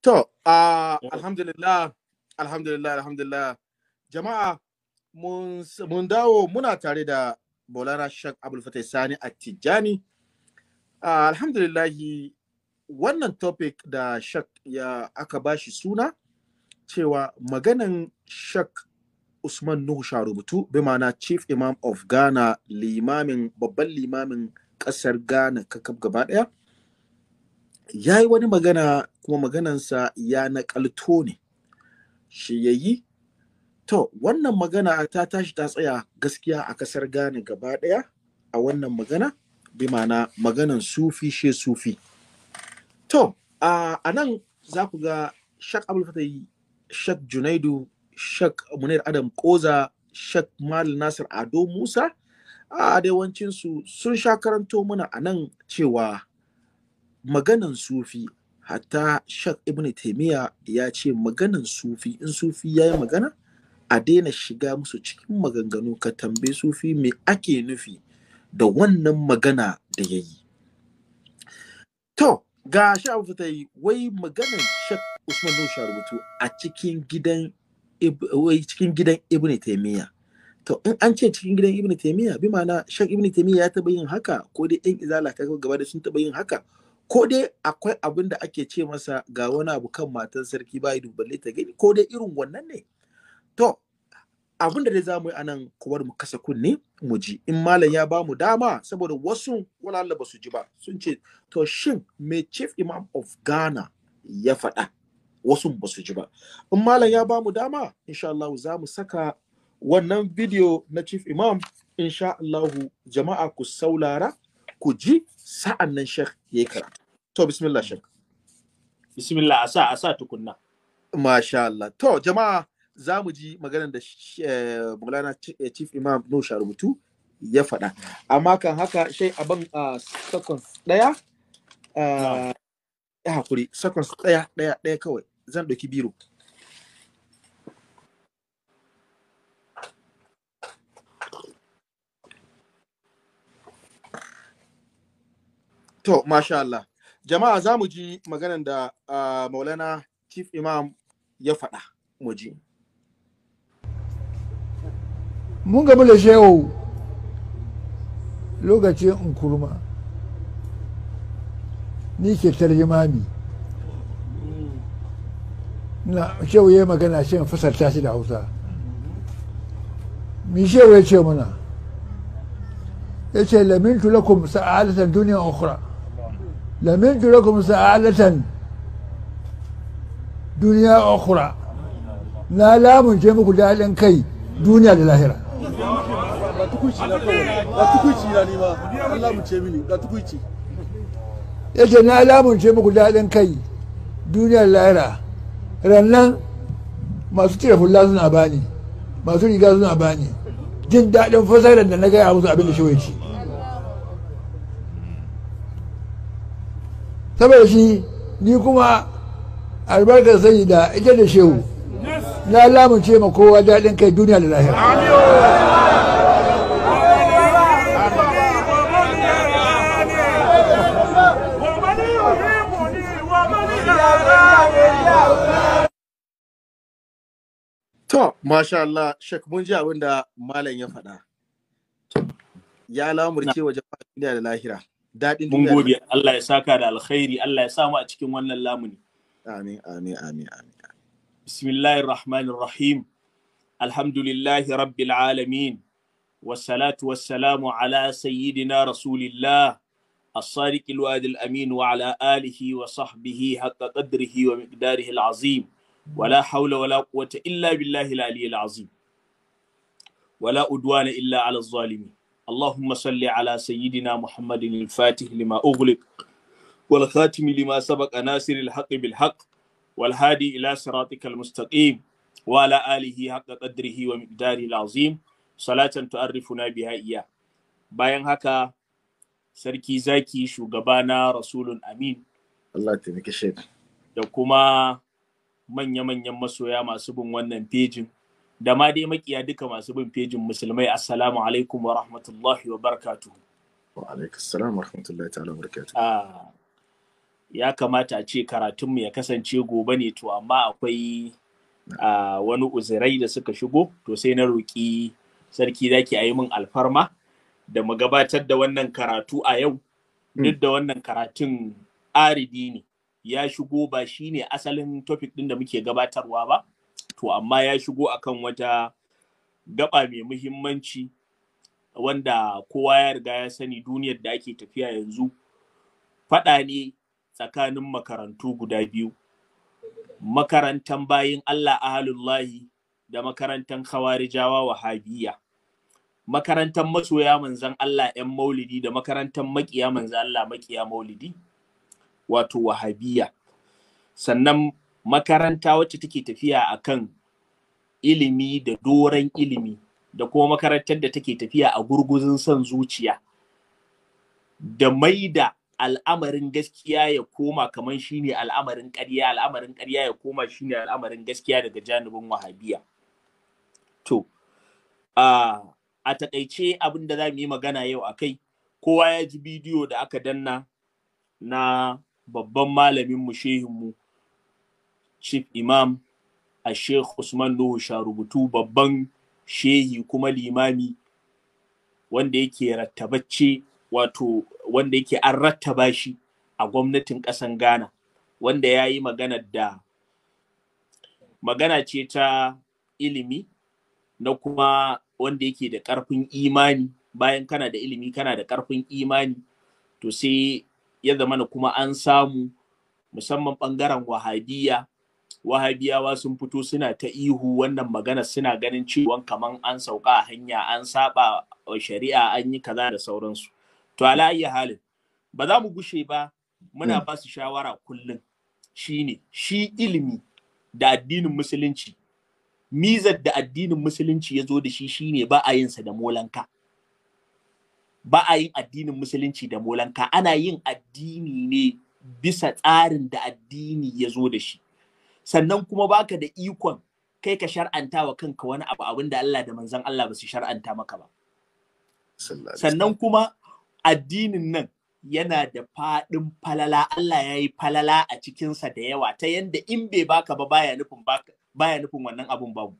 To, a alhamdulillah, alhamdulillah, alhamdulillah. Jama'a, mun dawo muna tare da bolara Shak Abul Fatai Sani a Tijjani. alhamdulillahi, wannan topic da Shak ya aka bashi suna cewa maganan Shak Usman Nuhu Sharubutu, bi ma'ana Chief Imam of Ghana, limamin babban limamin ƙasar Ghana kakab gaba ɗaya. ya yi wani magana kuma maganansa ya naƙalto ne shi ya yi to wannan magana ta tashi ta tsaya gaskiya a ƙasar ghana gaba ɗaya a wannan magana bi ma'ana maganan sufi she sufi to a nan za ku ga shak abulfatai shak junaidu shak munir adam koza shak mal nasir ado musa a da yawancinsu sun sha karanto mana a nan cewa maganan sufi hatta shak ibn taimiya ya ce maganan sufi in sufi ya yi magana a daina shiga musu cikin maganganu ka tambayi sufi me ake nufi da wannan magana da ya yi to ga abu ta yi wai maganan shak usman nusha rubutu a cikin gidan wai cikin gidan ibn taimiyya to in an ce cikin gidan ibn taimiyya bi ma'ana shak ibn taimiyya ya taba yin haka ko dai yan izala ka gaba da sun taba yin haka ko dai akwai abin da ake ce masa ga wani abu kan matan sarki baya ido ta gani ko dai irin wannan ne to abin da dai za mu yi anan kuwar mu kasa kunne mu ji in malam ya ba mu dama saboda wasu wala ba su ji ba sun ce to shin me chief imam of ghana ya faɗa wasu ba su ji ba in malam ya ba mu dama insha Allah za mu saka wannan bidiyo na chief imam insha Allah jama'a ku saulara ku ji sa'an nan shek ya yi kara. to bismillah shek bismillah a sa a sa tukunna masha Allah to jama'a za mu ji maganar da eh, mulana eh, Chief Imam Nuhu Sharubutu ya faɗa amma kan haka shai abin a seconds ɗaya ya hakuri seconds ɗaya ɗaya ɗaya kawai zan ɗauki biro To, masha Allah. Jama'a za mu ji maganan da uh, Maulana Chief Imam ya faɗa mu ji. Mun gabu da shehu lokacin nkurma. Ni ke tarjimami. Na shehu ya magana shan fasarta shi da Hausa. Mi shehu ya ce mana? Ya ce lamintu lakum sa'adatan duniya ukhra. lamin turakum sa'alatan duniya okura na lamunce muku daɗin kai duniya da lahira ya ce na lamunce muku daɗin kai duniya da lahira rannan masu cire hula suna bani masu riga suna bani jin daɗin fasarar da na gaya musu abin da shi saboda shi ni kuma albarkar sai da ita da shehu na lamunce ma kowa daɗin kai duniya da lahira To, masha Allah, Sheikh mun ji abin da Malam ya faɗa. Ya lamurce wa jama'a duniya da lahira. daɗin mun Allah ya saka da alkhairi Allah ya samu a cikin wannan lamuni amin amin amin amin bismillahir rahmanir rahim alhamdulillahi rabbil alamin wassalatu wassalamu ala sayyidina rasulillah الصادق الوعد الأمين وعلى آله وصحبه حق قدره ومقداره العظيم ولا حول ولا قوة إلا بالله العلي العظيم ولا أدوان إلا على الظالمين اللهم صل على سيدنا محمد الفاتح لما أغلق والخاتم لما سبق ناصر الحق بالحق والهادي إلى صراطك المستقيم وعلى آله حق قدره ومقداره العظيم صلاة تعرفنا بها إياه bayan haka sarki zaki shugabana rasulun amin Allah taimake shi da kuma manya-manyan masoya masu bin wannan pejin da ma dai makiya duka masu bin fejin musulmai assalamu alaikum wa rahmatullahi wa barakatuhu wa alaikum assalam wa rahmatullahi ta'ala wa ah, ya kamata a ce karatunmu ya kasance gobe ne to amma akwai ah, wani uzirai da suka shigo to sai na roƙi sarki zaki a yi min alfarma da mu gabatar da wannan karatu a yau hmm. duk da wannan karatun aridi ne ya shigo ba shine asalin topic din da muke gabatarwa ba to amma ya shigo akan wata gaba mai muhimmanci wanda kowa ya riga ya sani duniyar da ake tafiya yanzu faɗa ne tsakanin makarantu guda biyu makarantan bayin Allah ahalullahi da makarantan khawarijawa wahabiyya makarantan masoya manzan Allah 'yan maulidi da makarantan makiya manzan Allah makiya maulidi wato wahabiyya sannan makaranta wacce take tafiya akan ilimi da doron ilimi da kuma makarantar da take tafiya a gurguzin son zuciya da mai da al'amarin gaskiya ya koma kamar shine al'amarin ƙarya al'amarin ƙarya ya koma shine al'amarin gaskiya daga janibin wahabiya to a a takaice abin da za mu yi magana yau a kai kowa ya ji bidiyo da aka danna na babban malamin mu shehin mu chief imam a sheikh usman nuhu sharubutu babban shehi kuma limami wanda yake rattabacce wato wanda yake an rattaba shi a gwamnatin ƙasan ghana wanda ya yi magana da magana ce ta ilimi na kuma wanda yake da ƙarfin imani bayan kana da ilimi kana da ƙarfin imani to sai ya zama na kuma an samu musamman ɓangaren wahadiyya. wahabiyawa sun fito suna ta ihu wannan magana suna ganin ciwon kaman an sauka a hanya an saba shari'a an yi kaza da sauransu to ala iya halin ba za mu gushe ba muna hmm. ba su shawara kullum shine shi ilimi da addinin musulunci mizar da addinin musulunci ya zo da shi shine ba a yinsa da molanka ba a yin addinin musulunci da molanka ana yin addini ne bisa tsarin da addini ya zo da shi sannan kuma baka da ikon kai ka shar'anta wa kanka wani abu abin da Allah da manzon Allah ba su shar'anta maka ba sannan kuma addinin nan yana da faɗin falala Allah ya yi falala a cikinsa da yawa ta yanda in bai baka ba baya nufin baya nufin wannan abun babu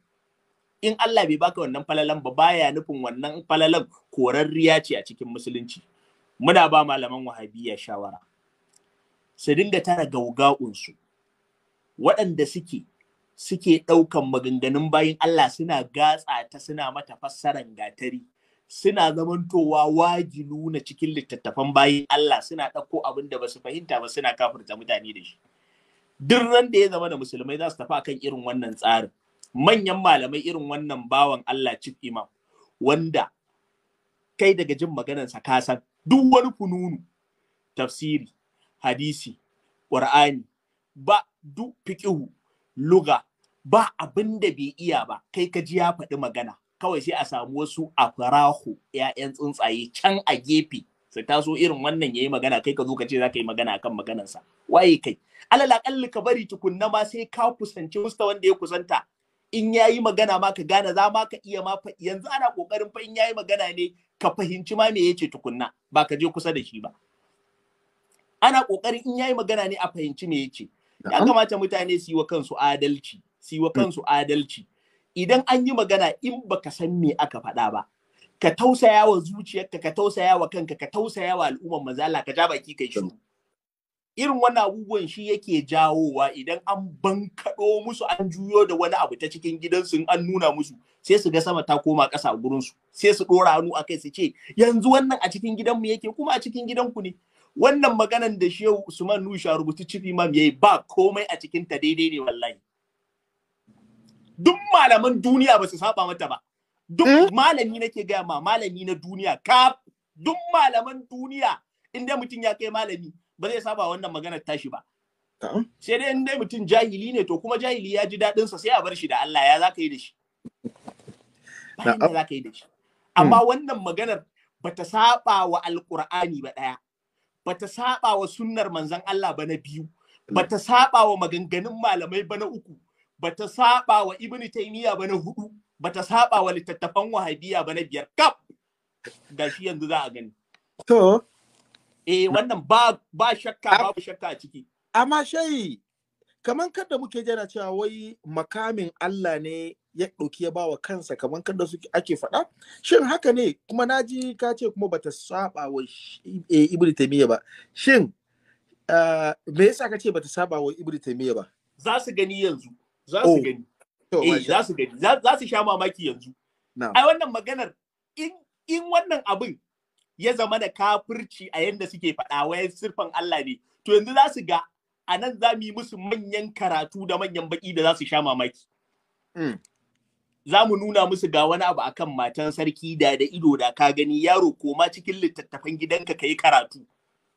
in Allah bai baka wannan falalan ba baya nufin wannan falalan korarriya ce a cikin musulunci muna ba malaman wahabiyya shawara su dinga tara gauga'unsu waɗanda suke suke ɗaukan maganganun bayan Allah suna gatsa ta suna mata fassaran gatari suna zamantowa wajilu na cikin littattafan bayan Allah suna ɗauko abin da ba su fahimta ba suna kafirta mutane da shi duk ran da ya zama da musulmai za su tafi akan irin wannan tsarin manyan malamai irin wannan bawan Allah chief imam wanda kai daga jin maganarsa ka san duk wani fununu tafsiri hadisi ƙur'ani ba duk Fiƙihu luga ba abinda bai iya ba kai ka ji ya faɗi magana kawai sai a samu wasu a farahu ‘ya'yan tsuntsaye can a gefe su taso irin wannan yayi magana kai ka zo ka ce za ka yi magana kan maganansa waye kai alal aƙalli ka bari tukunna ma sai ka kusanci musta wanda ya kusanta in yayi magana ma ka gane za ma ka iya ma yanzu ana kokarin fa in ya magana ne ka fahimci ma me yace tukunna ba ka je kusa da shi ba ana ƙoƙarin in yayi magana ne a fahimci me yace ya kamata mutane su yi wa kansu adalci su yi wa hmm. kansu adalci idan an yi magana in baka san me aka faɗa ba ka tausaya wa zuciyarka ka tausaya wa kanka ka tausaya wa al'umman mazala ka ja baki kai shiru irin wannan abubuwan shi yake jawowa idan an bankaɗo musu an juyo da wani abu ta cikin gidansu an nuna musu sai su ga sama ta koma ƙasa a gurinsu sai su ɗora hannu a kai su ce yanzu wannan a cikin gidanmu yake kuma a cikin gidanku ne wannan maganan da shehu usman nusha rubutu cifi mam yayi ba komai a cikin ta daidai ne wallahi duk malaman duniya ba su saba mata ba duk eh? malami nake gaya ma malami na duniya ka duk malaman duniya inda mutum ya kai malami ba zai saba wannan maganar tashi ba sai dai in dai mutum jahili ne to kuma jahili ya ji daɗin sa sai a bar shi da Allah ya zaka yi da shi za ka yi da shi amma wannan maganar bata saba wa alqur'ani ba daya bata saba wa sunnar manzon Allah ba na biyu mm. bata saba wa maganganun malamai ba na uku bata saba wa ibnu taymiya ba na hudu bata saba wa littattafan wahabiyya ba na biyar kap da shi yanzu za a gani to eh wannan ba ba shakka babu shakka a ciki amma shayi Kaman kadda muke jana cewa wai makamin Allah ne ya ɗauki ya bawa kansa kaman kadda suke ake faɗa. Shin haka ne kuma na ji ka ce kuma bata saba wa eh, Ibn taimiyya ba. Shin ah, me yasa ka ce bata saba wa Ibn taimiyya ba? Za su gani yanzu. Za su oh. gani. Eh, za su gani. Za su sha mamaki yanzu. Ai wannan maganar in in wannan abin ya zama da kafirci a yadda suke faɗa wai sirfan Allah ne to yanzu za su ga a nan za mu yi musu manyan karatu da manyan baki da za su sha mamaki. Hmm. Za mu nuna musu ga wani abu akan matan sarki da da ido da ka gani yaro koma cikin littattafan gidanka ka yi karatu.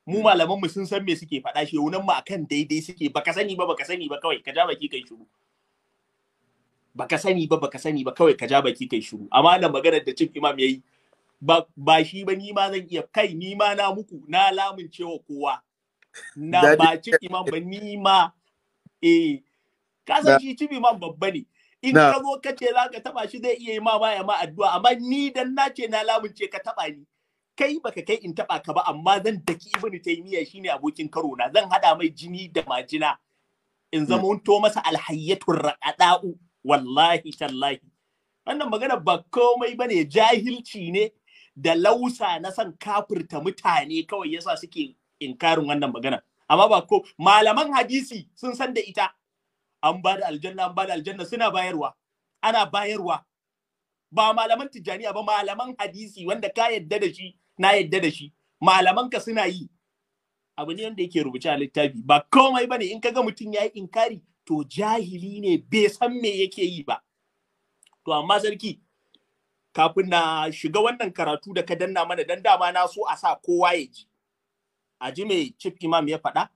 Mu hmm. malaman mu sun san me suke faɗa shi nan mu akan daidai suke baka sani ba baka sani ba kawai ka ja baki kai shiru. Baka sani ba baka sani ba kawai ka ja baki kai shiru. Amma nan maganar da cin imam ya yi. ba shi ba ni ma zan iya kai ni ma na muku na lamun cewa kowa na ba chief imam ba ni ma eh ka san shi ma babba ne in ka zo ka ce za taba shi zai iya yi ma baya ma addu'a amma ni dan na ce na lamunce ka taba ni kai baka kai in taba ka ba amma zan daki ibnu taymiya shine abokin karo na zan hada mai jini da majina in hmm. zama to masa alhayyatur raqada'u wallahi tallahi wannan magana ba komai bane jahilci ne da lausa na san kafirta mutane kawai yasa suke inkarin wannan magana amma ba ko malaman hadisi sun san da ita an ba da aljanna an ba da aljanna suna bayarwa ana bayarwa ba malaman tijjaniya ba malaman hadisi wanda ka yadda da shi na yadda da shi malaman ka suna yi abu ne wanda yake rubuce a littafi ba komai bane in kaga mutum yayi inkari to jahili ne bai san me yake yi ba to amma sarki kafin na shiga wannan karatu da ka danna mana dan dama na so a sa kowa ya ji a ji mai chief imam ya faɗa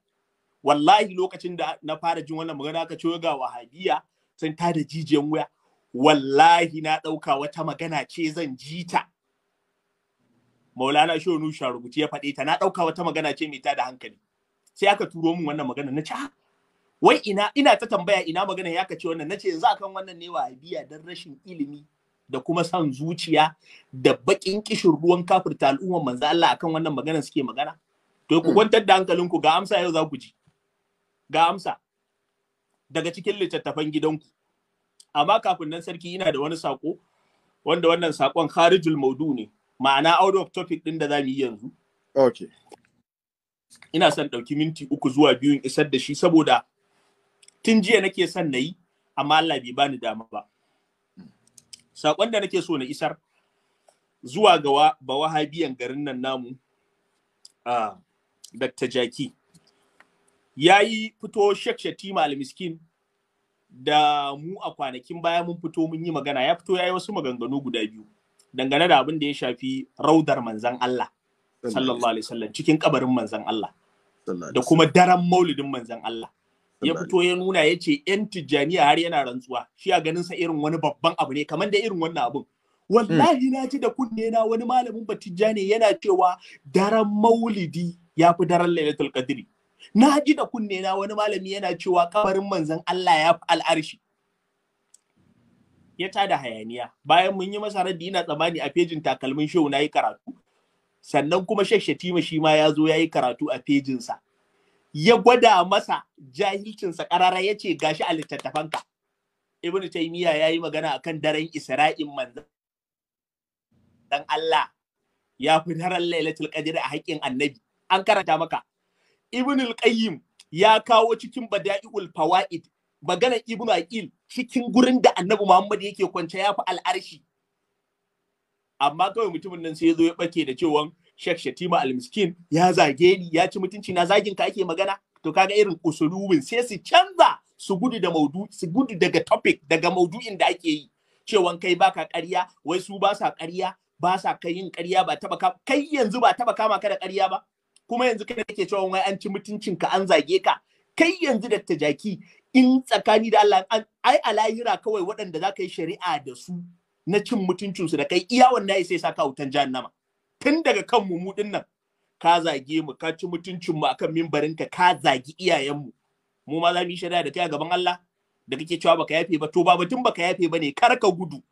wallahi lokacin da na fara jin wannan magana aka ce ga wahabiya sun ta da jijiyan wuya wallahi na ɗauka wata magana ce zan ji ta maulana shonu sharubuti ya faɗe ta na ɗauka wata magana ce mai ta da hankali sai aka turo min wannan magana na ce ah, wai ina ina ta tambaya ina magana ya kace wannan nace yanzu akan wannan ne wahabiya dan rashin ilimi da kuma san zuciya da bakin kishin ruwan kafirta al'umman manzo Allah akan wannan magana suke magana To ku hmm. kwantar da hankalinku ga amsa yau za ku ji. Ga amsa daga cikin littattafan gidanku. Amma kafin nan sarki ina da wani sako wanda wannan sakon kharijul maudu ne ma'ana out of topic ɗin da za mu yi yanzu. Okay. Ina son ɗauki minti uku zuwa biyun isar da shi saboda tun jiya nake son na yi amma Allah bai bani dama ba. Sakon da nake so na isar zuwa ga wahabiyan garin nan namu. Ah, Dr. Jaki ya yi fito Sheikh Shatima al-Miskin da mu a kwanakin baya mun fito mun yi magana ya fito ya yi wasu maganganu guda biyu dangane da abin da ya shafi raudar manzan Allah sallallahu alaihi wasallam cikin kabarin manzan Allah da kuma daren maulidin manzan Allah ya fito ya nuna ya ce yan tijjaniya har yana rantsuwa shi a ganin sa irin wani babban abu ne kamar da irin wannan abun wallahi hmm. na ji da kunne na wani malamin batijani yana cewa daren maulidi ya fi daren lailatul qadri na ji da kunne na wani malami yana cewa kabarin manzon Allah ya fi al'arshi ya tada hayaniya bayan mun yi masa raddi ina tsamani a fejin takalmin show na yi karatu sannan kuma Sheikh shi ma ya zo ya yi karatu a fejinsa ya gwada masa jahilcinsa karara ya ce gashi a littattafanka Ibn Taymiyyah ya yi magana akan daren Isra'in manzon dan Allah ya fi daren Lailatul Qadr a haƙƙin Annabi an karanta maka ibn al-qayyim ya kawo cikin bada'iul fawaid maganar ibn aqil cikin gurin da annabi muhammad yake kwance ya fi al'arshi amma kawai mutumin nan sai ya zo ya bake da cewa shek Shatima al-Miskin ya zage ni ya ci mutunci na zagin ka ake magana to kaga irin usulubin sai su canza su gudu da maudu su gudu daga topic daga maudu'in da ake yi cewan kai baka ƙarya wai su ba sa ƙarya ba sa kai yin ƙarya ba taba kai yanzu ba taba kama ka da ƙarya ba kuma yanzu kai kake cewa wai an ci mutuncin ka an zage ka kai yanzu da tajaki in tsakani da Allah ai a lahira kawai waɗanda za ka yi shari'a da su na cin mutuncinsu da kai iya wannan sai saka ka wutan jahannama tun daga kan mu mu dinnan ka zage mu ka ci mutuncin mutuncinmu akan mimbarinka ka ka zagi iyayenmu mu ma za mu yi shari'a da kai a gaban Allah da kake cewa baka yafe ba to ba batun baka yafe ba ne kar ka gudu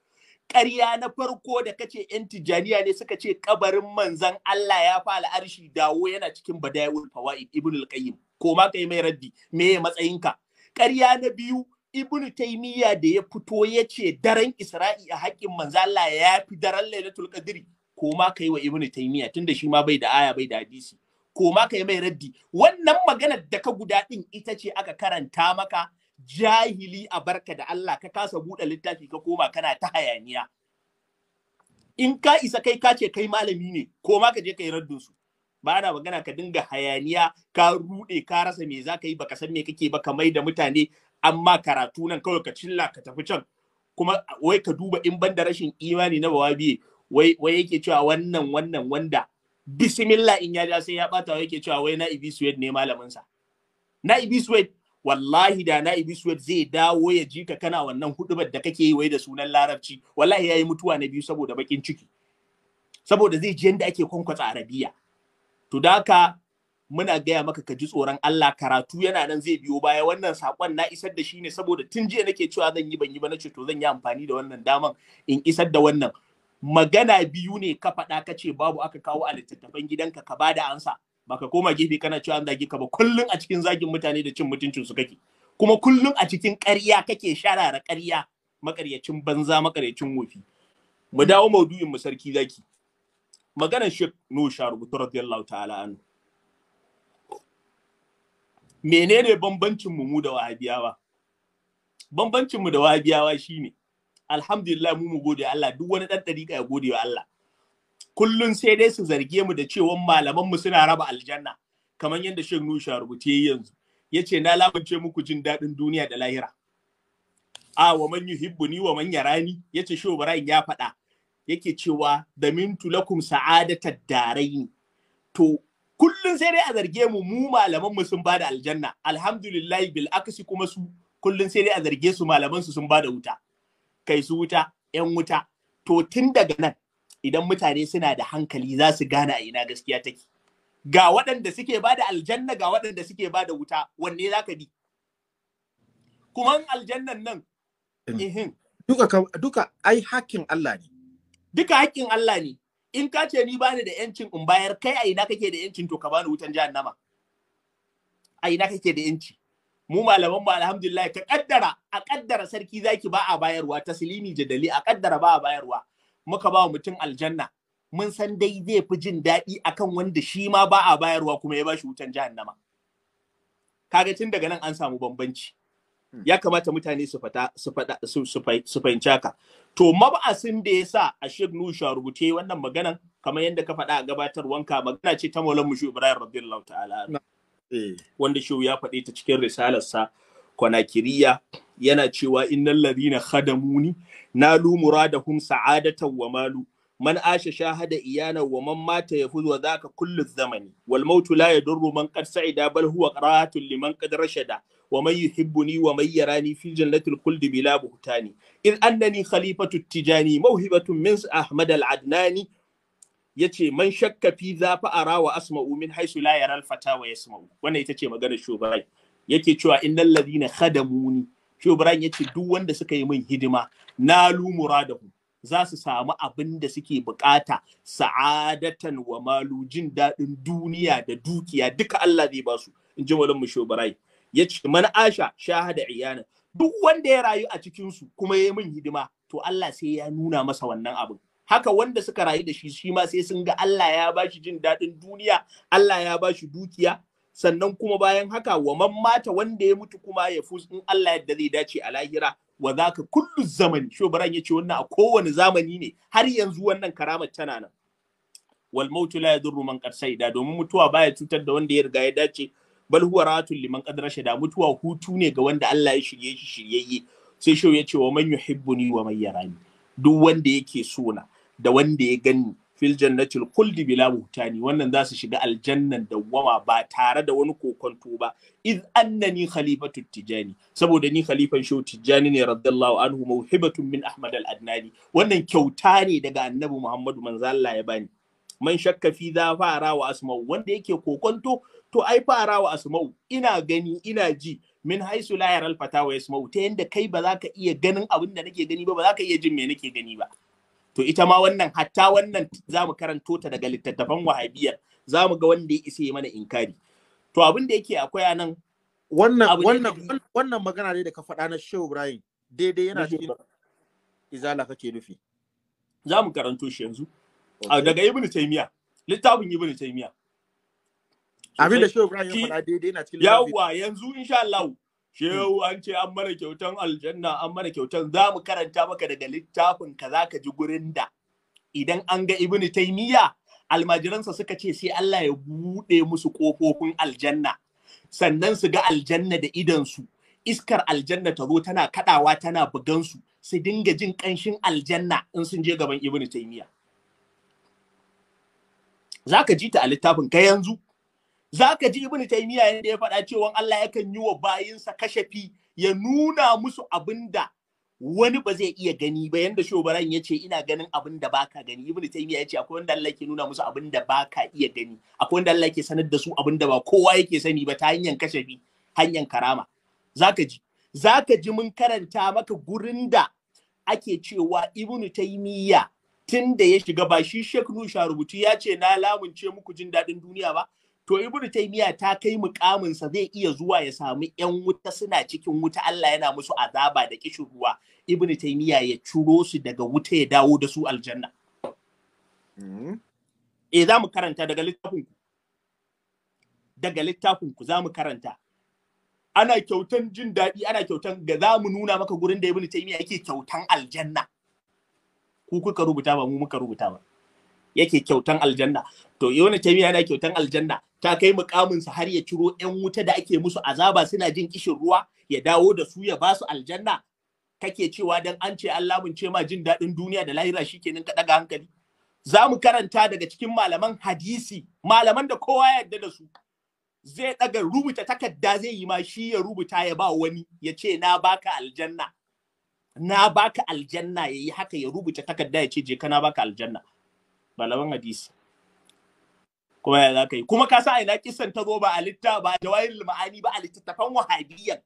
ƙarya na farko da kace yan tijaniya ne suka ce kabarin manzan Allah ya fa al'arshi dawo yana cikin badayul fawaid ibnul qayyim ko ma kai mai raddi me ya matsayinka ƙarya na biyu ibn taymiya da ya fito ya ce daren isra'i a haƙƙin manzan Allah ya fi daren lailatul qadri ko ma kai wa ibn taymiya tunda shi ma bai da aya bai da hadisi ko ma kai mai raddi wannan maganar da ka guda ɗin ita ce aka karanta maka jahili a barka da Allah ka kasa buɗe littafi ka koma kana ta hayaniya in ka isa kai ka ce kai malami ne ko ma ka je ka yi raddin su ba na magana ka dinga hayaniya ka rude ka rasa me za ka yi baka san me kake ba ka mai da mutane amma karatu nan kawai ka cilla ka tafi can kuma wai ka duba in banda rashin imani na bawabi wai wai yake cewa wannan wannan wanda bismillah in ya ja sai ya bata wai yake cewa wai na ibisu ne malamin sa na ibisu wallahi da na ibi suwet zai dawo ya ji ka kana wannan hudubar da kake yi wai da sunan larabci wallahi yayi mutuwa na biyu saboda bakin ciki saboda zai ji yadda ake kwankwatsa arabiya to daka muna gaya maka ka ji tsoron Allah karatu yana nan zai biyo baya wannan sakon na isar da shi ne saboda tun jiya nake cewa zan yi ban yi ba na ce to zan yi amfani da wannan daman in isar da wannan magana biyu ne ka faɗa ka ce babu aka kawo a littattafan gidanka ka ba da amsa. baka koma gefe kana cewa an zage ka ba kullum a cikin zagin mutane da cin mutuncin su kake kuma kullum a cikin ƙarya kake sharara ƙarya makaryacin banza makaryacin wofi mu dawo maudu'in mu sarki zaki maganar Sheikh Nuhu Sharubutu radiyallahu ta'ala anhu menene bambancin mu mu da wahabiyawa bambancin mu da wahabiyawa shine alhamdulillah mu mu gode Allah duk wani dan dariƙa ya gode wa Allah kullun sai dai su zarge mu da cewa malaman mu suna raba aljanna kamar yadda shin Nusha rubuce yanzu yace na lamunce muku jin dadin duniya da lahira a wa man ni wa man yarani yace shi Ibrahim ya faɗa yake cewa da mintu lakum sa'adata ne. to kullun sai dai a zarge mu mu malaman mu sun bada aljanna alhamdulillahi bil aksi kuma su kullun sai dai a zarge su malaman su sun bada wuta kai su wuta yan wuta to tun daga nan idan mutane suna da hankali za su gane a ina gaskiya take ga waɗanda suke ba da aljanna ga waɗanda suke ba da wuta wanne za ka bi kuma aljannan nan ihin duka ai hakkin Allah ne duka hakkin Allah ne in ka ce ni bani da yancin in bayar kai a ina kake da yancin to ka bani wutan jahannama a ina kake da yanci mu malaman mu alhamdulillah ka kaddara a kaddara sarki zaki ba a bayarwa taslimi jadali a kaddara ba a bayarwa muka ba mutum aljanna mun san dai zai fi jin daɗi akan wanda shi ma ba a bayarwa kuma ya ba shi wutan jahannama kaga tun daga nan an samu bambanci hmm. ya kamata mutane su fata su su fahimci haka to maba'asin da ya sa a shek nusha rubuce wannan maganan kamar yadda ka faɗa a gabatar wanka magana ce ta maulan mushu ibrahim radiyallahu ta'ala eh. wanda shehu ya faɗi ta cikin risalarsa kwanakiriya yana cewa innal ladina khadamuni nalu muradahum sa'adatan wa malu man asha shahada iyana wa man mata yafuz wa zaka kullu zamani wal mautu la yadurru man qad sa'ida bal huwa qira'atun liman qad rashada wa man yuhibbuni wa man yarani fi jannatil khuldi bila buhtani in annani khalifatu tijani mawhibatun min ahmad al adnani yace man shakka fi zafa ara wa asma'u min haisu la yara al fata wa yasma'u wannan ita ce maganar shubai yake cewa innal na khadamuni shi Ibrahim yace duk wanda suka yi min hidima na lumura da za su samu abin da suke bukata sa'adatan wa malu jin daɗin duniya da dukiya duka Allah zai ba su in ji malam mu shobarai ya ce man asha shahada iyana duk wanda ya rayu a cikin su kuma ya min hidima to Allah sai ya nuna masa wannan abin haka wanda suka rayu da shi shi ma sai sun ga Allah ya ba shi jin daɗin duniya Allah ya ba shi dukiya sannan kuma bayan haka wa man wanda ya mutu kuma ya fus in Allah yadda zai dace a lahira wa zaka kullu zamani ya yace wannan a kowane zamani ne har yanzu wannan karamar tana nan wal mautu la yadurru man qad domin mutuwa baya cutar da wanda ya riga ya dace bal huwa ratul liman qad rashada mutuwa hutu ne ga wanda Allah ya shirye shi shiryayye sai shau ya wa man yuhibbuni wa man yarani duk wanda yake sona da wanda ya ganni. fil jannatil khuldi bila buhtani wannan za su shiga aljannan dawwama ba tare da wani kokonto ba iz annani khalifatu tijani saboda ni khalifan shau tijani ne radallahu anhu mawhibatun min ahmad al adnani wannan kyauta ne daga annabi muhammadu manzo Allah ya bani man shakka fi za fara wa asma'u wanda yake kokonto to ai fara wa asma'u ina gani ina ji min haisu la yaral fatawa yasma'u ta yanda kai ba za ka iya ganin abin da nake gani ba ba za ka iya jin me nake gani ba to ita ma wannan hatta wannan za mu karanto ta daga littattafan wahabiyar za mu ga wanda ya isa yi mana inkari to abin da yake akwai a nan wannan wannan wannan magana ne da ka faɗa na Shehu Ibrahim daidai yana cikin izala kake nufi za mu karanto shi yanzu daga Ibn Taymiya littafin Ibn Taymiya abin da Shehu Ibrahim ya faɗa daidai yana cikin yawwa yanzu insha Allah shehu an ce an mana kyautan aljanna an mana kyautan za mu karanta maka daga littafin ka za ka ji gurin da idan an ga ibnu taymiya almajiransa suka ce sai Allah ya buɗe musu kofofin aljanna sannan su ga aljanna da su iskar aljanna ta zo tana kadawa tana bugansu su dinga jin ƙanshin aljanna in sun je gaban ibnu taymiya za ka ji ta a littafin ka yanzu zaka ji Ibn taymiya yanda ya faɗa cewa Allah yakan yi wa bayinsa kashafi ya nuna musu abinda wani ba zai iya gani ba yanda shobaran ya ce ina ganin abin da baka gani Ibn taymiya ya ce akwai wanda Allah ke nuna musu abin da baka iya gani akwai wanda Allah ke sanar da su abin da ba kowa yake sani ba ta hanyar kashafi hanyar karama zaka ji zaka ji mun karanta maka gurin da ake cewa Ibn taymiya tun da ya shiga ba shi Sheikh Nusha rubutu ya ce na lamunce muku jin daɗin duniya ba to ibnu taymiya ta kai mukamin sa zai iya zuwa ya samu ƴan wuta suna cikin wuta Allah yana musu azaba da kishin ruwa ibnu taymiya ya curo su daga wuta ya dawo da su aljanna mm-hmm. eh za mu karanta daga littafin ku daga littafin ku za mu karanta ana kyautan jin daɗi ana kyautan ga za mu nuna maka gurin da ibnu taymiya yake kyautan aljanna ku kuka rubuta ba mu muka rubuta ba yake kyautan aljanna to ta miya yana kyautan aljanna ta kai mukamin sa har ya ciro yan wuta da ake musu azaba suna jin kishin ruwa ya dawo da su ya ba su aljanna kake cewa dan an ce Allah mun ce ma jin daɗin duniya da lahira shikenan ka daga hankali za mu karanta daga cikin malaman hadisi malaman da kowa ya yarda da su zai daga rubuta takarda zai yi ma shi ya rubuta ya ba wani ya ce na baka aljanna na baka aljanna ya haka ya rubuta takarda ya ce je kana baka aljanna malaman hadisi kuma ya ka yi kuma ka sa ina kisan ta zo ba a litta ba a ma'ani ba a littattafan wahabiyyan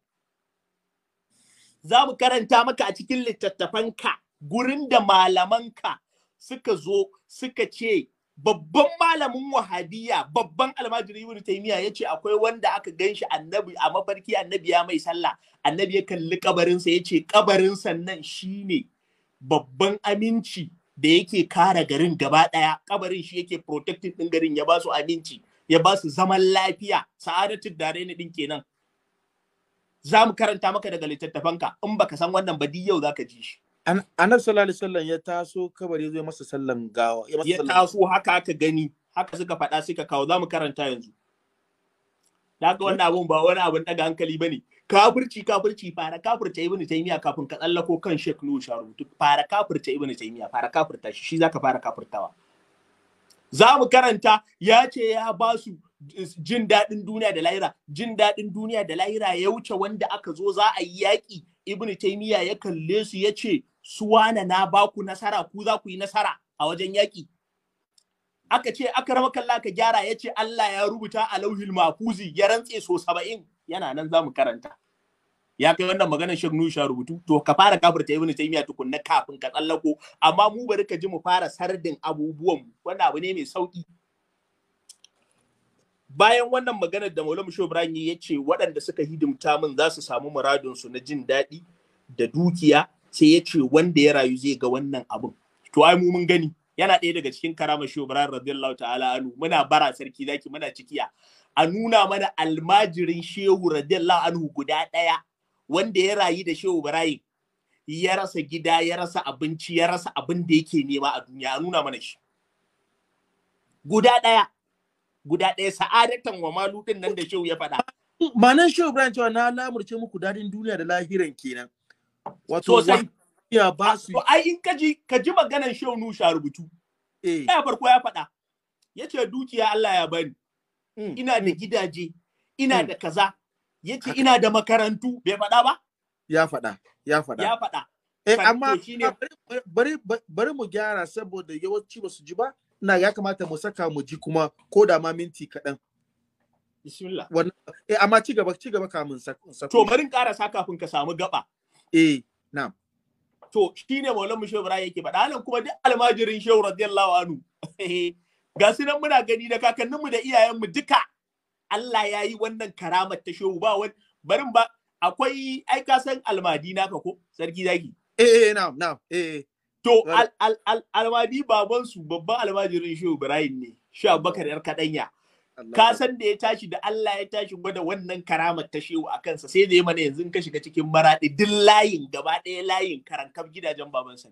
za mu karanta maka a cikin littattafanka gurin da malamanka suka zo suka ce babban malamin wahabiya babban almajiri ibn taymiya yace akwai wanda aka ganshi annabi a mafarki annabi ya mai sallah annabi ya kalli kabarinsa yace kabarin nan shine babban aminci da yake kara garin gaba ɗaya kabarin shi yake protected ɗin garin ya ba su abinci, ya ba su zaman lafiya Sa'adatu dare ni din kenan za mu karanta maka daga littattafanka in baka san wannan ba di yau zaka ji shi annabi sallallahu alaihi wasallam ya taso kabari zai masa sallan gawa ya taso haka aka gani haka suka faɗa suka kawo za mu karanta yanzu daga wannan abun ba wani abun daga hankali bane kafirci kafirci fara kafirta ibnu taymiya kafin ka tsallako kan sheikh nuhu sharutu fara kafirta ibnu taymiya fara kafirta shi shi zaka fara kafirtawa za mu karanta ya ce ya ba su jin daɗin duniya da lahira jin daɗin duniya da lahira ya wuce wanda aka zo za a yi yaƙi ibnu taymiya ya kalle su ya ce su wana na ba ku nasara ku za ku yi nasara a wajen yaƙi aka ce aka rama kalla ka gyara ya ce Allah ya rubuta a lauhil mafuzi ya rantse so saba'in yana nan za mu karanta ya kai wannan maganar Sheikh Nusha rubutu to ka fara kafirta Ibn taimiya tukunna kafin ka tsallako amma mu bari ka ji mu fara sardin abubuwan wannan abu ne mai sauki bayan wannan maganar da maulamu Shehu Ibrahim ya ce waɗanda suka hidimta min za su samu muradin na jin daɗi da dukiya sai ya ce wanda ya rayu zai ga wannan abun to ai mu mun gani yana ɗaya daga cikin karama Shehu Ibrahim radiyallahu ta'ala anu muna bara sarki zaki muna cikiya a nuna mana almajirin shehu radiyallahu anhu guda ɗaya wanda ya rayu da shehu ibrahim ya rasa gida ya rasa abinci ya rasa abin da yake nema a duniya a nuna mana shi guda ɗaya guda ɗaya sa'adatan wa malutin nan da shehu ya faɗa Manan shehu ibrahim cewa na lamurce muku dadin duniya da lahiran kenan wato ya ba su to ai in kaji kaji maganar shehu nusha rubutu eh ya farko ya faɗa yace dukiya Allah ya bani Mm. ina da gidaje ina mm. da kaza yake ina da makarantu bai faɗa ba ya faɗa ya faɗa ya faɗa eh amma bari bari mu gyara saboda yawanci ba su ji ba na ya kamata mu saka mu ji kuma ko da ma minti kaɗan bismillah eh amma ci gaba ci gaba kamun sako to bari sa kafin ka samu gaba eh na'am to shine maulan mu shehu ibrahim yake faɗa kuma duk almajirin shehu radiyallahu anhu eh, ga su nan muna gani da kakanninmu da iyayenmu duka Allah ya yi wannan karamar ta shehu ba wani barin ba akwai ai ka san almadi naka ko sarki zaki eh eh na na eh, eh to al al al almadi baban su babban almajirin shehu Ibrahim ne sha bakar yar kadanya ka san da ya tashi da Allah ya tashi gwada wannan karamar ta shehu a kansa sai da ya mana yanzu ka shiga cikin maradi duk layin gaba ɗaya layin karankan gidajen baban sa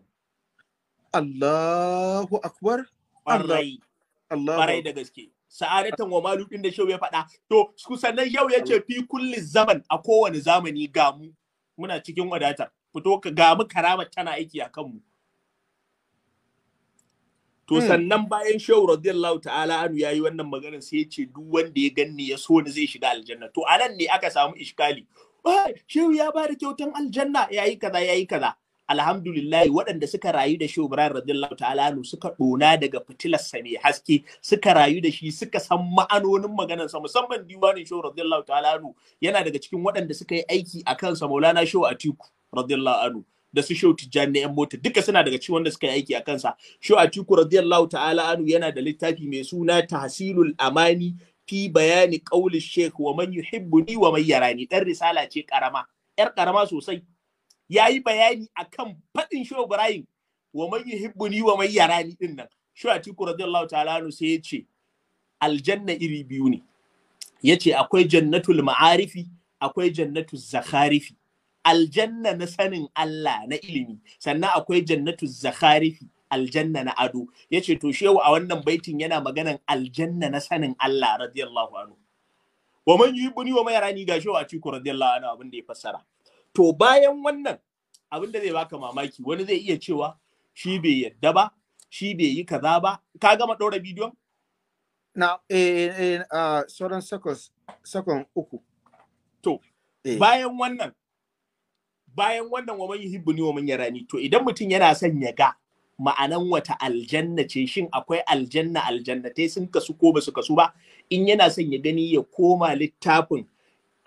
Allahu akbar Allah Barai da gaske. Sa'adatan wa malu da shau ya faɗa. To, sannan yau ya ce fi kulli zaman a kowane zamani ga mu. Muna cikin wadatar. Fito ka ga mu karama tana aiki a kanmu. To hmm. sannan bayan Shehu radiyallahu ta'ala anu yayi wannan maganar sai ya ce duk wanda ya ganni ya so ni zai shiga aljanna. To anan ne aka samu iskali. Shehu ya da kyautan aljanna yayi kaza yayi kaza. alhamdulillahi waɗanda suka rayu da shi Ibrahim radiyallahu ta'ala suka ɗona daga fitilarsa mai haske suka rayu da shi suka san ma'anonin maganarsa musamman diwanin shi radiyallahu ta'ala yana daga cikin waɗanda suka yi aiki a kansa Maulana Shehu Atiku radiyallahu da su Shehu Tijjani yan mota duka suna daga cikin wanda suka yi aiki a kansa Shehu Atiku radiyallahu ta'ala anu yana da littafi mai suna Tahsilul Amani fi bayani qauli Sheikh wa man yuhibbuni wa man yarani dan risala ce karama yar karama sosai ya yi bayani a kan faɗin shi Ibrahim wa man ni wa man yarani din nan Shehu Atiku radiyallahu ta'ala anhu sai ya ce aljanna iri biyu ne Ya ce akwai jannatul ma'arifi akwai jannatul zakharifi aljanna na sanin Allah na ilimi sannan akwai jannatul zakharifi aljanna na ado Ya ce to shehu a wannan baitin yana maganan aljanna na sanin Allah radiyallahu anhu wa man yuhibbuni wa man yarani ga shehu Atiku radiyallahu anhu abin da ya fassara to bayan wannan abin da zai baka mamaki wani zai iya cewa shi bai yadda ba shi bai yi kaza ba ka gama ɗora bidiyon na eh, eh, eh ah, sauran sakon uku to eh. bayan wannan bayan wannan wa man yuhibbu ni wa man yarani to idan mutum yana son ya ga ma'anan wata aljanna ce shin akwai aljanna aljannatai sun kasu ko ba su kasu ba in yana son ya gani ya koma littafin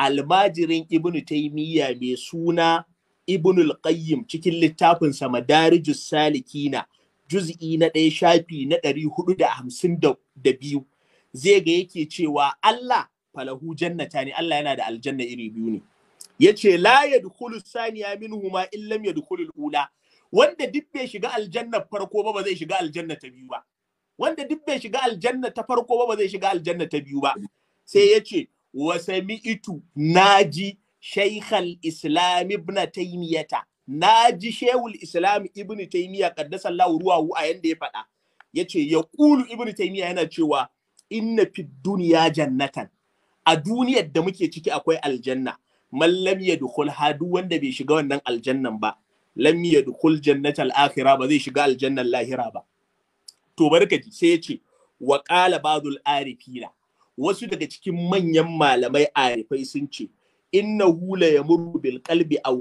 almajirin ibnu taimiyya mai suna ibnul qayyim cikin littafin sa madarijus salikina juz'i na ɗaya shafi na ɗari hudu da hamsin da biyu zai ga yake cewa Allah falahu jannata ne Allah yana da aljanna iri biyu ne yace la yadkhulu saniya minhuma in lam yadkhulu ula wanda duk bai shiga aljanna farko ba ba zai shiga aljanna ta biyu ba wanda duk bai shiga aljanna ta farko ba ba zai shiga aljanna ta biyu ba sai yace wasami'itu sami'tu naji shaykhal islam ibn taymiyata naji shehul islam ibn taymiya qaddasallahu ruwahu a yanda ya faɗa yace ya qulu ibn taymiya yana cewa inna fid dunya jannatan a duniyar da muke ciki akwai aljanna man lam yadkhul hadu wanda bai shiga wannan aljannan ba lam yadkhul jannatal akhirah ba zai shiga aljannan lahira ba to barkaji sai yace wa qala ba'dul arifina wasu daga cikin manyan malamai arifai sun ce inna hula ya muru bil qalbi a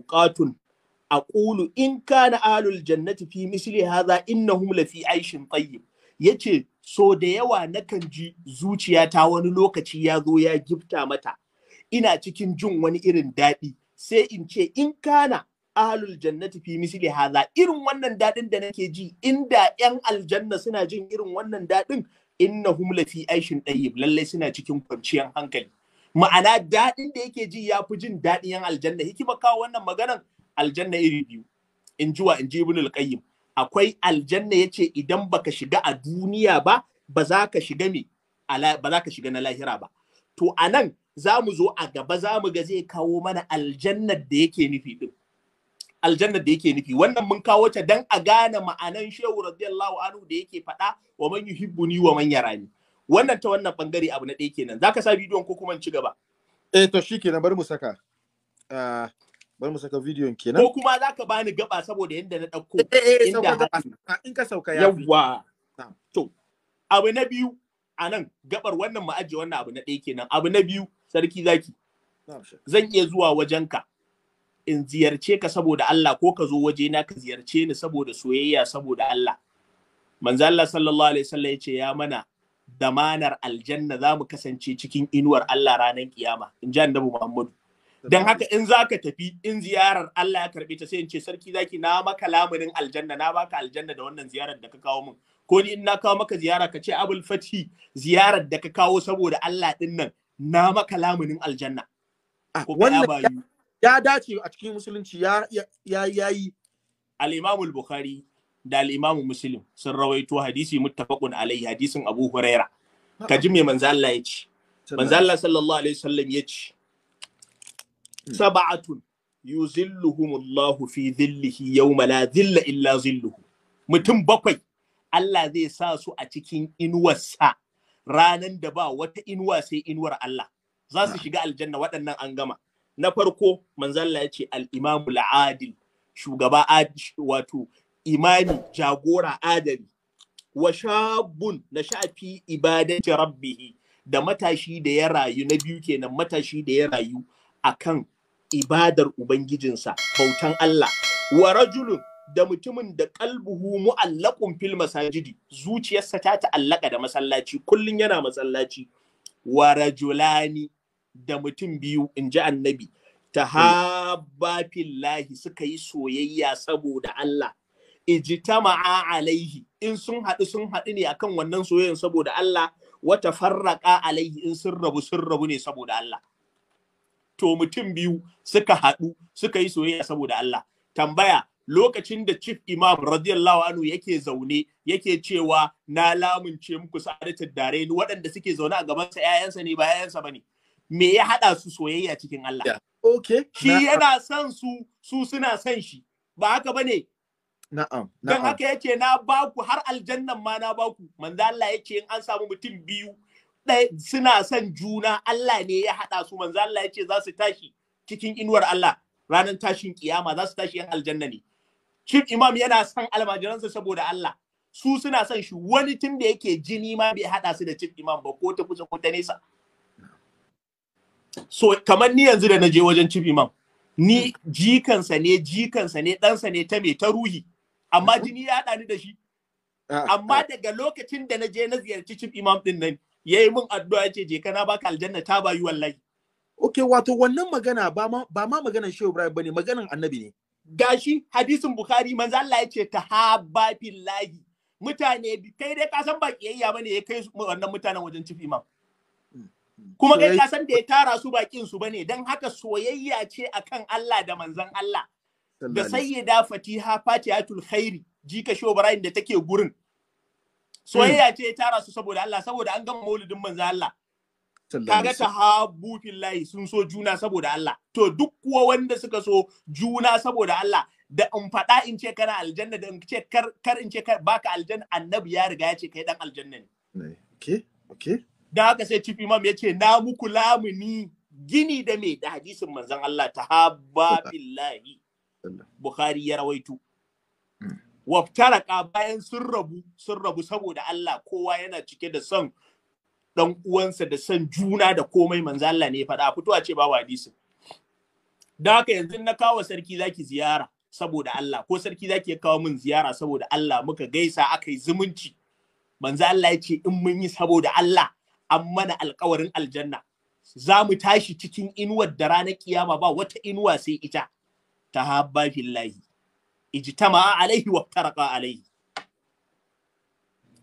aqulu in kana ahlul jannati fi misli hadha innahum la fi aishin tayyib yace so da yawa nakan ji zuciyata wani lokaci ya zo ya gifta mata ina cikin jin wani irin daɗi sai in ce in kana ahlul jannati fi misli hadha irin wannan daɗin da nake ji inda yan aljanna suna jin irin wannan daɗin? innahum fi aishin ɗayyib lallai suna cikin kwanciyar hankali ma'ana daɗin da yake ji yafi jin daɗin yan aljanna hikima kawo wannan maganan aljanna iri biyu in ji in ji ibnul qayyim akwai aljanna yace idan baka shiga a duniya ba ba za ka shiga me ba za ka shiga na lahira ba to anan za mu zo a gaba za mu ga zai kawo mana aljannar da yake nufi din aljannar da yake nufi wannan mun kawo ta dan a gane ma'anan shehu radiyallahu anhu da yake faɗa wa man yuhibbuni wa man yarani wannan ta wannan bangare abu na ɗaya kenan zaka sa bidiyon ko kuma ci gaba eh to shikenan bari mu saka ah, bari mu saka bidiyon kenan ko kuma zaka bani gaba saboda yanda na ɗauko eh, eh, eh, inda ah, in ka sauka ya yawa to abu na biyu a nan gabar wannan mu wannan abu na ɗaya kenan abu na biyu sarki zaki zan iya zuwa wajenka in ziyarce ka saboda Allah ko ka zo waje na ka ziyarce ni saboda soyayya saboda Allah manzo Allah sallallahu alaihi wasallam yace ya mana damanar aljanna za mu kasance cikin inuwar Allah ranar kiyama in ji annabi Muhammadu dan haka in zaka tafi in ziyarar Allah ya karbe ta sai in ce sarki zaki na maka lamunin aljanna na baka aljanna da wannan ziyarar da ka kawo min ko ni in na kawo maka ziyara ka ce abul fathi ziyarar da ka kawo saboda Allah din nan na maka lamunin aljanna ah, wannan ya dace a cikin musulunci ya ya yayi al-Imam al-Bukhari da al-Imam Muslim sun rawaito hadisi muttafaqun alaihi hadisin Abu Huraira ka ji me manzo Allah ya ce manzo Allah sallallahu alaihi wasallam ya ce hmm. sab'atun yuzilluhumullahu fi dhillihi yawma la dhilla illa dhilluhu mutum bakwai Allah zai sa su a cikin inuwarsa ranan da ba wata inuwa sai inuwar Allah za su shiga aljanna waɗannan an gama na farko manzalla ya ce al-imamu al shugaba wato imami jagora adali wa shabun na shafi ibadati rabbihi da matashi da ya rayu na biyu kenan matashi da ya rayu akan ibadar ubangijinsa bautan Allah wa rajulun da mutumin da kalbuhu mu'allaqun fil masajidi zuciyarsa ta ta'allaka da masallaci kullun yana masallaci wa rajulani da mutum biyu in ji annabi ta haba fillahi suka yi soyayya saboda Allah ijtama'a alaihi in sun haɗu sun haɗu ne akan wannan soyayyan saboda Allah wata farraƙa alaihi in sun rabu sun rabu ne saboda Allah to mutum biyu suka haɗu suka yi soyayya saboda Allah tambaya lokacin da chief imam radiyallahu anhu yake zaune yake cewa na lamunce muku sa'adatar dare ni waɗanda suke zaune a gabansa 'ya'yansa ne ba 'ya'yansa bane me ya haɗa su soyayya cikin Allah. Okay. Shi yana son su, su suna son shi. Ba haka ba ne? Na'am. Don haka yake na baku har aljannan ma na baku. Manzo Allah yake in an samu mutum biyu suna son juna Allah ne ya haɗa su manzo Allah yake za su tashi cikin inuwar Allah ranar tashin kiyama za su tashi yan aljanna ne. Chief Imam yana son almajiransa saboda Allah. Su suna son shi wani tun da yake jini ma bai haɗa su da Chief Imam ba ko ta kusa ko ta nesa. so kamar ni yanzu da na je wajen cibi imam. ni jikansa ne jikansa ne ɗansa ne ta mai ta ruhi amma jini ya ni da shi ah, ah. amma daga lokacin da na je na ziyarci cif imam din nan yayi min addu'a ya ce je kana baka aljanna ta bayu wallahi okay wato wannan magana ba ma ba ma maganar Shehu Ibrahim bane maganar Annabi ne gashi hadisin Bukhari manzo Allah ya ce haba billahi mutane kai dai ka san ba kiyayya bane ya kai wannan mutanen wajen cif imam kuma kai ka san da ya tara su bakin su bane dan haka soyayya ce akan Allah da manzon Allah da sayyida Fatiha Fatihatul Khairi jika ibrahim da take gurin soyayya hmm. ce ya tara su saboda Allah saboda an gama maulidin manzon Allah kaga ta habu fillahi sun so juna saboda Allah to duk kuwa wanda suka so juna saboda Allah da in fada in ce kana aljanna da in ce kar kar in ce baka aljanna annabi ya riga ya ce kai dan aljanna ne okay okay da haka sai chief imam ya ce na muku lamuni gini da mai da hadisin manzon Allah tahabba billahi bukhari ya rawaito hmm. waftaraka bayan sun rabu sun rabu saboda Allah kowa yana cike da son dan uwansa da son juna da komai manzo Allah ne faɗa fito a ce ba hadisin da haka yanzu na kawo sarki zaki ziyara saboda Allah ko sarki zaki ya kawo min ziyara saboda Allah muka gaisa aka yi zumunci manzo Allah ya ce in mun yi saboda Allah an mana alkawarin aljanna za mu tashi cikin inuwar da ranar kiyama ba wata inuwa sai ita ta habba fillahi ijtama alaihi wa tarqa alaihi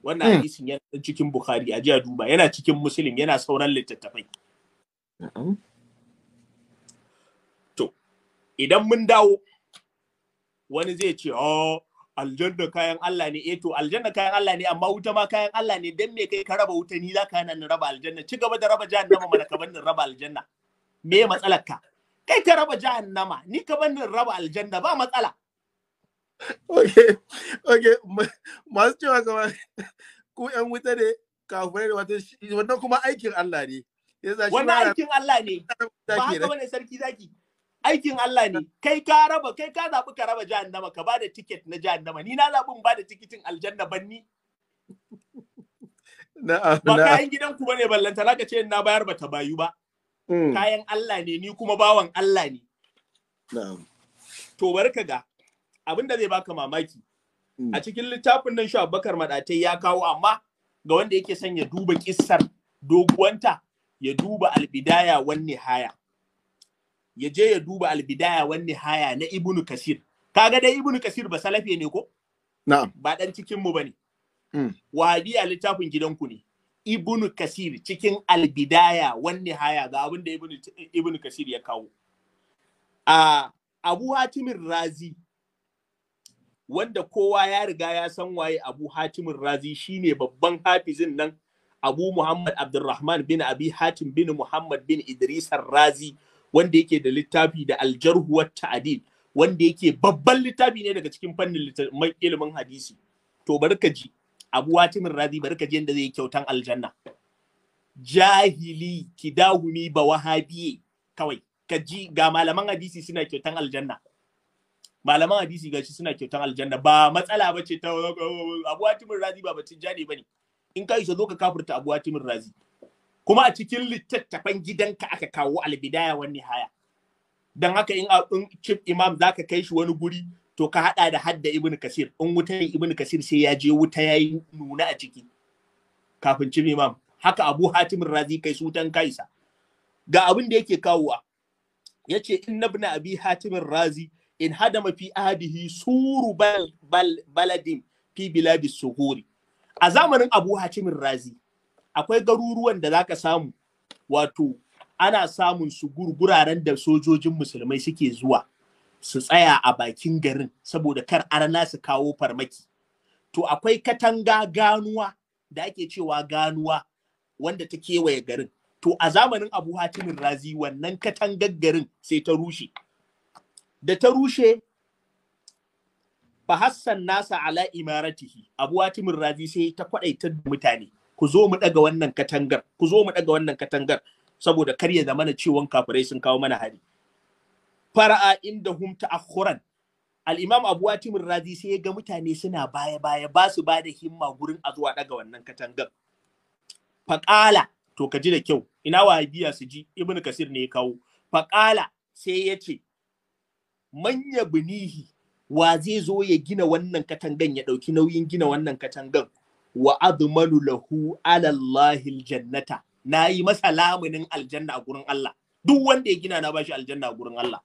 wannan hmm. hadisin yana cikin bukhari a jiya duba yana cikin muslim yana sauran littattafai to idan mun dawo wani zai ce oh aljanna kayan Allah ne eto eh to aljanna kayan Allah ne amma wuta ma kayan Allah ne dan me kai ka raba wuta ni zaka hana ni raba aljanna ci gaba da raba jahannama mana ka bannin raba aljanna me matsalar ka kai ka raba jahannama ni ka bannin raba aljanna ba matsala okay okay masu cewa kamar ku yan wuta ne kafirai wato wannan kuma aikin Allah ne wannan aikin Allah ne ba haka bane sarki zaki aikin Allah ne kai ka raba kai ka zabi ka raba jahannama ka bada ticket na jahannama ni na zabi in bada tikitin aljanna banni ba kayan gidan ku bane ballanta zaka ce na bayar ba ta bayu ba hmm. kayan Allah ne ni kuma bawan Allah ne to barka ga abinda zai baka mamaki hmm. a cikin littafin nan shi Abubakar Madatai ya kawo amma ga wanda yake son ya duba kissar doguwanta ya duba albidaya wani haya. ya je ya duba albidaya wani haya na ibnu kasir kaga dai ibnu kasir ba salafi ne ko na'am ba dan cikin mu bane mm. a littafin gidanku ne ibnu kasir cikin albidaya wani haya ga abin da ibnu ibnu kasir ya kawo a abu hatimin razi wanda kowa ya riga ya san waye abu hatimin razi shine babban hafizin nan abu muhammad abdurrahman bin abi hatim bin muhammad bin idris razi wanda yake da littafi da aljarhu wa ta'dil wanda yake babban littafi ne daga cikin fannin ilimin hadisi to bari ka ji abu watimin razi bari ka ji yadda zai kyautan aljanna jahili kidahumi ba wahabiye kawai ka ji ga malaman hadisi suna kyautan aljanna malaman hadisi gashi suna kyautan aljanna ba matsala bace ta abu watimin razi ba batun jani bane in ka isa zo ka kafurta abu watimin razi kuma a cikin littattafan gidanka aka kawo albidaya wa nihaya dan haka in chief imam zaka kai shi wani guri to ka hada da hadda ibn kasir in wuta ne ibn kasir sai ya je wuta ya yi nuna a ciki kafin chief imam haka abu hatim razi kai sutan kaisa ga abin da yake kawowa yace in nabna abi hatim razi in hadama mafi ahadihi suru bal, bal, baladin fi suhuri a zamanin abu hatim razi akwai garuruwan da zaka samu wato ana samun su gurguraren da sojojin musulmai suke zuwa su tsaya a bakin garin saboda kar arna su kawo farmaki to akwai katanga ganuwa da ake cewa ganuwa wanda ta kewaye garin to a zamanin abu hatimin razi wannan katangar garin sai ta rushe da ta rushe fa Hassan nasa ala imaratihi abu hatimin razi sai ta kwadaitar da mutane ku zo mu daga wannan katangar ku zo mu daga wannan katangar saboda kar ya zamana ciwon kafirai sun kawo mana hari fara'a inda hum ta'akhuran al-imam Abu Atim razi sai ya ga mutane suna baya baya ba su ba da himma gurin a zuwa daga wannan katangar faqala to ka ji da kyau ina giya su ji ibnu kasir ne ya kawo faqala sai ya ce manya binihi wa zai zo ya gina wannan katangar ya ɗauki nauyin gina wannan katangar? wa azmanu lahu ala Allahil jannata na yi masa lamunin aljanna a gurin Allah duk wanda ya gina na bashi aljanna a gurin Allah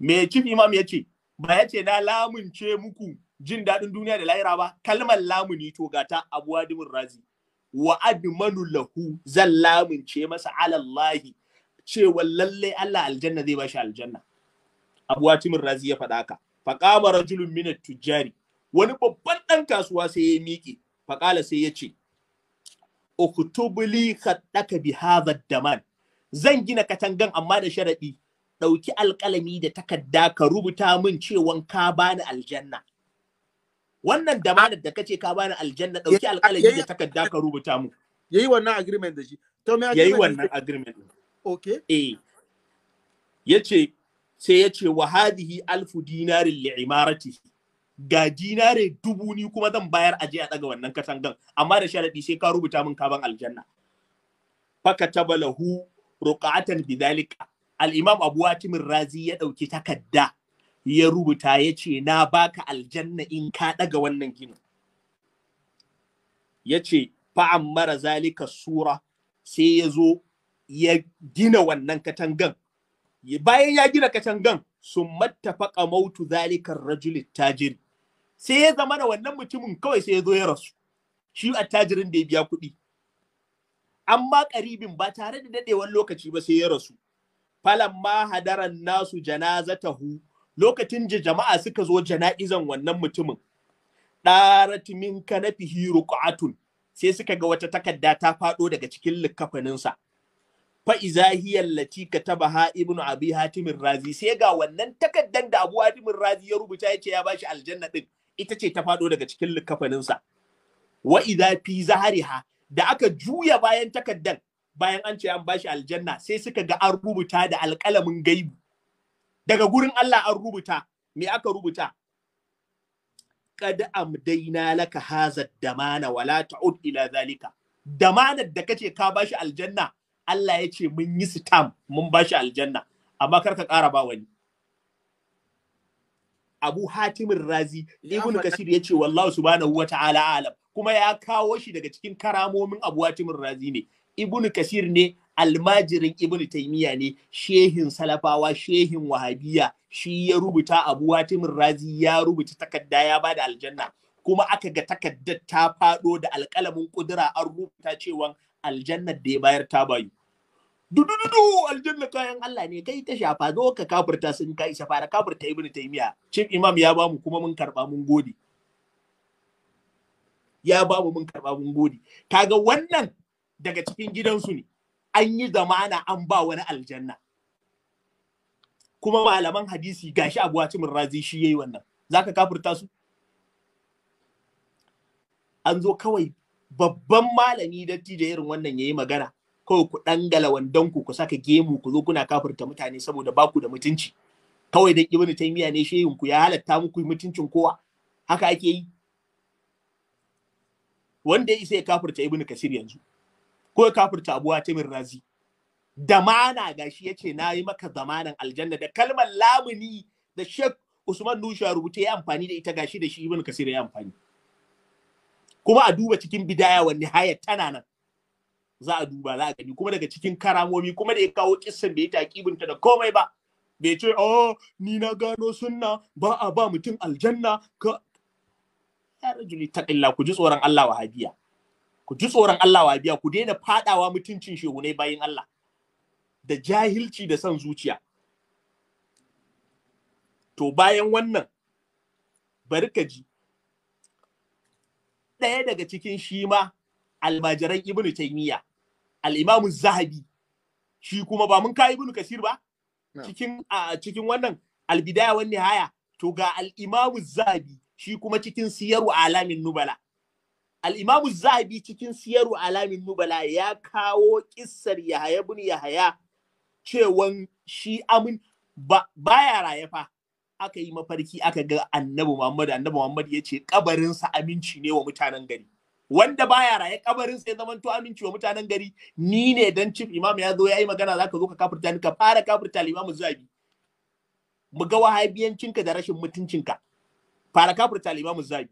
me chief imam ya ce ba ya ce na lamunce muku jin daɗin duniya da lahira ba kalmar lamuni to gata abu wadimin razi wa azmanu lahu zan lamunce masa alallahi cewa lallai Allah aljanna zai bashi aljanna abu wadimin razi ya faɗa haka faqama rajulun min tujari wani babban ɗan kasuwa sai ya miƙe faƙala sai ya ce uktubli khaddaka bi hadha daman zan gina katangan amma da sharaɗi ɗauki alƙalami da takarda ka rubuta min cewan ka bani aljanna wannan damanar da kace ka bani aljanna ɗauki alƙalami da takarda ka rubuta mu yayi wannan agreement da shi to me yayi wannan agreement okay eh yace sai yace wa hadhihi alfu dinarin li imaratihi ga dinare dubu ni kuma zan bayar aje a daga wannan katangan amma da sharadi sai ka rubuta min kaban aljanna fakataba lahu ruqatan bidhalika al-imam abu hatim razi ya dauki takadda ya rubuta ya ce na baka aljanna in ka daga wannan ginin ya ce fa'ammara zalika sura sai ya zo ya gina wannan katangan bayan ya gina katangan sun mattafaka mautu zalikar rajulin tajiri sai ya zama da wannan mutumin kawai sai ya zo ya rasu shi attajirin da ya biya kuɗi amma ƙaribin ba tare da daɗewan lokaci ba sai ya rasu falamma hadaran nasu janazatahu lokacin da jama'a suka zo jana'izan wannan mutumin ɗarat min kanafihi ruqatun sai suka ga wata takarda ta faɗo daga cikin likkafaninsa fa izahiyal lati katabaha ibnu abi hatim razi sai ga wannan takaddan da abu hatim razi ya rubuta yace ya bashi aljanna din ita ce ta faɗo daga cikin likafaninsa wa idza fi zahariha da aka juya bayan takaddan bayan an ce an bashi aljanna sai suka ga an rubuta da alƙalamin gaibu daga gurin Allah an rubuta me aka rubuta qad amdaina laka hazad damana wala ta'ud ila zalika damanar da kace ka bashi aljanna Allah ya ce mun yi sitam mun bashi aljanna amma kar ka ƙara ba wani Abu Hatimin Razi Ibn Kasir ya ce wallahu subhanahu wa ta'ala alam kuma ya kawo shi daga cikin karamomin Abu Hatimin Razi ne Ibn Kasir ne almajirin Ibn Taymiya ne shehin Salafawa shehin Wahabiya shi ya rubuta Abu Hatimin Razi ya rubuta takarda ya bada aljanna kuma aka ga takaddar ta faɗo da alƙalamin ƙudura an rubuta cewa aljannar da ya bayar ta bayu dududu aljanna kayan Allah ne kai ta shafa zo ka kafirta sun kai isa fara kafirta ibn taymiya cin imam ya bamu kuma mun karba mun gode ya bamu mun karba mun gode kaga wannan daga cikin gidansu ne an yi zamana an ba wani aljanna kuma malaman hadisi gashi abu Cimin razi shi yayi wannan zaka kafirta su an zo kawai babban malami dattijo irin wannan yayi magana kawai ku dangala wandon ku ku saka gemu ku zo kuna kafirta mutane saboda ba ku da mutunci kawai dan ibnu taymiya ne shehun ku ya halatta muku mutuncin kowa haka ake yi wanda ya isa ya kafirta ibnu kasir yanzu ko ya kafirta abuwa atamir razi damana gashi yace na yi maka zamanan aljanna da kalmar lamuni da shek usman nusha rubuta ya amfani da ita gashi da shi ibnu kasir ya amfani kuma a duba cikin bidaya wanne tana nan za a duba za a gani kuma daga cikin karamomi kuma da ya kawo kissan da ya taƙibinta da komai ba bai ce oh ni na gano sunna ba a ba mutum aljanna ka ya rajuli illa ku ji tsoron Allah wahabiya ku ji tsoron Allah wahabiya ku daina fadawa mutuncin shegunai bayin Allah da jahilci da san zuciya to bayan wannan bari ka ji ɗaya daga cikin shi ma almajiran ibnu taymiya al'imamu zahabi shi kuma ba mun kayi ibnu kasir ba cikin cikin wannan albidaya wani nihaya to ga al'imamu zahabi shi kuma cikin siyaru alamin nubala al'imamu zahabi cikin siyaru alamin nubala ya kawo kissar yahaya bin yahaya cewan shi amin ba ya raye fa aka yi mafarki aka ga annabi muhammad annabi muhammad ya ce kabarinsa aminci ne wa mutanen gari wanda baya raye kabarin sai zaman to aminci wa mutanen gari ni ne dan chief imam ya zo yayi magana zaka zo ka kafirta ni ka fara kafirta limamu zabi mu ga wahabiyancinka da rashin mutuncinka fara kafirta limamu zabi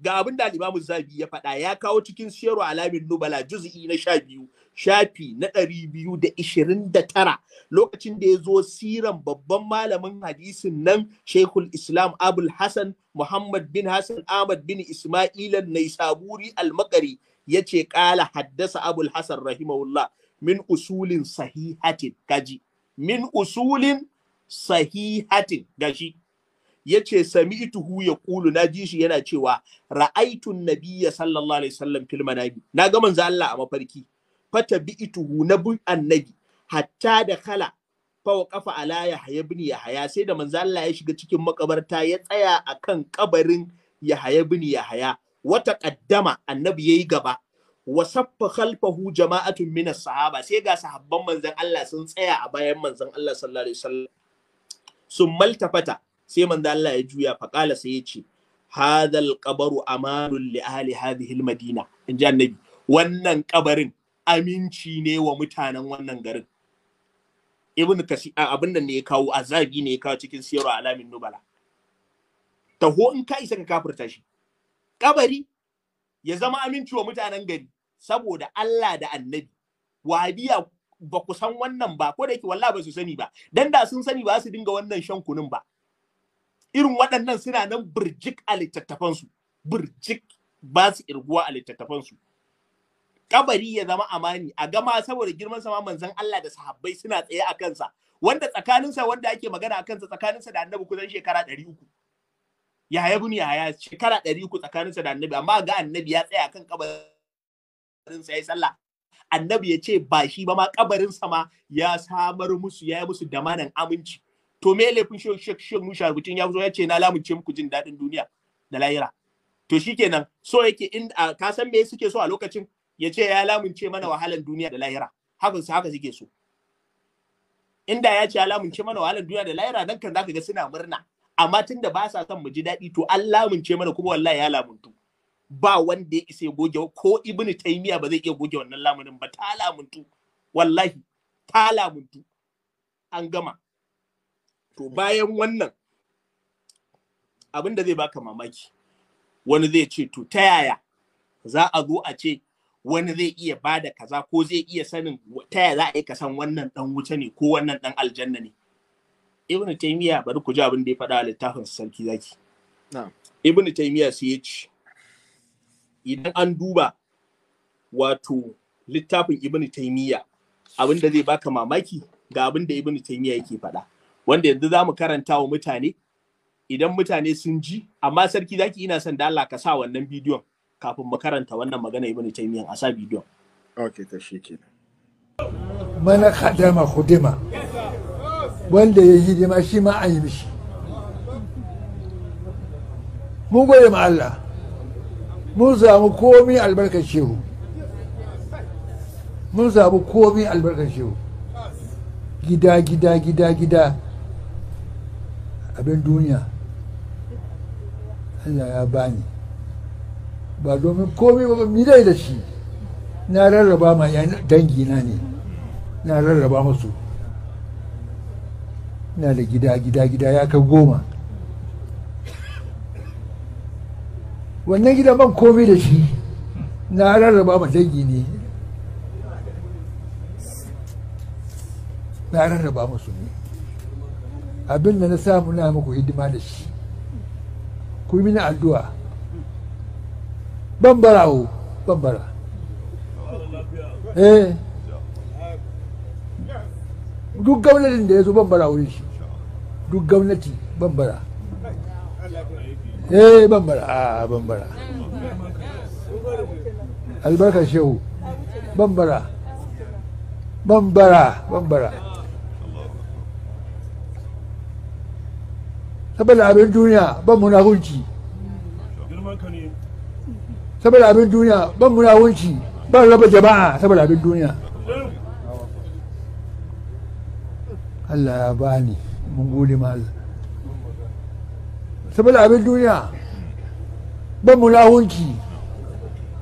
ga abin da alimamu zabi ya faɗa ya kawo cikin siyarwa alamin nubala juz'i na sha biyu shafi na ɗari biyu da ishirin da tara lokacin da ya zo siran babban malamin hadisin nan shekul islam abul hassan muhammad bin hassan ahmad bin ismailan naisaburi almakari ya ce ƙala haddasa abul hassan rahimahullah min usulin sahihatin min usulin sahihatin gashi Ya ce yace ya yaqulu na ji shi yana cewa ra'aitun nabiyya sallallahu alaihi wasallam fil manabi na ga manzo Allah a mafarki Fata tuhu na bin annabi hatta da kala fawa kafa ala yahya ibn yahya sai da manzo Allah ya shiga cikin makabarta ya tsaya akan kabarin yahya ibn yahya wata qaddama annabi yayi gaba wa saffa khalfahu jama'atun min sahaba sai ga sahabban manzon Allah sun tsaya a bayan manzon Allah sallallahu alaihi wasallam sun maltafata sai manzo Allah ya juya faqala sai ya ce hadal qabru amanun li ahli hadhihi almadina inji annabi wannan kabarin aminci ne wa mutanen wannan garin ibn kasi abin nan ne ya kawo azabi ne ya kawo cikin siyarwa alamin nubala taho in ka isa ka kafirta shi kabari ya zama aminci wa mutanen gari saboda Allah da annabi biya ba ku san wannan ba ko da yake wallahi ba su sani ba dan da sun sani ba su dinga wannan shan kunun ba irin waɗannan suna nan birjik a littattafansu birjik ba su irguwa a littattafansu kabari ya zama amani a gama saboda girman sama manzon Allah da sahabbai suna tsaye a kansa wanda tsakaninsa wanda ake magana a kansa tsakaninsa da annabi kusan shekara ɗari uku Yahaya ya Yahaya shekara ɗari uku tsakaninsa da annabi amma ga annabi ya tsaya kan kabarin ya yi sallah annabi ya ce ba shi ba ma kabarin ma ya samar musu ya yi musu damanan aminci to me laifin shek musha rubutun ya zo ya ce na lamunce muku jin daɗin duniya da lahira to shikenan so yake in ka san me suke so a lokacin ya ce ya lamunce mana wahalan duniya da lahira hakan su haka suke so inda ya ce ya lamunce mana wahalan duniya da lahira dan kan zaka ga suna murna amma tunda ba sa son mu ji daɗi to an lamunce mana kuma wallahi ya lamuntu ba wanda ya isa goge ko ibnu taymiya ba zai iya goge wannan lamunin ba ta lamuntu wallahi ta lamuntu an gama to bayan wannan abin da zai baka mamaki wani zai ce to ta yaya za a zo a ce wani zai iya bada kaza ko zai iya sanin ta yaya za a yi ka san wannan dan wuta ne ko wannan dan aljanna ne ibnu taymiya bari ku ji abin da ya faɗa a littafin sarki zaki na'am ibnu taymiya sai ya ce idan an duba wato littafin ibnu taymiya abin da zai baka mamaki ga abin da ibnu taymiya yake faɗa wanda yanzu za mu karanta wa mutane idan mutane sun ji amma sarki zaki ina son da Allah ka sa wannan bidiyon kafin mu karanta wannan magana ibn taymiyan a sa bidiyon okay to shikenan mana khadama khudima wanda ya yi hidima shi ma an yi mishi mun gode ma Allah mun samu komi albarka shehu mun samu komi albarka shehu gida gida gida gida abin duniya Allah ya bani ba domin komai ba dai da shi na rarraba ma dangi na ne na rarraba musu na da gida gida gida ya kai goma wannan gida ban komai da shi na rarraba ma dangi ne na rarraba musu abin da na samu na muku hidima da shi ku yi mini addu'a ban bara o ban bara eh duk gwamnatin da ya zo ban bara wurin shi duk gwamnati ban bara eh ban bara a ah, ban bara albarkar shehu ban bara ban bara ban bara saboda abin duniya ban hunci saboda abin duniya ban hunci ban raba jama'a saboda abin duniya Allah ya bani mun gode ma Allah saboda abin duniya ban hunci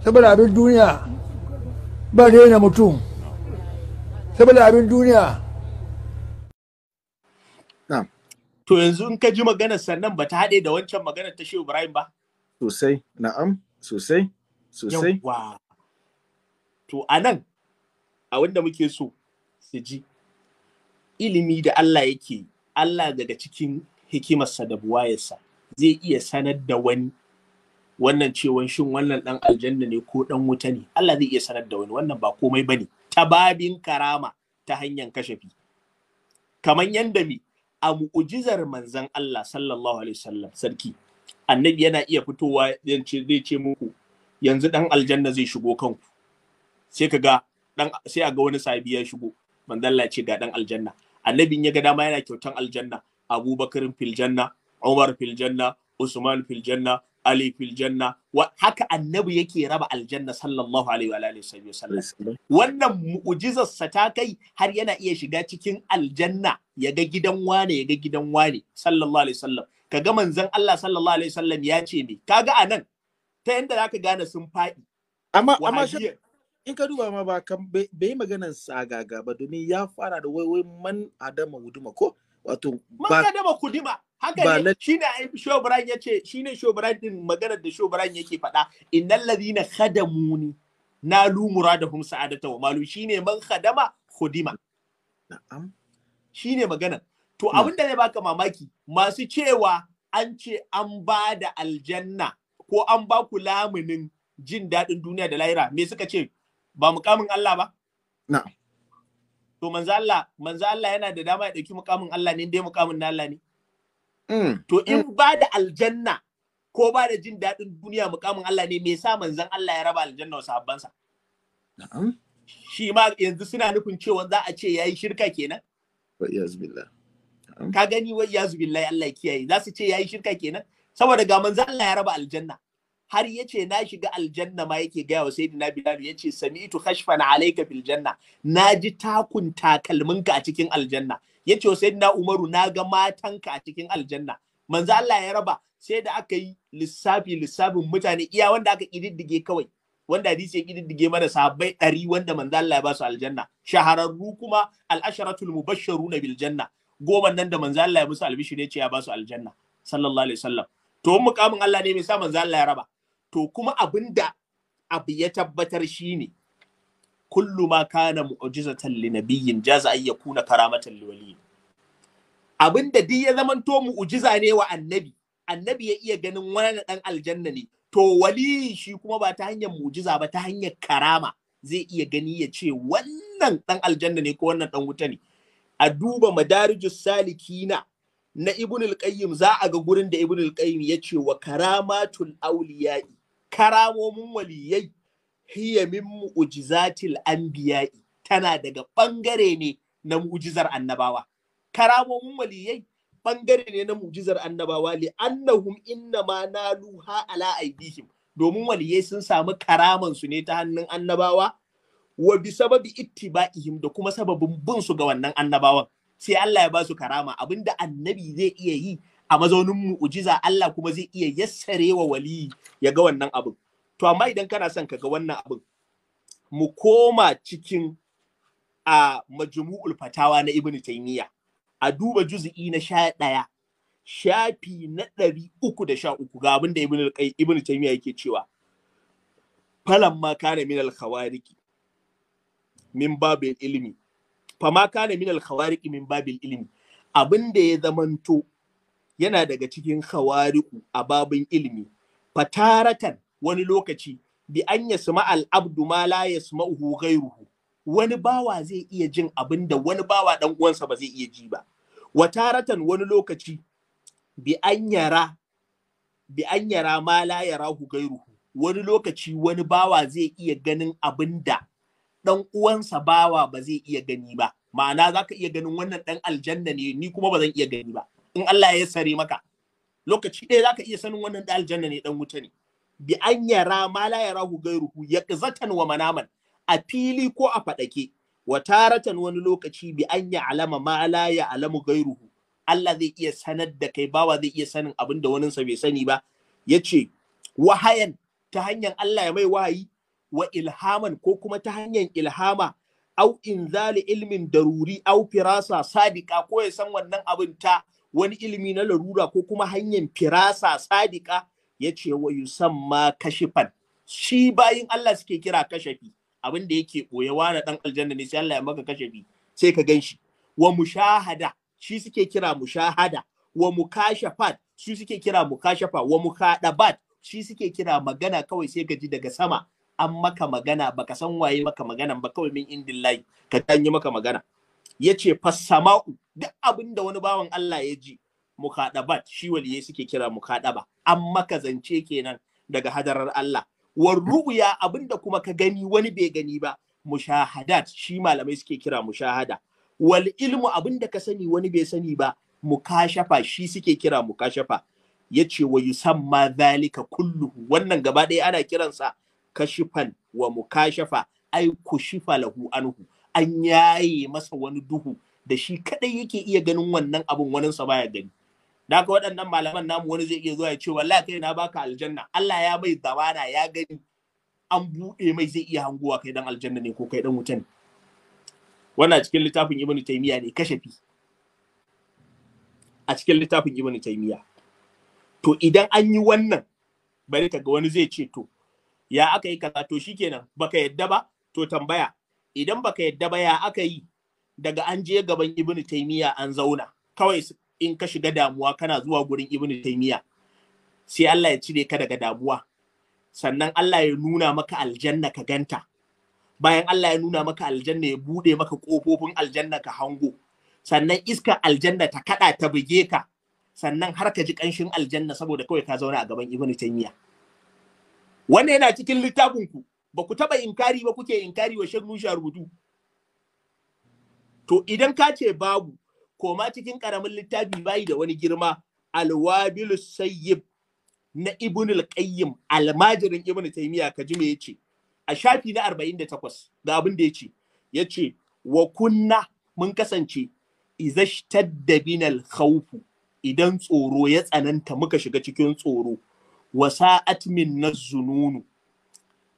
saboda abin duniya ban rena mutum saboda abin duniya To yanzu in ka ji maganar sannan ba ta haɗe da wancan maganar ta Shehu Ibrahim ba? Sosai, na'am, sosai, sosai. To a nan, a wanda muke so su ji, ilimi da Allah yake, Allah daga cikin hikimarsa da buwayarsa zai iya sanar da wani wannan cewon shin wannan ɗan aljanna ne ko ɗan wuta ne Allah zai iya sanar da wani wannan ba komai bane ta babin karama ta hanyar kashafi kamar yanda me a mu'ujizar manzan Allah sallallahu alaihi wasallam sarki annabi yana iya fitowa yace zai ce muku yanzu dan aljanna zai shigo kanku sai ka ga dan sai a ga wani sahabi ya shigo manzan Allah ce ga dan aljanna annabin ya ga dama yana kyautan aljanna Abubakar fil Umar fil Usman fil ali fil janna haka annabi yake raba aljanna sallallahu alaihi wa alihi wasallam wannan mu'jizar sa ta kai har yana iya shiga cikin aljanna ya ga gidan wane ya ga gidan wane sallallahu alaihi wasallam kaga manzon Allah sallallahu alaihi wasallam ya ce me kaga anan ta yanda zaka gane sun faɗi amma amma in ka duba ma ba kan bai maganar sa gaga ba domin ya fara da wai wai man adama wuduma ko wato ba kadama ba haka ne shine Show Brian yace shine Show Brian din maganar da Show Brian yake faɗa innal ladina khadamuni na lumura da hum sa'adata wa malu shine man khadama khudima na'am shine magana to abin da zai baka mamaki masu cewa an ce an ba da aljanna ko an ba ku lamunin jin daɗin duniya da lahira me suka ce ba mukamin Allah ba na'am to manzo Allah manzo Allah yana da dama ya dauki mukamin Allah ne dai mukamin na Allah ne mm. to in mm. ba da aljanna ko ba da jin daɗin duniya mukamin Allah ne me yasa manzo Allah ya raba aljanna wa sa na'am shi ma yanzu suna nufin cewa za a ce yayi shirka kenan wa iyaz billah ka gani wa iyaz billahi Allah ya kiyaye za su ce yayi shirka kenan saboda ga manzo Allah ya raba aljanna har yace na shiga aljanna ma yake gaya wa na bilal yace sami'tu khashfan alayka fil janna ji takun takalminka a cikin aljanna yace wa umaru umaru naga matanka a cikin aljanna manzo Allah ya raba sai da aka yi lissafi lissafin mutane iya wanda aka kididdige kawai wanda hadisi ya kididdige mana sahabbai ɗari wanda manzo Allah ya ba su aljanna shahararru kuma al-asharatul mubashsharuna bil janna goma nan da manzo Allah ya musu albishir ya ce ya ba su aljanna sallallahu alaihi wasallam to mukamin Allah ne mai sa manzo Allah ya raba to kuma abin da abu ya tabbatar shi ne, kullu ma kana mu'jizatan li nabiyyin jaza ay yakuna karamatan li wali abin da duk ya zamanto mu'jiza ne wa annabi annabi ya iya ganin wani dan aljanna ne to wali shi kuma ba ta hanyar mu'jiza ba ta hanyar karama zai iya gani ya ce wannan ɗan aljanna ne ko wannan ɗan wuta ne a duba madarijus salikina na ibn za a ga gurin da ibn ya ce wa karamatul auliya'i karamomin waliyai hiya min mu'jizatil anbiya'i tana daga bangare ne na mu'jizar annabawa karamomin waliyai bangare ne na mu'jizar annabawa li annahum ma naluha ala aidihim domin waliyai sun samu karaman su ne ta hannun annabawa wa bi sababi ittiba'ihim da kuma sababin bin su ga wannan annabawan sai Allah ya ba su karama abinda annabi zai iya yi a mazaunin mu'ujiza Allah kuma zai iya yassare wa wali ya ga wannan abin to amma idan kana son ka ga wannan abin mu koma cikin a majmu'ul fatawa na ibnu taymiya a duba juz'i na sha ɗaya shafi na ɗari uku da sha uku ga abin da ibnu taymiya yake cewa falan ma kana min al min babil ilmi fama kana min al min babil ilmi abin da ya zamanto yana daga cikin khawariku a babin ilimi fataratan wani lokaci bi an yasma al abdu ma la yasma'uhu ghayruhu wani bawa zai iya jin abin da wani bawa dan uwansa ba zai iya ji ba wataratan wani lokaci bi an yara bi an yara ma la yarahu ghayruhu wani lokaci wani bawa zai iya ganin abin da dan uwansa bawa ba zai iya gani ba ma'ana zaka iya ganin wannan dan aljanna ne ni kuma ba zan iya gani ba in Allah ya sare maka lokaci ɗaya zaka iya sanin wannan da aljanna ne dan wuta ne bi an yara ma la yarahu gairuhu yaqzatan wa manaman a fili ko a fadake wa taratan wani lokaci bi an ya alama ma ya alamu gairuhu Allah zai iya sanar da kai bawa zai iya sanin abin da waninsa bai sani ba yace wahayan ta hanyar Allah ya mai wahayi wa ilhaman ko kuma ta hanyar ilhama au inzali ilmin daruri au firasa sadika ko ya san wannan abin ta wani ilimi na larura ko kuma hanyar firasa sadika ya ce wa yusamma kashifan shi bayin Allah suke kira kashafi abin da yake ɓoye wani dan aljanna ne sai Allah ya maka kashafi sai ka gan shi wa mushahada shi suke kira mushahada wa mukashafat shi suke kira mukashafa wa mukadabat shi suke kira magana kawai sai ka ji daga sama an maka magana baka san waye maka magana ba kawai min indillahi ka tanyi maka magana yace fassama'u duk abin da wani bawan Allah ya ji mukaɗabat shi waliyai suke kira mukaɗaba. An makazance zance kenan daga hadarar Allah war ru'ya abin da kuma ka gani wani bai gani ba mushahadat shi malamai suke kira mushahada wal ilmu abin da ka sani wani bai sani ba mukashafa shi suke kira mukashafa yace wa yusamma zalika kullu. wannan gaba ɗaya ana kiransa kashifan wa mukashafa ai kushifa lahu anhu an yaye masa wani duhu da shi kadai yake iya ganin wannan abun wani sa baya gani da ka waɗannan malaman namu wani zai iya zuwa ya ce wallahi kai na baka aljanna Allah ya mai dawana ya gani an buɗe mai zai iya hanguwa kai dan aljanna ne ko kai dan wuta ne wannan cikin littafin ibnu taymiya ne kashafi a cikin littafin ibnu taymiya to idan an yi wannan bari ka ga wani zai ce to ya aka yi kaza to shikenan baka yadda ba to tambaya idan baka yadda ba ya aka yi daga an je gaban ibnu taimiya an zauna kawai in ka shiga damuwa kana zuwa gurin ibnu taimiya. sai Allah ya cire ka daga damuwa sannan Allah ya nuna maka aljanna ka ganta bayan Allah ya nuna maka aljanna ya bude maka kofofin aljanna ka hango sannan iska aljanna ta kada ta buge ka sannan har ka ji kanshin aljanna saboda kawai ka zauna a gaban ibnu taimiya. wannan yana cikin littafin ku ba ku taɓa inkari ba kuke inkari wa nusha rubutu to idan ka ce babu koma cikin ƙaramin littafi bayi da wani girma alwabil sayyib na ibn al-qayyim almajirin ibn taymiya ka ji me yace a shafi na 48 ga abin da yace yace wa kunna mun kasance izashtadda binal khawf idan tsoro ya tsananta muka shiga cikin tsoro wa sa'at min nazununu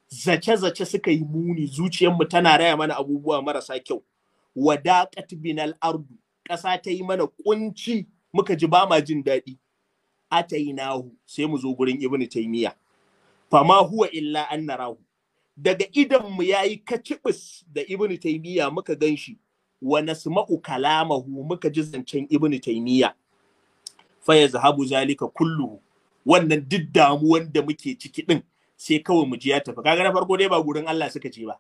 zace-zace suka yi muni zuciyarmu tana raya mana abubuwa marasa kyau wadaqat binal ardu ƙasa ta yi mana kunci muka ji ba ma jin daɗi atainahu sai mu zo gurin ibnu taymiya fama huwa illa an narahu daga idan mu yayi kacibis da ibnu taymiya muka ganshi wa nasma'u kalamahu muka ji zancen ibnu taymiya fa yazhabu zalika kulluhu wannan duk damuwan da muke ciki ɗin. sai kawai mu ji ya tafi kaga na farko dai ba gurin Allah suka je ba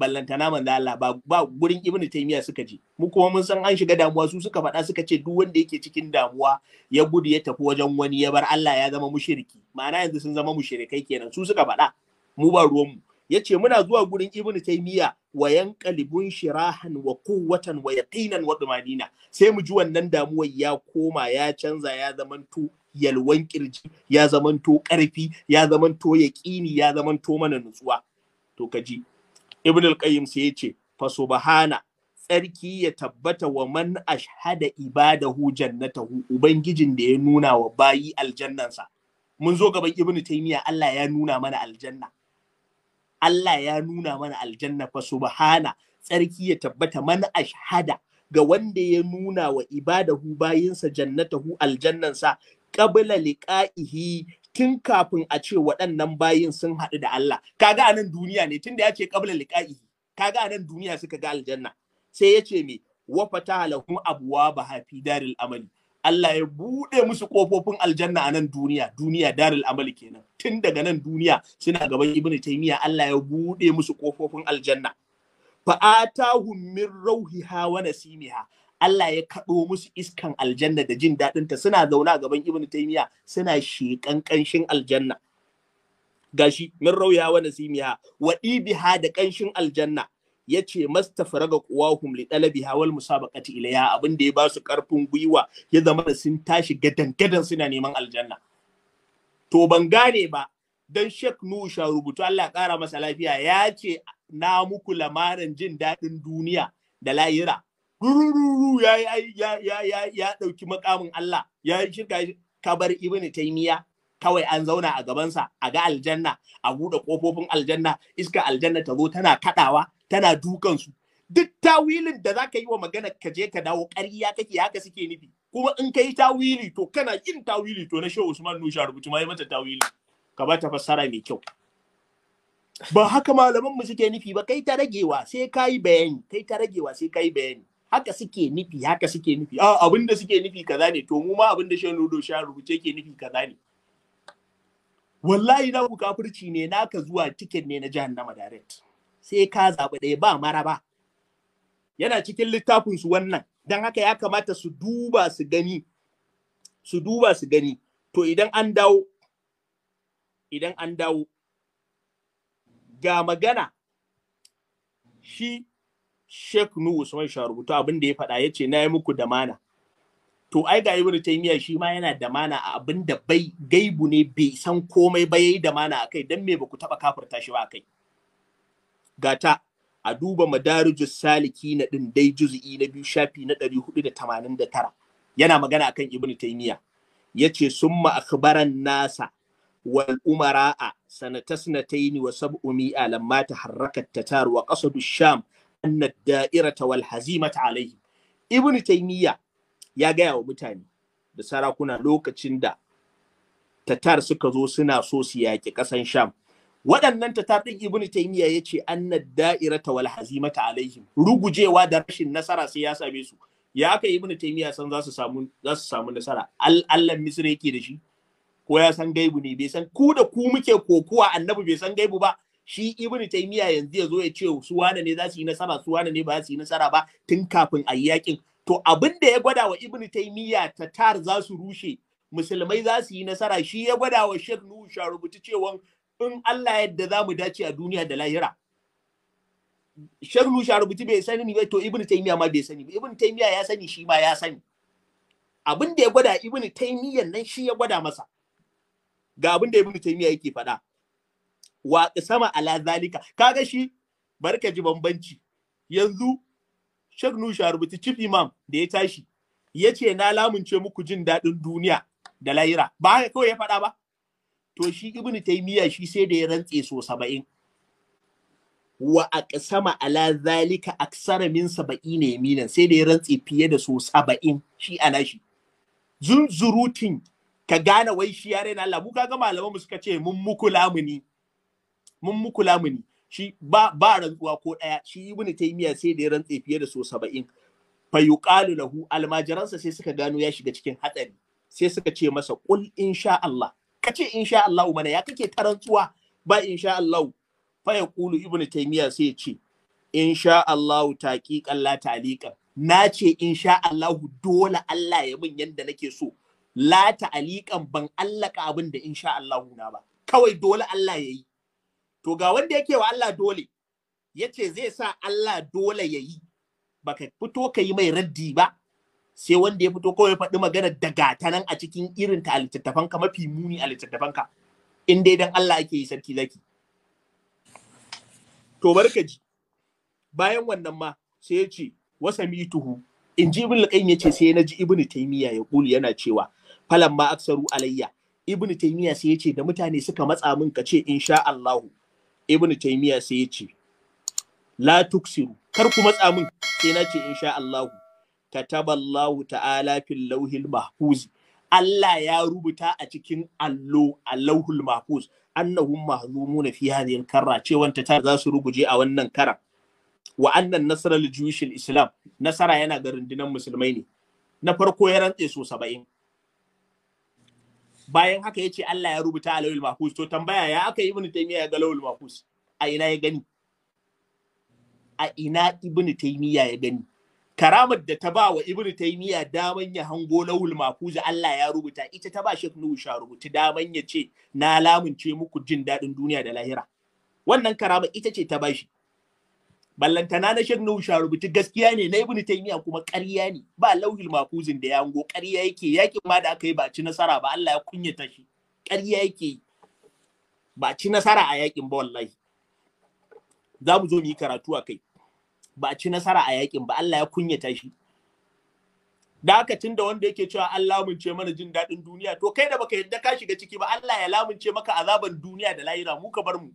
ballantana manzo Allah ba ba gurin ibnu taymiya suka je mu kuma mun san an shiga damuwa su suka faɗa suka ce duk wanda yake cikin damuwa ya gudu ya tafi wajen wani ya bar Allah ya zama mushriki ma'ana yanzu sun zama mushrikai kenan su suka faɗa mu ba ruwan mu Ya ce muna zuwa gurin ibnu taimiya wa yanqalibun shirahan wa quwwatan wa yaqinan wa dumanina sai mu ji wannan damuwar ya koma ya canza ya zamanto yalwan kirji ya zamanto karfi ya zamanto yaqini ya zamanto mana nutsuwa to kaji ibnu al-qayyim sai ce, fa subhana tsarki ya tabbata wa man ashhada ibadahu jannatahu ubangijin da ya nuna wa bayi aljannansa mun zo gaban ibnu taimiya. Allah ya nuna mana aljanna Allah ya nuna mana aljanna fa subhana tsarki ya tabbata man ashhada ga wanda ya nuna wa ibadahu bayinsa jannatahu aljannansa qabla liqa'ihi tun kafin a ce waɗannan bayin sun haɗu da Allah kaga anan duniya ne tunda ya ce qabla liqa'ihi kaga anan duniya suka ga aljanna sai ya ce me wa fataha lahum abwaaba fi daril amali Allah ya buɗe musu ƙofofin aljanna a nan duniya duniya darul amali kenan tun daga nan duniya suna gaban ibnu taymiya Allah ya buɗe musu ƙofofin aljanna fa atahum min rauhiha wa nasimiha Allah ya kaɗo musu iskan aljanna da jin daɗinta. suna zauna a gaban ibnu taymiya suna sheƙan ƙanshin aljanna gashi min rauhiha wa nasimiha wa ibiha da ƙanshin aljanna ya ce faraga kuwa li ɗalabi hawal musabaqati ilaya, abin da ya ba su ƙarfin gwiwa ya zama da sun tashi gadan gadan suna neman aljanna to ban gane ba dan Sheikh Nusha rubutu Allah ƙara masa lafiya ya ce na muku lamarin jin daɗin duniya da layira rururu ya ɗauki ya ya ya dauki makamin Allah ya shirka kabar ibnu taymiya kawai an zauna a gabansa a ga aljanna a buɗe ƙofofin aljanna iska aljanna ta zo tana kaɗawa tana dukansu duk tawilin da zaka yi wa magana ka je ka dawo ƙarya kake haka suke nufi kuma in ka yi tawili to kana yin tawili to na shehu usman nusha rubutu ma yi mata tawili ka ba ta fassara mai kyau ba haka malaman mu suke nufi ba kai ta ragewa sai ka yi bayani kai ta ragewa sai ka yi bayani haka suke nufi haka suke nufi a abinda suke nufi kaza ne to mu ma abinda shehu nudo sha rubuce ke nufi kaza ne wallahi na ku kafirci ne naka zuwa tiket ne na jahannama direct sai ka zaɓi ɗaya ba maraba yana cikin littafin su wannan don haka ya kamata su duba su gani su duba su gani to idan an dawo idan an dawo ga magana shi Sheikh Nuhu Usman Sharubutu abin da ya faɗa ya ce na yi muku da mana to ai ga ibnu taymiya shi ma yana da mana a abin da bai gaibu ne bai san komai ba yayi da mana akai dan me baku taba kafirta shi ba akai gata a duba madarijus saliki na din dai juz'i na biyu shafi na 489 yana magana akan ibnu taymiya yace summa akhbaran nasa wal umara'a sanata sanataini wa sab'umi lamma taharrakat tatar wa qasadu sham anna ad-da'irata wal hazimata alayhi. ibnu taymiya ya gaya wa mutane da sarakuna lokacin da tatar suka zo suna so su yaƙi ƙasan sham waɗannan tatar ɗin ibnu taymiya ya ce anna da'irata wal hazimata alaihim rugujewa da rashin nasara sai ya same su ya aka ibnu taymiya san za su samu za su samu nasara Allah misra yake da shi ko ya san gaibu ne bai san ku da ku muke kokuwa annabi bai san gaibu ba shi ibnu taymiya yanzu ya zo ya ce su wane ne za su yi nasara su wane ne ba za su yi nasara ba tun kafin a yi yakin to abin da ya gwada wa ibnu taymiya tatar za su rushe musulmai za su yi nasara shi ya gwada wa Sheikh Nuhu sharubuti cewa in Allah yadda za mu dace a duniya da lahira. Sheikh Nuhu sharubuti bai sani ba to Ibn Taymiyyah ma bai sani ba Ibn Taymiyyah ya sani shi ma ya sani. Abin da ya gwada Ibn Taymiyyah nan shi ya gwada masa. Ga abin da Ibn Taymiyyah yake faɗa. Wa sama ala zalika kaga shi barka ji bambanci yanzu Sheikh Nuhu Sharubuti chief imam da ya tashi ya ce na lamunce muku jin daɗin duniya da lahira ba haka kawai ya faɗa ba to shi ibnu taymiya shi sai da ya rantse so saba'in wa aqsama ala zalika aksara min saba'ina yaminan sai da ya rantse fiye da so saba'in shi ana shi zunzurutin ka gane wai shi yare na Allah mu kaga malaman mu suka ce mun muku lamuni mun muku lamuni shi ba ba rantsuwa ko ɗaya shi ibn taymiya sai da ya rantse fiye da so 70 fa yuqalu lahu almajaransa sai suka gano ya shiga cikin hatsari sai suka ce masa qul insha Allah kace insha Allah mana ya kake tarantsuwa ba insha Allah fa yaqulu ibn taymiya sai ya ce insha Allah taqiqan la ta'liqa na ce insha Allah dole Allah ya min yanda nake so la ta'liqan ban allaka abin da insha Allah na ba kawai dole Allah ya yi to ga wanda yake wa Allah dole yace zai sa Allah dole yayi baka fito ka yi mai raddi ba sai wanda ya fito kawai faɗi magana daga ta nan a cikin irin ta littattafanka mafi muni a littattafanka in dai dan Allah ake yi sarki zaki to barka ji bayan wannan ma sai ya ce wasa mituhu in ji ibn al ya ce sai na ji ibn taymiya ya kuli yana cewa falan ma aksaru alayya ibn taymiya sai ya ce da mutane suka matsa min ka ce insha Allahu ibn taimiya sai ya ce la tuksiru kar ku matsa min sai na ce insha Allah kataballahu ta'ala fil lauhil mahfuz Allah ya rubuta a cikin allo a lauhul mahfuz annahum mahzumuna fi hadhihi al-karra cewanta ta za su ruguje a wannan karan wa annan nasarar juyishil islam nasara yana ga rundunar musulmai ne na farko ya rantse so saba'in bayan haka ya ce Allah ya rubuta a lawul mahfuz to tambaya ya aka ibnu taymiya ya ga lawul mahfuz a ina ya gani a ina ibnu taymiya ya gani karamar da ta ba wa ibnu taymiya daman ya hango lawul mahfuz Allah ya rubuta ita ta ba shek nuhu sha rubuta daman ya ce na lamunce muku jin dadin duniya da lahira wannan karamar ita ce ta bashi ballantana na shirnu sharubutu gaskiya ne na ibnu taymiya kuma ƙarya ne ba lauhil mafuzin da yango ƙarya yake yakin ma da aka yi ba ci nasara ba Allah ya kunyata shi ƙarya yake ba ci nasara a yakin ba wallahi za mu zo mu yi karatu a kai ba ci nasara a yakin ba Allah ya kunyata shi da wanda yake cewa an lamunce mana jin daɗin duniya to kai da baka yadda ka shiga ciki ba Allah ya lamunce maka azaban duniya da lahira mu ka bar mu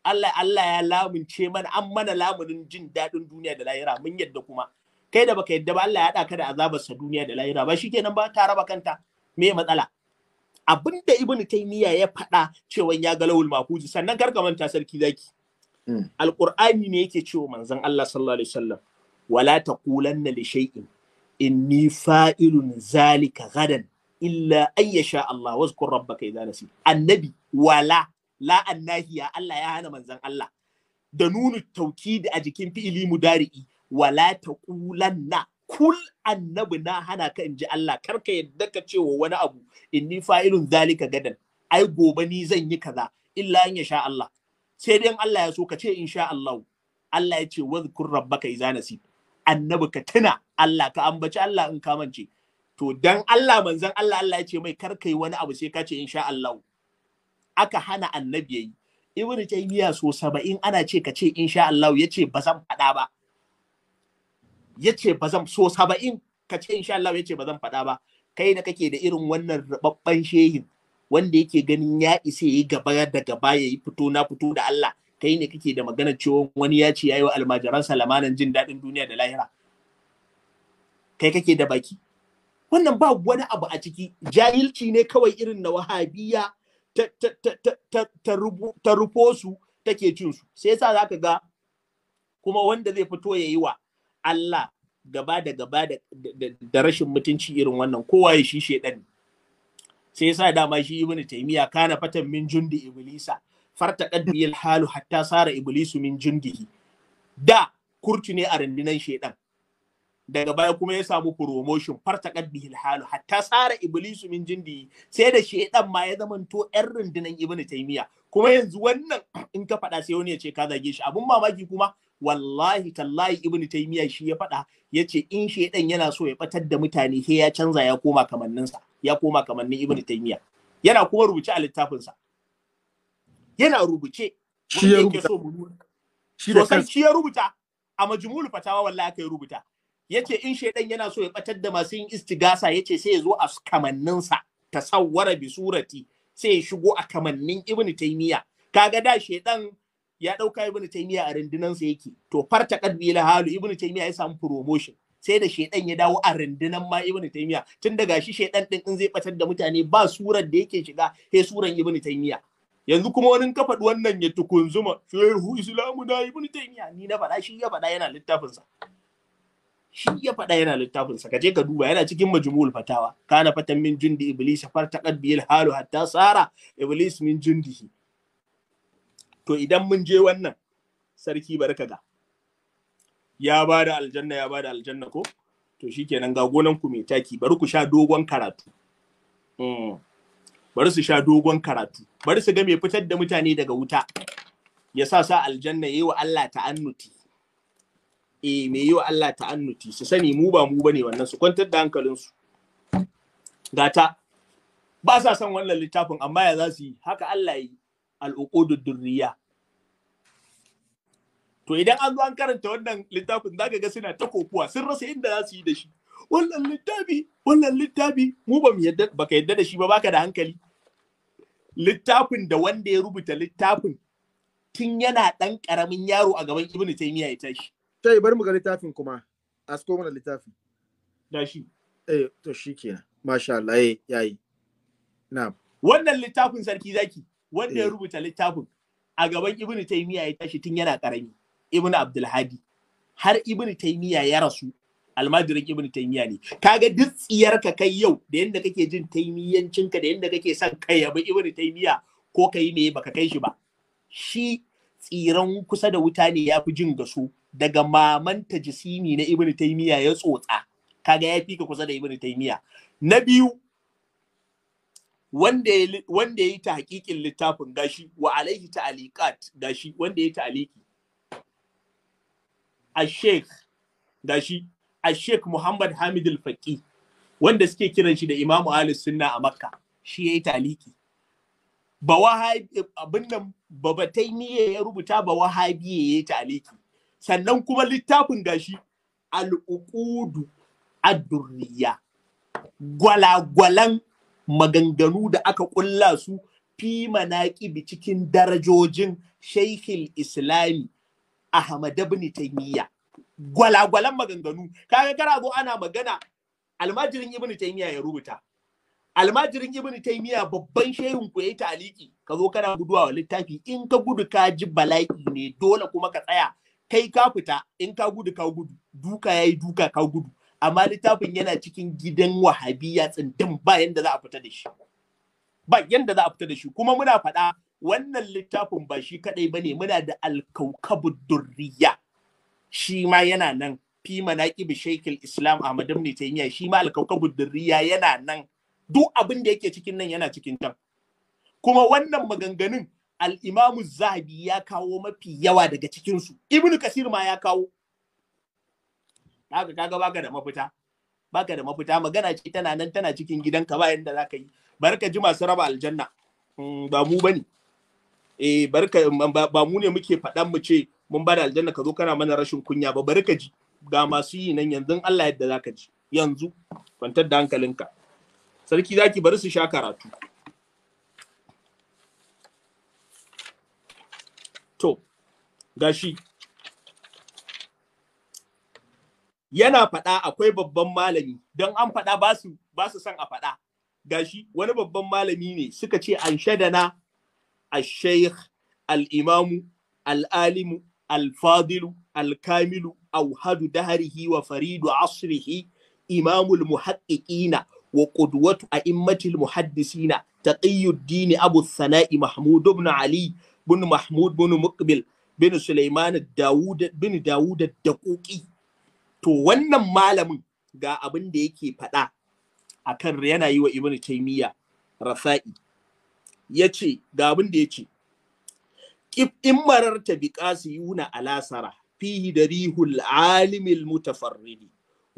Allah Allah ya lamunce mana an mana lamunin jin daɗin duniya da lahira mun yadda kuma kai da baka yadda ba Allah ya haɗa ka da azabar sa duniya da lahira ba shikenan ba tare raba kanta me matsala Abinda Ibin ibnu taymiya ya faɗa cewa ya ga lawul mafuzi sannan karka manta sarki zaki mm. alqur'ani ne yake cewa manzon Allah sallallahu alaihi wasallam wala taqulanna li shay'in inni fa'ilun zalika gadan illa ayya sha Allah zkur rabbaka idza nasi annabi wala la'an Allah ya hana manzan Allah da nunu taukidi a jikin fi'ili mudari'i wala kulanna. kul annabi na hana ka in ji Allah kar ka yadda ka cewa wani abu inni fa'ilun zalika gadan ai gobe ni zan yi kaza illa in sha Allah sai dai Allah ya so ka ce insha Allah Allah ya ce wadhkur rabbaka idza nasi annabi ka tuna Allah ka ambaci Allah in ka mance to dan Allah manzon Allah Allah ya ce mai kar yi wani abu sai ka ce insha Allah aka hana annabi yayi ibnu taymiya so 70 ana ce ka insha Allah yace ba zan faɗa ba yace ba zan so 70 ka insha Allah yace ba zan faɗa ba kai da kake da irin wannan rababban shehin wanda yake ganin ya isa yi gaba da gaba yayi fito na fito da Allah kai ne kake da magana cewa wani ya ce yayi wa almajiran salamanan jin daɗin duniya da lahira kai kake da baki wannan ba wani abu a ciki jahilci ne kawai irin na wahabiya ta rufo su take cin su sai yasa zaka ga kuma wanda zai fito yayi wa Allah gaba da gaba da rashin mutunci irin wannan kowa ya shi shedan sai yasa dama shi ibnu taymiya kana fatan min jundi iblisa farta qaddi halu hatta sara iblisu min jundihi da kurtu ne a rundunar shedan daga baya kuma ya samu promotion fartaqat bihil halu hatta tsara iblisu min jindi sai da shedan ma ya to yan rundunan ibnu taymiya kuma yanzu wannan in ka faɗa sai wani ya ce ka zage shi abun mamaki kuma wallahi tallahi ibnu taymiya shi ya faɗa ya ce in shedan yana so ya batar da mutane sai ya canza ya koma sa ya koma kamannin ibnu taymiya yana kuma rubuce a littafinsa yana rubuce shi ya rubuta shi ya rubuta a majmul fatawa wallahi aka rubuta yace in shaidan yana so ya batar da masu yin istigasa yace sai ya zo a kamanninsa sawwara bi surati sai ya shigo a kamannin ibnu taymiya kaga da shaidan ya dauka ibnu taymiya a rundunansa yake to farta qadbila halu ibnu taymiya ya samu promotion sai da shaidan ya dawo a rundunan ma ibnu taymiya tun daga shi shaidan din in zai batar da mutane ba surar da yake shiga sai suran ibnu taymiya yanzu kuma wani kafa wannan ya tukunzuma shehu islamu na ibnu taymiya ni na faɗa shi ya faɗa yana littafinsa shi ya faɗa yana littafin sa kaje ka duba yana cikin majmu'ul fatawa kana fatan min jundi iblis far bil halu hatta sara iblis min jundihi to idan mun je wannan sarki barka ga ya bada aljanna ya bada aljanna ko to shikenan ga gonan ku mai taki bari ku sha dogon karatu hmm. bari su sha dogon karatu bari su ga mai fitar da mutane daga wuta ya sa sa aljanna yayi wa Allah ta'annuti E, me yi wa Allah ta'annuti su sani mu ba mu bane wannan su kwantar da hankalinsu gata ba sa son wannan littafin amma ya za su yi haka Allah yi al'uqudud durriya to idan an zo an karanta wannan littafin zaka ga suna ta kokuwa sun rasa inda za su yi da shi wannan littafi wannan littafi mu ba mu yadda baka yadda da shi ba baka da hankali littafin da wanda ya rubuta littafin tun yana ɗan karamin yaro a gaban ibnu taymiya ya tashi ta yi bar mu ga littafin kuma a sko mana littafin da shi eh to shi masha Allah eh, na wannan littafin sarki zaki wanda ya eh. rubuta littafin a gaban ibnu taymiya ya tashi tun yana karami ibnu abdulhadi har ibnu taymiya ya rasu almajirin ibn taymiya ne kaga duk tsiyar ka kai yau da yanda kake jin taymiyancin ka da yanda kake son kai, yabi ibn taymiya ko kai me baka kai shi ba shi tsiran kusa da wuta ne ya fi jin gasu daga mamanta jisimi na ibnu taimiya ya tsotsa kaga ya fi ka kusa da ibnu taimiya na biyu wanda ya yi ta hakikin littafin gashi wa alaihi alikat gashi wanda ya ta'aliki a sheikh gashi a sheikh muhammad hamid al-faqi wanda suke kiran shi da imamu ahlus sunna a makka shi ya yi ta'aliki ba abin nan ya rubuta ba wahabi ya yi taliki sannan kuma littafin gashi Al'ukudu ad gwalagwalan maganganu da aka kulla su fi bi cikin darajojin shaikhil islami ahmad ibn taymiya gwalagwalan maganganu kaga kana zo ana magana almajirin ibn taymiya ya rubuta almajirin ibn taymiya babban shehun ku yayi taliki ka zo kana guduwa wa littafi in ka gudu ka ji bala'i ne dole kuma ka tsaya kai ka fita in ka gudu ka gudu duka yayi duka ka gudu amma littafin yana cikin gidan wahabiya tsindin ba yanda za a fita da shi ba yanda za a fita da shi kuma muna faɗa wannan littafin ba shi kadai ne. muna da alkaukabu durriya shi ma yana nan fi manaqib shaykh islam Ahmad ibn taymiya shi ma alkaukabu durriya yana nan duk abin da yake cikin nan yana cikin can kuma wannan maganganun al'imamu zahabi ya kawo mafi yawa daga cikinsu ibnu kasir ma ya kawo haka kaga baka da mafita baka da mafita magana ce tana nan tana cikin gidanka ba yanda zaka yi barka ji masu raba aljanna hmm, ba mu bane eh barka ba mu ne muke faɗan mu ce mun bada aljanna ka zo kana mana rashin kunya ba barka ji ga masu yi nan yanzu Allah yadda zaka ji yanzu kwantar da hankalinka sarki zaki bari su sha karatu to gashi yana faɗa akwai babban malami don an faɗa ba su san son a faɗa gashi wani babban malami ne suka ce an shadana na? sheikh al-imamu al-alimu al-fadilu al-kamilu auhadu daharihi wa faridu asrihi imamul muhaqqiqina wa a a'immatil muhaddisina taqiyuddin abu sana'i mahmud ibn ali bin mahmud bin muqbil bin Suleiman dawud bin dawud ƙoƙi. to wannan malamin ga abin da yake faɗa akan yana yi wa ibnu taymiya rafa'i yace ga abin da yace in mararta bi qasiyuna alasara fihi darihul alimil mutafarridi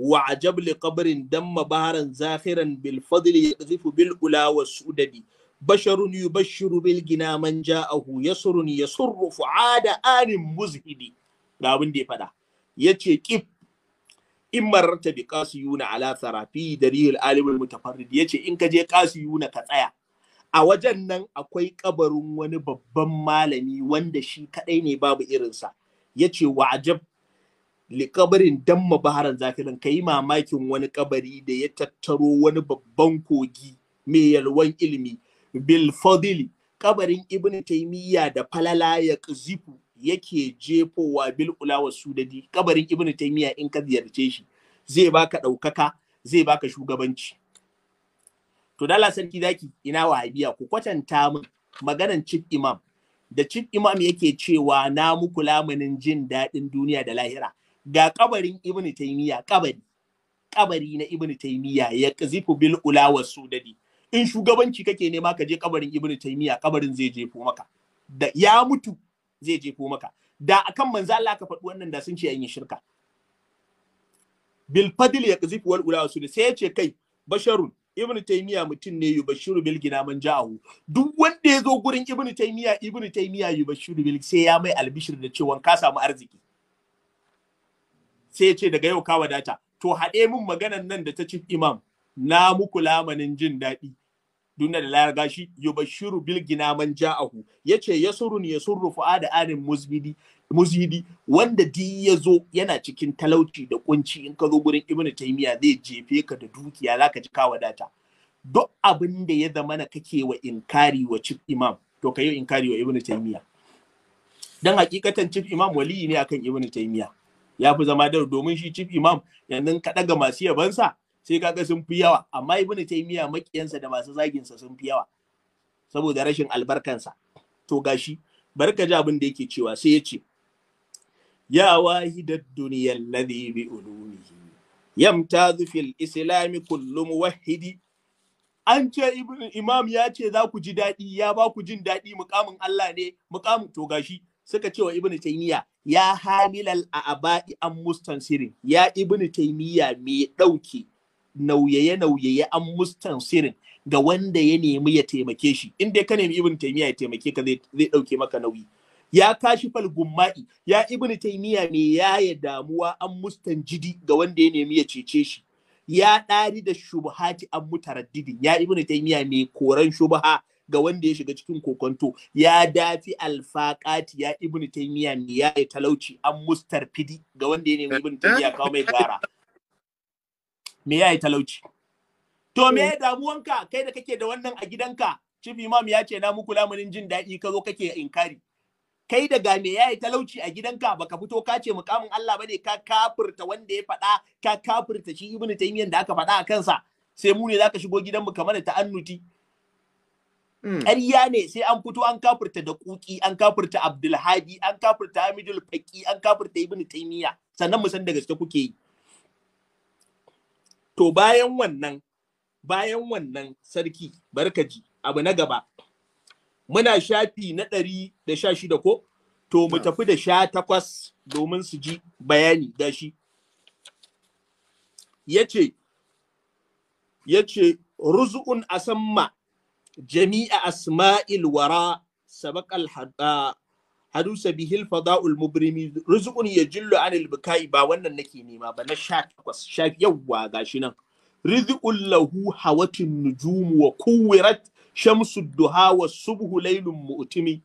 wa ajab li qabrin damma baharan zahiran bil fadli yazifu bil ula wa sudadi basharun yubashshiru bil gina man ja'ahu yasrun yasurru fu'ada anin muzhidi ga abin da ya fada yace kif in mararta bi qasiyuna ala sarafi dariyul alimul mutafarrid yace in ka je qasiyuna ka tsaya a wajen nan akwai kabarin wani babban malami wanda shi kadai ne babu irinsa ya ce wa'ajab likabarin damma baharan zakirin ka yi mamakin wani kabari da ya tattaro wani babban kogi mai yalwan ilimi bil fadili kabarin ibn taimiyya da falala ya zifu yake jefowa bil ulawa sudadi kabarin ibn taymiya in ka ziyarce shi zai baka ɗaukaka zai baka shugabanci to dala sarki zaki ina wahabiya ku kwatanta min maganan chief imam da chief imam yake cewa na muku lamunin jin daɗin duniya da lahira ga kabarin ibn taymiya kabari kabari na ibn taymiya ya kazifu bil ula wa sudadi in shugabanci kake nema ka je kabarin ibn taymiya kabarin zai jefo maka da ya mutu zai jefo maka da akan manzo Allah ka faɗi wannan da sun ce an yi shirka bil fadl ya kazifu wal ula sudadi sai ya ce kai basharun ibn taymiya mutum ne yubashiru bil gina man ja'ahu duk wanda ya zo gurin ibn taymiya ibn taymiya yubashiru bil sai ya mai albishir da cewa ka samu arziki sai ya ce daga yau ka wadata to haɗe min maganan nan da ta ci imam na muku lamanin jin daɗi duna da layar shi yubashiru bil ginaman ja'ahu yace yasurun yasurru fu'ada anin muzbidi muzidi wanda di ya zo yana cikin talauci da kunci in ka zo gurin Ibn taymiya zai jefe ka da dukiya zaka ji ka wadata duk abin da ya zama na kake wa inkari wa chief imam to kai inkari wa ibnu taymiya dan hakikatan cif imam waliyi ne akan ibnu taymiya ya fi zama da domin shi chief imam yanzu ka daga masu yabansa sai kaga sun fi yawa amma ibn taymiya makiyansa da masu zagin sa sun fi yawa saboda rashin albarkansa to gashi barka ji abin da yake cewa sai ya ce ya wahidat duniyal ladhi bi ulumihi yamtazu fil islami kullu muwahhidi an ce ibn imam ya ce za ku ji daɗi ya ba ku jin daɗi mukamin Allah ne mukamin to gashi suka ce wa ibnu taymiya ya hamilal a a'ba'i an mustansirin ya ibnu taymiya mai dauke nauyaye nauyaye an mustansirin ga wanda ya nemi ya taimake shi in dai ka nemi ibnu taymiya ya taimake ka zai ɗauke maka nauyi ya kashi falgumma'i ya ibnu taymiya mai yaya damuwa an jidi ga wanda ya nemi ya cece shi ya ɗari da shubhati an mutaraddidin ya ibnu taymiya mai koran shubha ga wanda ya shiga cikin kokonto ya dafi alfaqati ya ibnu taymiya ne ya yi talauci an mustar fidi, ga wanda ya nemi ibnu taymiya kawo mai gara me ya yi talauci to me ya eh. damuwanka kai da kake da wannan a gidanka chief imam ya ce na muku lamunin jin daɗi ka zo kake inkari kai da ga me ya yi talauci a gidanka baka fito ka ce mukamin Allah ba ne ka kafirta wanda ya faɗa ka kafirta shi ibnu taymiyyah da aka faɗa a kansa sai mu ne zaka shigo gidanmu kamar ta'annuti Hmm. ƙarya ne sai an fito an kafirta da kuki an kafirta abdulhadi an kafirta hamidul faki an kafirta ibn taymiya sannan mu san da gaske kuke yi to bayan wannan bayan wannan sarki barkaji abu na gaba muna shafi na ɗari da sha shida ko to mu tafi da sha takwas domin su ji bayani da shi ya ce ya ce ruzu'un asamma jami'a asma'il wara sabaqal hadusa bihil fada'ul mubrimi rizqun yajillu anil bukai ba wannan nake nema ba na 18 yawwa gashi nan rizqun lahu hawatin nujum wa kuwirat shamsu duha wa subhu laylun mu'timi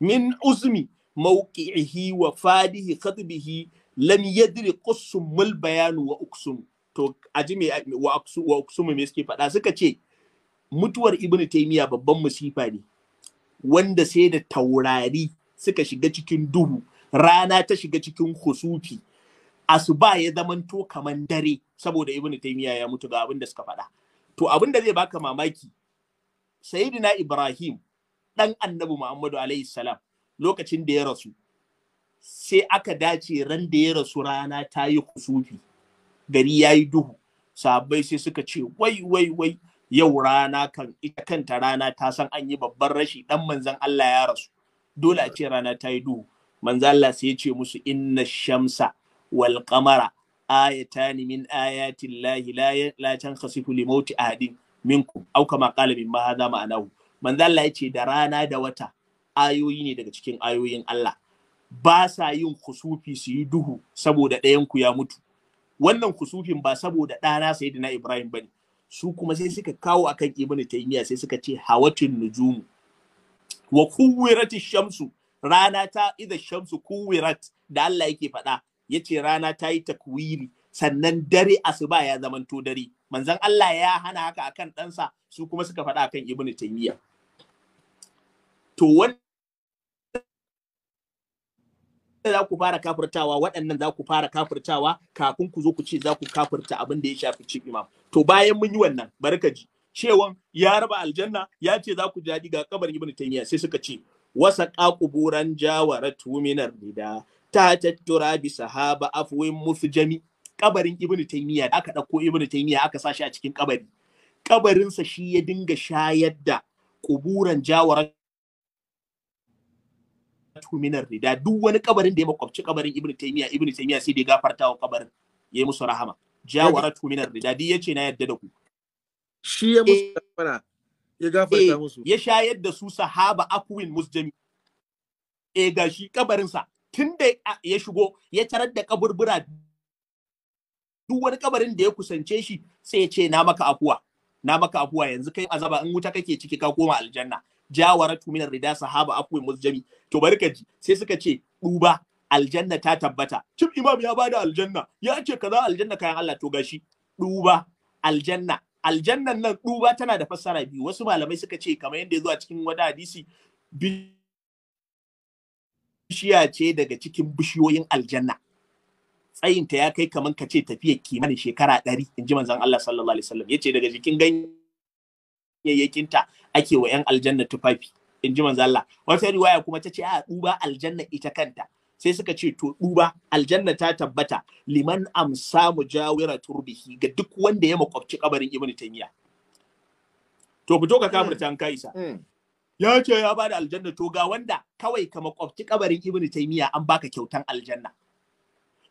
min uzmi mawqi'ihi wa fadihi khadbihi lam yadri qussum mal uksum to aji wa uksu wa uksum faɗa suka ce mutuwar ibnu taymiya babban musifa ne wanda sai da taurari suka shiga cikin duhu rana ta shiga cikin kusufi asuba ya zamanto kaman dare saboda ibnu taymiya ya mutu ga abin da suka faɗa to abin da zai baka mamaki sayyidina ibrahim dan annabi muhammadu alaihi salam lokacin da ya rasu sai aka dace ran da ya rasu rana ta yi kusufi gari ya yi duhu sahabbai sai suka ce wai wai wai yau rana kan ita kanta rana ta san an yi babban rashi dan manzan Allah ya rasu dole a ce rana ta yi duhu manzan Allah sai ya ce musu inna shamsa wal qamara ayatan min ayati llahi la tankhasifu li mauti ahadin minkum aw kama qala min hadha ma'anahu manzan Allah ya ce da rana da wata ayoyi ne daga cikin ayoyin Allah ba sa yin kusufi su yi duhu saboda ɗayan ku ya mutu wannan kusufin ba saboda ɗana sayyidina Ibrahim bane su kuma sai suka kawo akan ibnu taymiya sai suka ce hawatin nujum wa kuwirati shamsu rana ta idha shamsu kuwirat da Allah yake faɗa yace rana ta yi takwiri sannan dare asuba ya zamanto dare manzon Allah ya hana haka akan ɗansa su kuma suka faɗa akan ibnu taymiya to wannan za ku fara kafirtawa waɗannan za ku fara kafirtawa kafin ku zo ku ce za ku kafirta abin da ya shafi ci imam to bayan mun yi wannan barkaji ji cewan ya raba aljanna ya ce za ku jaɗi ga kabar ibn taymiya sai suka ce wasa qaquburan jawaratu minar rida ta tattura bi sahaba afwin musjami kabarin ibn taymiya aka ɗauko ibn taymiya aka sa shi a cikin kabari kabarinsa shi ya dinga shayar da kuburan jawaratu ne. rida duk wani kabarin da ya makwabci kabarin ibnu taymiya ibnu taymiya sai da gafarta wa kabarin yayi musu rahama jawaratu minar rida duk yace na yadda da ku shi ya musu rahama eh, ya gafarta eh, musu ya shayar da su sahaba akwin musjami eh gashi kabarin sa tunda ya shigo ya tarar da kaburbura duk wani kabarin da ya kusance shi sai ya ce na maka afuwa na maka afuwa yanzu kai azaba in wuta kake ciki ka koma aljanna jawaratu min rida sahaba afwi musjami to ji sai suka ce duba aljanna ta tabbata cin imam ya bada aljanna ya ce kaza aljanna kayan Allah to gashi duba aljanna aljannan nan duba tana da fassara biyu wasu malamai suka ce kamar yadda ya zo a cikin wani hadisi bishiya ce daga cikin bishiyoyin aljanna tsayinta ya kai kamar ka ce tafiyar kimanin shekara dari. Inji ji manzon Allah sallallahu alaihi wasallam ya ce daga jikin ganye yayyakinta ake wa 'yan aljanna tufafi in ji manzo Allah wata riwaya kuma ta ce a duba aljanna ita kanta sai suka ce to duba aljanna ta tabbata liman amsa mujawira turbihi ga duk wanda ya makwabci kabarin ibnu taymiya to fito ka kafir ta kai isa hmm. hmm. ya ce ya bada aljanna to ga wanda kawai ka makwabci kabarin ibnu taymiya an baka kyautan aljanna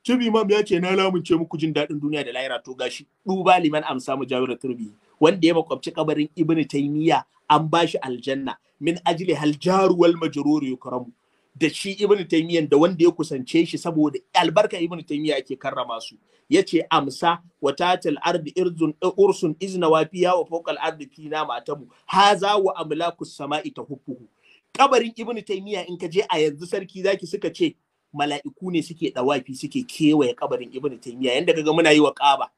Tibi Imam ya ce na lamunce muku jin daɗin duniya da lahira to gashi duba liman amsa mujawira turbihi wanda ya makwabci kabarin ibnu taymiya an bashi aljanna min ajli hal jaru wal majrur yukramu da shi ibnu taymiyan da wanda ya kusance shi saboda albarka ibnu taymiya ake karrama su yace amsa watatil ard ardi irzun eh, ursun izna wa fiya wa fawqal ardi fina matamu haza wa amlaku sama'i tahubbuhu kabarin ibnu taymiya in ka je a yanzu sarki zaki suka ce mala'iku ne suke dawafi suke kewaye kabarin ibnu taymiya yanda kaga muna yi wa kaba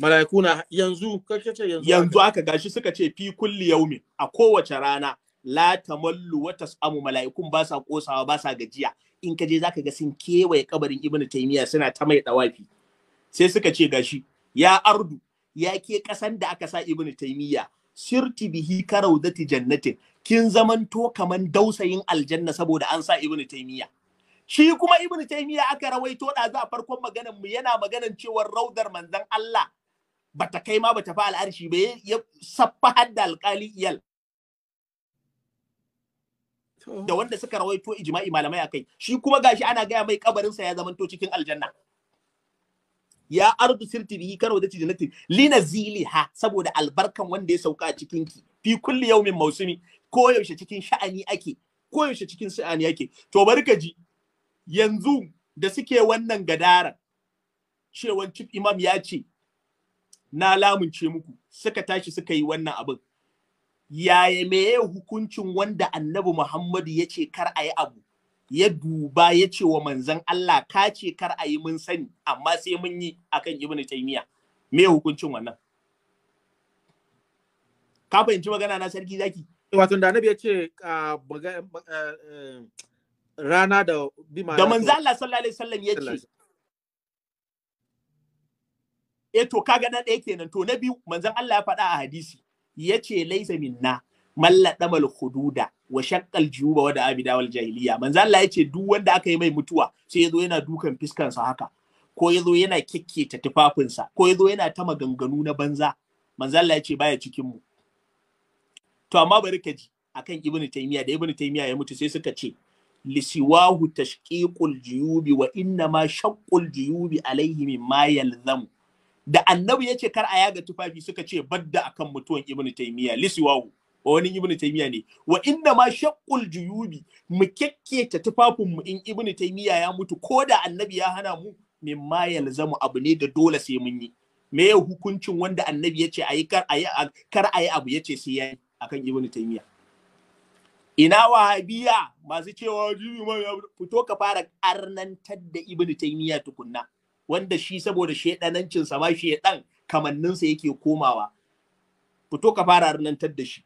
Malaikuna, yanzu kake ce yanzu yanzu aka gashi suka ce fi kulli yaumi a kowace rana la tamallu wa tasamu mala'ikun ba sa kosawa ba sa gajiya in ka je zaka ga sun kewaye kabarin ibnu taymiya suna ta mai dawafi sai suka ce gashi ya ardu ya ke kasan da aka sa ibnu taymiya sirti bihi karaudati jannatin kin zamanto kaman dausayin aljanna saboda an sa ibnu taymiya shi kuma ibnu taymiya aka rawaito da za farkon maganan mu yana maganan cewar raudar manzon Allah bata kai ma bata fi al'arshi ba ya saffa hadda alkali iyal da wanda suka rawaito ijma'i malamai akai shi kuma gashi ana gaya mai kabarinsa ya zamanto cikin aljanna ya ardu sirtihi karo da tijinati lina ziliha saboda albarkan wanda ya sauka a cikin ki fi kulli yaumin mausumi ko yaushe cikin sha'ani ake ko yaushe cikin sha'ani ake to bari ka ji yanzu da suke wannan gadara cewan chief imam ya ce na lamunce muku suka tashi suka yi wannan abin yaya meye hukuncin wanda annabi Muhammadu ya ce kar a yi abu ya duba ya ce wa manzan Allah ka ce kar a yi mun sani amma sai mun yi akan ibnu taymiya me hukuncin wannan ka fahimci magana na sarki zaki wato da annabi ya ce ah, eh, eh, rana da bi da manzan Allah sallallahu alaihi wasallam ya ce eh to kaga na ɗaya kenan to na biyu manzon Allah ya faɗa a hadisi yace laisa minna malla mal hududa wa shakkal juba wa da abida wal jahiliya manzon Allah ce duk wanda aka yi mai mutuwa sai yazo yana dukan fiskansa haka ko yazo yana kikkita tufafinsa ko yazo yana ta maganganu na banza manzon Allah yace baya cikin mu to amma bari ka ji akan ibnu taymiya da ibnu taymiya ya mutu sai suka ce lisiwahu tashqiqul juyubi wa inna ma shaqqul juyubi alayhi mimma yalzamu da annabi ya ce kar a yaga tufafi suka ce badda akan mutuwan ibnu taymiya lisiwahu wa wani ibnu taymiya ne wa inna ma shaqqul juyubi mu kekketa tufafin mu in ibnu taymiya ya mutu ko da annabi ya hana mu min ma yalzamu abu ne da dole sai mun yi me ya hukuncin wanda annabi ya ce ayi kar ayi kar ayi abu ya ce sai yayi akan ibnu taymiya ina wahabiya masu cewa jibi ma fito ka fara karnantar da ibnu taymiya tukunna wanda shi saboda shedanancin sa shi dan, kamannin sa yake komawa fito ka fara rantar da shi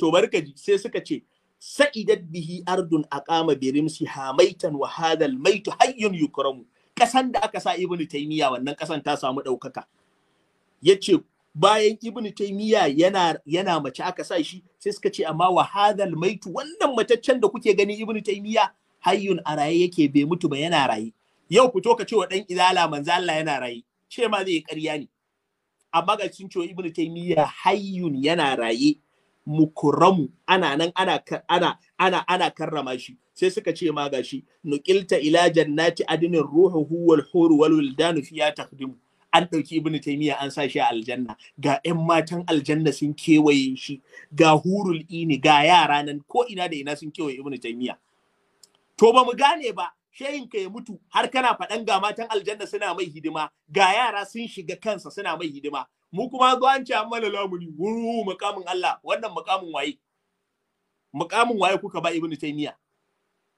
to barka ji sai suka ce sa'idat bihi ardun aqama bi rimsi hamaitan wa hadal maitu hayyun yukramu kasan da aka sa ibnu taymiya wannan kasan ta samu daukaka yace bayan ibnu taymiya yana yana mace aka sa shi sai suka ce amma wa hadal maitu wannan mataccen da kuke gani ibnu taymiya hayyun a raye yake bai mutu ba yana raye yau fito ka ce wa ɗan izala manzo Allah yana raye ce ma zai ƙarya ne amma ga cin cewa ibnu taymiya hayyun yana raye Mukuramu ana nan ana ana ana ana karrama shi sai suka ce ma gashi nuqilta ila jannati adinin ruhuhu wal hur wal wildanu fiya taqdimu an ɗauki ibnu taymiya an sa shi a aljanna ga 'yan matan aljanna sun kewaye shi ga hurul ini ga yara nan ko ina da ina sun kewaye ibnu taymiya to ba mu gane ba ka ya mutu har kana faɗan ga matan aljanna suna mai hidima ga yara sun shiga kansa suna mai hidima mu kuma zo an ce an mana lamuni wuru makamin Allah wannan makamin waye makamin waye kuka ba ibnu taymiya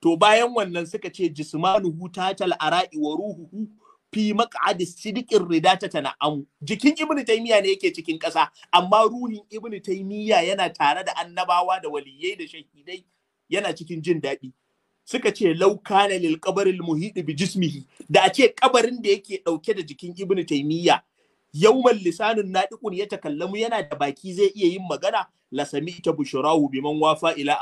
to bayan wannan suka ce jismanuhu tatal ara'i wa ruhuhu fi maq'adis sidiqir ridata tana'amu jikin ibnu taymiya ne yake cikin ƙasa amma ruhin ibnu taymiya yana tare da annabawa da waliyyai da shahidai yana cikin jin daɗi suka ce laukana lil kabarin muhidi bi jismihi da a ce kabarin da yake dauke da jikin ibnu taymiya yawmal lisanun nadiqun ya takallamu yana da baki zai iya yin magana la ta bushrahu biman wafa ila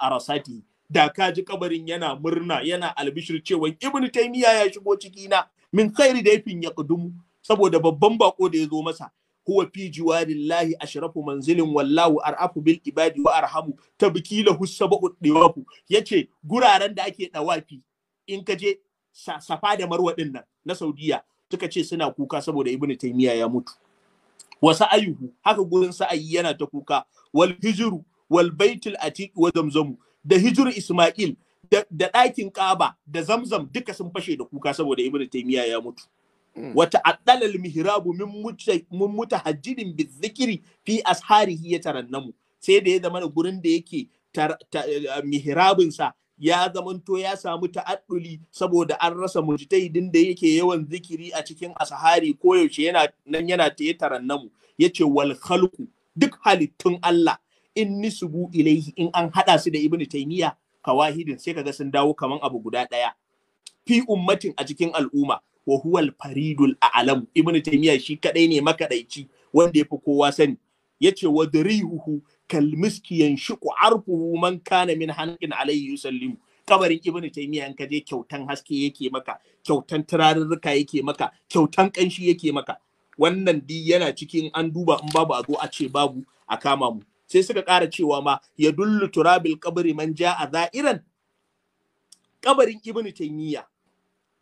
arasati da ka ji kabarin yana murna yana albishir cewa ibnu taymiya ya shigo ciki na min khairi da yafin ya kudumu saboda babban bako da ya zo masa huwa fi jiwarillahi ashrafu manzilin wallahu arafu bil ibadi wa arhamu tabkilahu sabu diwafu yace guraren da ake ɗawafi in ka je safa da Marwaɗin nan na Saudiyya suka ce suna kuka saboda Ibn Taymiyyah ya mutu Wasu ayuhu haka gurin sa'ayi yana ta kuka wal hijru wal atiq wa da hijru Isma'il da ɗakin Ƙaba da Zamzam duka sun fashe da kuka saboda Ibn Taymiyyah ya mutu Mm. wata addalal mihrabu min mutahajjidin bizikiri fi asharihi ya tarannamu sai da ya zama da gurin da yake eh, sa ya zamanto ya samu ta'adduli saboda an rasa mujtahidin da yake yawan zikiri a cikin asahari koyaushe yana nan yana taye tarannamu yace wal khalqu duk halittun Allah in nisbu ilaihi in an hada su da ibnu taymiya kawahidin sai kaga sun dawo kaman abu guda daya fi ummatin a cikin al'umma wa huwal faridul a'lam ibnu taymiya shi kadai ne makadaici wanda yafi kowa sani yace wa darihuhu kal miski yanshiqu arfuhu man kana min hanqin alayhi yusallimu kabarin ibnu taymiya in kaje kyautan haske yake maka kyautan turarurruka yake maka kyautan kanshi yake maka wannan di yana cikin an duba in babu azo a ce babu a kama mu sai suka ƙara cewa ma ya dullu turabil kabari man ja'a za'iran kabarin ibnu taymiya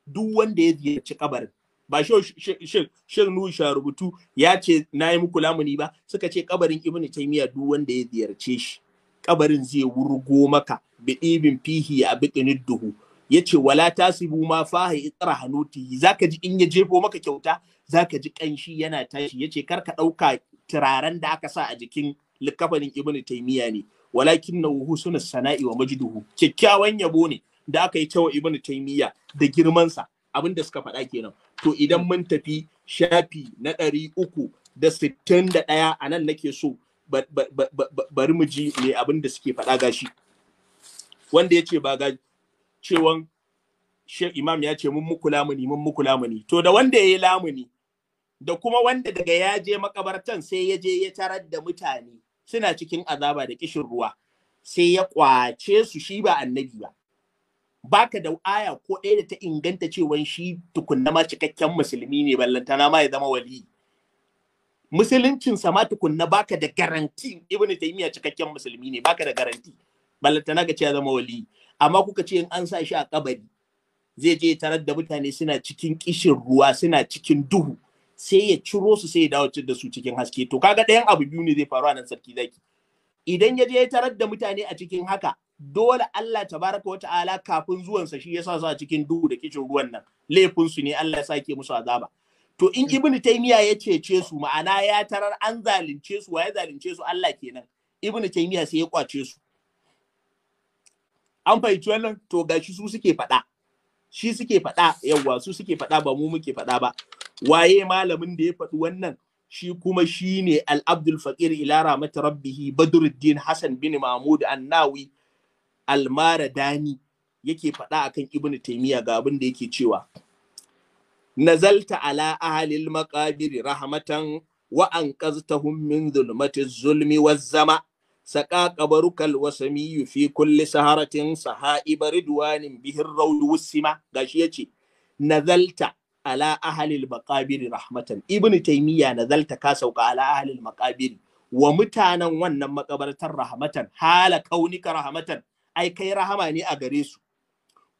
duk wanda ya ziyarci kabarin ba shi nuhu sha rubutu ya ce na yi muku lamuni ba suka ce kabarin ibnu taymiya duk wanda ya ziyarce shi kabarin zai wurgo maka bi ibn fihi a biqinid duhu yace wala tasibu ma fahi itra hanuti zaka ji in ya jefo maka kyauta zaka ji kanshi yana tashi yace kar ka dauka turaren da aka sa a jikin likafanin ibnu taymiya ne walakin na suna sana'i wa majduhu kyakkyawan yabo ne da aka yi cewa ibnu taymiya da girmansa abin da suka faɗa kenan to idan mun tafi shafi na ɗari uku da sittin da ɗaya a nan nake so bari mu ji me abin da suke faɗa gashi wanda ya ce ba ga cewan imam ya ce mun muku lamuni mun muku lamuni to da wanda ya yi lamuni da kuma wanda daga ya je makabartan sai ya je ya tarar da mutane suna cikin azaba da kishin ruwa sai ya kwace su shi ba annabi ba baka da aya ko ɗaya da ta inganta cewa shi tukunna ma cikakken musulmi ne ballantana ma ya zama wali musuluncin sama ma tukunna baka da garanti ibnu taymiya cikakken musulmi ne baka da garanti ballantana ga ce ya zama wali amma kuka ce in an sa shi a kabari zai je tarar da mutane suna cikin kishin ruwa suna cikin duhu sai ya ciro su sai ya dawo da su cikin haske to kaga ɗayan abu biyu ne zai faru a nan sarki zaki idan ya je ya tarar da mutane a cikin haka dole Allah ta wata ala kafin zuwansa shi yasa su a cikin duhu da kicin ruwan nan laifin ne Allah ya sake musu azaba to in hmm. ibnu taymiya ya cece su ma'ana ya tarar an zalunce su ya zalunce su Allah kenan ibnu taymiya sai ya kwace su an fahimci wannan to gashi su suke faɗa shi suke faɗa yawwa su suke faɗa ba mu muke faɗa ba waye malamin da ya faɗi wannan shi kuma shine al-abdul faqir ila rahmat rabbih badruddin hasan bin mahmud an-nawi almara dani yake faɗa akan ibnu taimiya ga abin da yake cewa nazalta ala ahalil maqabiri rahmatan wa anqaztahum min zulmati zulmi wazzama saqa qabarukal wasami fi kulli saharatin sahaiba ridwanin bihir rawd wasima gashi yace nazalta ala ahalil maqabiri rahmatan ibnu taimiya nazalta ka sauka ala ahalil maqabiri wa mutanen wannan makabartar rahmatan hala kaunika rahmatan ai kai rahama ne a gare su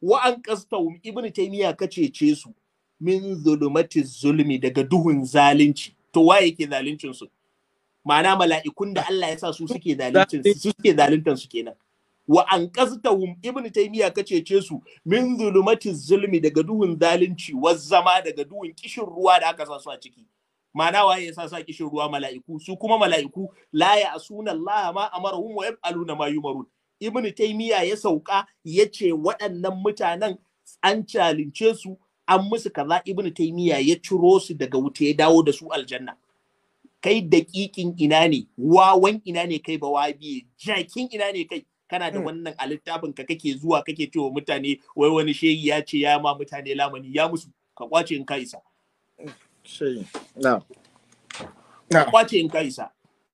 wa an qastahum ibnu taymiya ce su min zulumati zulmi daga duhun zalunci to waye yake zaluncin su ma'ana mala'ikun da Allah ya sa su suke zaluncin su suke zaluntan su kenan wa an qastahum ibnu taymiya ce su min zulumati zulmi daga duhun zalunci wazzama daga duhun kishin ruwa da aka sa su a ciki ma'ana waye ya sa sa kishin ruwa mala'iku su kuma mala'iku la ya asuna Allah ma amarahum wa yaf'aluna ma yumarun Ibn Taymiya ya sauka ya ce waɗannan mutanen an calince su an musu kaza Ibn Taymiya ya ciro su daga wuta ya dawo da su aljanna. Kai da kikin ina ne, wawan ina ne kai ba wabi, jakin ina ne kai kana da hmm. wannan a littafin ka kake zuwa kake cewa mutane wai wani shehi ya ce ya ma mutane lamani ya musu ka kwace in ka isa. Ka kwace in ka isa.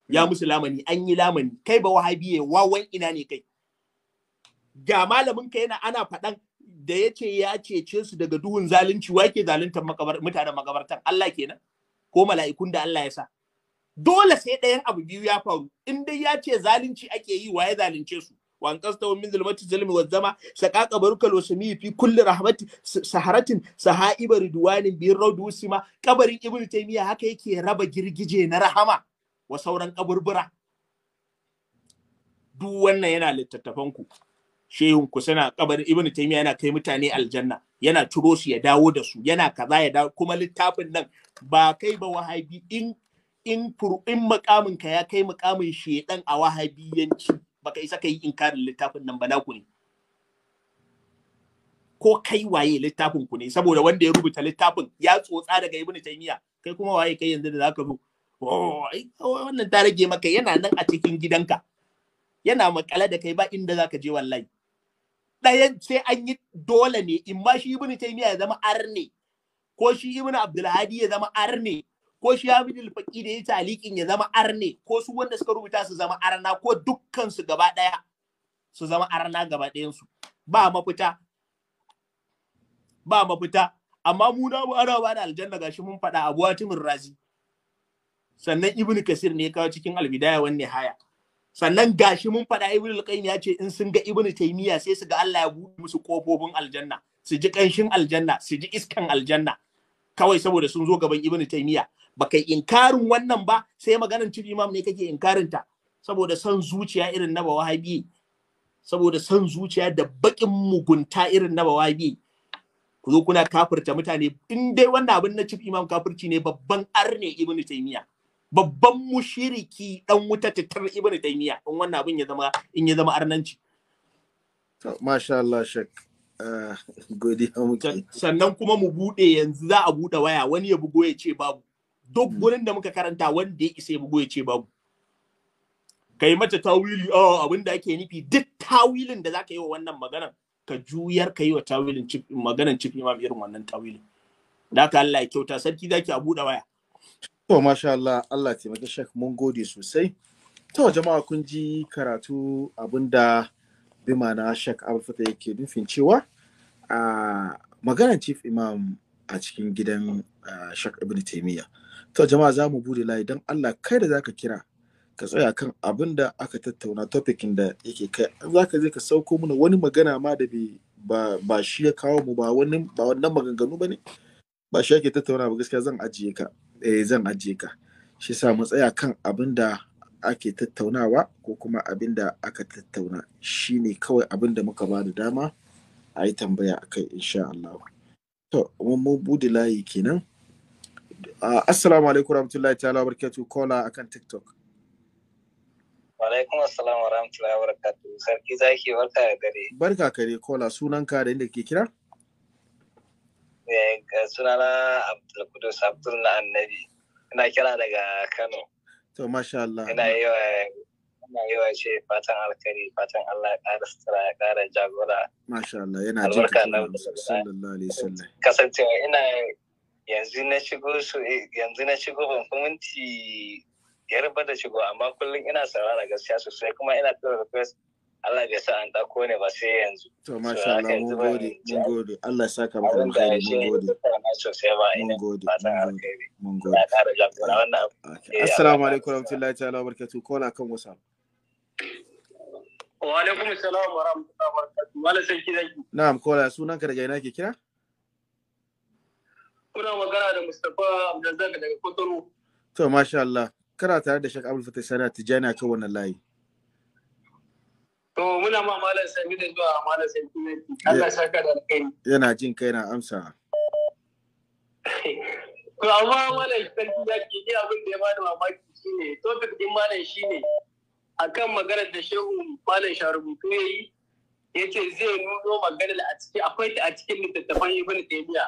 ya musu lamani an yi lamani kai ba wahabiye wawan ina ne kai ga malamin ka yana ana faɗan da ya ce ya cece su daga duhun zalunci wake zaluntar mutanen magabartan Allah kenan ko mala'ikun da Allah ya sa. Dole sai ɗayan abu biyu ya faru in dai ya ce zalunci ake yi wa ya zalunce su. Wan kasta min zulmati zulmi wa zama saqaqa barukal wa fi kulli rahmati saharatin sahaiba ridwanin bi rawdusima qabarin ibnu taymiya haka yake raba girgije na rahama wa sauran kaburbura duk wannan yana littattafan ku shehun ku suna kabarin ibnu taymiya yana kai mutane aljanna yana turo su ya dawo da su yana kaza ya dawo kuma littafin nan ba kai ba wahabi in in in makamin ka ya kai makamin shedan a wahabiyanci baka isa kai inkarin littafin nan ba ku ne ko kai waye littafin ku ne saboda wanda ya rubuta littafin ya tsotsa daga ibnu taymiya kai kuma waye kai yanzu da zaka zo oh, wannan ta rage maka yana nan a cikin gidanka yana makale da kai ba inda zaka je wallahi ɗayan sai an yi dole ne in ma shi ibn taymiya ya zama arne ko shi ibn abdulhadi ya zama arne ko shi hamid al da ya talikin ya zama arne ko su wanda suka rubuta su zama arna ko dukkan su gaba ɗaya su zama arna gaba ɗayan su ba mafita ba mafita amma mu na mu ana ba da aljanna gashi mun faɗa abu razi sannan ibnu kasir ne ya kawo cikin albidaya wanne haya sannan gashi mun faɗa ibn al-qayyim ya ce in sun ga ibn taymiya sai su ga Allah ya buɗe musu kofofin aljanna su ji kanshin aljanna su ji iskan aljanna kawai saboda sun zo gaban ibn taymiya baka inkarin wannan ba sai maganar cikin imam ne kake inkarin ta saboda son zuciya irin na wahabi saboda son zuciya da bakin mugunta irin na wahabi ku zo kuna kafirta mutane in dai wannan abin na cin imam kafirci ne babban arne ibn taymiya babban mushiriki dan wuta titar ibn taymiya in wannan abin ya zama in ya zama arnanci to masha Allah shek ah, godiya muke sannan kuma mu bude yanzu za a bude waya wani ya bugo ya ce babu duk gurin hmm. da muka karanta wanda ya isa ya bugo ya ce babu kai mata tawili oh abin da ake nufi duk tawilin da zaka yi wa wannan maganar ka juyar ka yi wa tawilin maganar cikin ma irin wannan tawilin da ka Allah ya kyauta sarki zaki a bude waya To masha Allah Allah taimaka Sheikh mun gode sosai. To jama'a kun ji karatu abinda bi ma'ana Sheikh Abulfata yake nufin cewa a maganar Chief Imam a cikin gidan Sheikh Ibn Taymiyyah. To jama'a za mu bude layi don Allah kai da zaka kira ka tsaya kan abin da aka tattauna topikin da yake kai za ka je ka sauko mana wani magana ma da ba, ba shi ya kawo mu ba wannan maganganu ba ne ba shi yake tattauna ba gaskiya zan ajiye ka eh, zan ajiye ka shi sa mu tsaya kan abin da ake tattaunawa ko kuma abin da aka tattauna shi ne kawai abin da muka ba da dama a yi tambaya a kai insha Allah to mu bude layi kenan assalamu alaikum rahmatullahi ta'ala barkatu kola kan tiktok alaikum assalam wa rahmatullahi wa barakatuh sarki zaki barka da dare barka kare kola sunanka da inda ke kira Eh, sunana Abdulkudus Abdul na Annabi. Ina kira daga Kano. To masha Allah. Ina yawa wa ce fatan alkari fatan Allah ya ƙara sutura ya ƙara jagora. Masha Allah yana jin Kasancewa ina yanzu na shigo su eh, yanzu na shigo ban fi minti yarba da shigo amma kullum ina saurara gaskiya sosai kuma ina tura request Allah bai sa an ɗauko ne ba sai yanzu. To masha Allah mun gode mun gode Allah ya saka maka mun gode mun gode. Mun gode mun gode. Ah, Assalamu alaikum warahmatullahi ta'ala wabarakatuh ko na kan wasa. Wa alaikum assalam wa rahmatullahi wa barakatuh. Malam ki zaki. Na'am kola sunan ka daga ina ke kira? Kuna magana da Mustafa Abdulrazak daga Kotoro. To masha Allah. Kana tare da Sheikh Abdul Fattah Sana Tijani akan wannan layi. To muna ma malam sami da zuwa malam sami Allah saka da kai. Yana jin kai na amsa. To amma malam sarki ya ke ni abin da ya bada mamaki shine topic din malam shine akan maganar da shehu malam sharubutu ya yi ya ce zai nuno maganar a ciki akwai ta a cikin littattafan ibn taymiya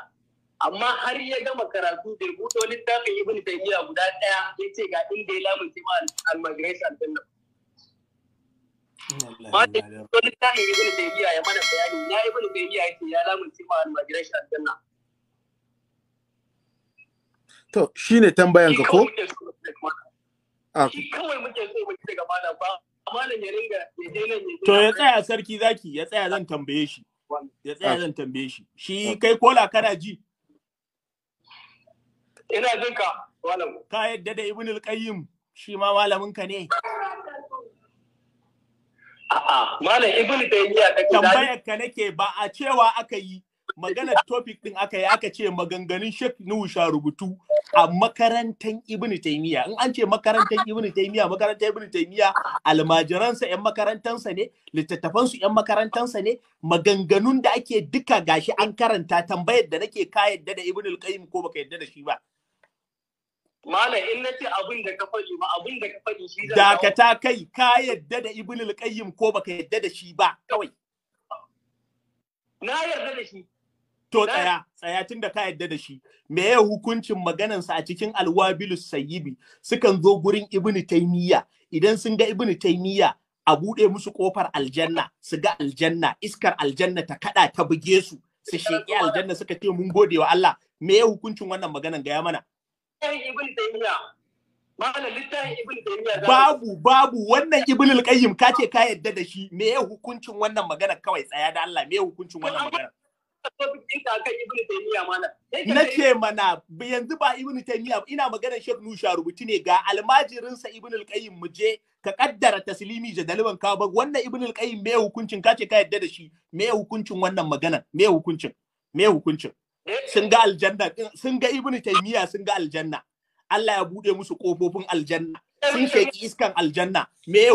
amma har ya gama karatu da rubuto littafin ibn taymiya guda daya ya ce ga inda ya lamunce ma al aljanna Mata Malin wani tahin ibn taymiya ya mana bayani na ibn taymiya yake ya lamunce ma almajiran shi aljanna. To shi ne tambayan ka ko? Ah. Shi kawai muke so mu daga malam ba malam ya ringa ya je nan ya To ya tsaya sarki zaki ya tsaya zan tambaye shi. Ya tsaya zan tambaye shi. Shi ah. kai kola kana ji? Ina jin ka malam. Ka yadda da ibn al-qayyim shi ma malamin ka ne. A'a, Malam Ibn tambayar ka nake ba a cewa aka yi maganar topic din aka yi aka ce maganganun Sheikh Nuhu sha rubutu a makarantar Ibn Taymiyya. In an ce makarantar Ibn Taymiyya, makarantar Ibn Taymiyyah almajiransa ƴan makarantansa ne, littattafansu ƴan makarantansa ne, maganganun da ake duka gashi an karanta tambayar da nake ka yadda da Ibn al-Qayyim ko baka yadda da shi ba. Mala in na ce abin da ka faɗi ba. abin da ka faɗi shi Dakata kai ka yadda da Ibn al-Qayyim ko baka yadda da shi ba kawai. Na yarda da shi. To tsaya, tsaya tun da ka yadda da shi. Me ya hukuncin maganansa a cikin alwabilus sayyibi sukan zo gurin Ibn Taymiya? idan sun ga Ibn Taymiya, a buɗe musu kofar aljanna su ga aljanna iskar aljanna ta kaɗa ta buge su su sheƙi aljanna suka ce mun gode wa Allah me ya hukuncin wannan maganan gaya mana. babu babu wannan ibn al-qayyim kace ka yadda da shi me ya hukuncin wannan magana kawai tsaya da Allah me ya hukuncin wannan magana Nace mana yanzu ba Ibn Taymiya ina magana Sheikh Nusha rubutu ne ga almajirinsa Ibn al-Qayyim mu je ka kaddara taslimi jadaliban ka ba wannan Ibn al-Qayyim me hukuncin kace ka yadda da shi me hukuncin wannan magana me hukuncin me hukuncin sun ga aljanna sun ga ibnu taymiya sun ga aljanna Allah ya bude musu kofofin aljanna sun sheki iskan aljanna me ya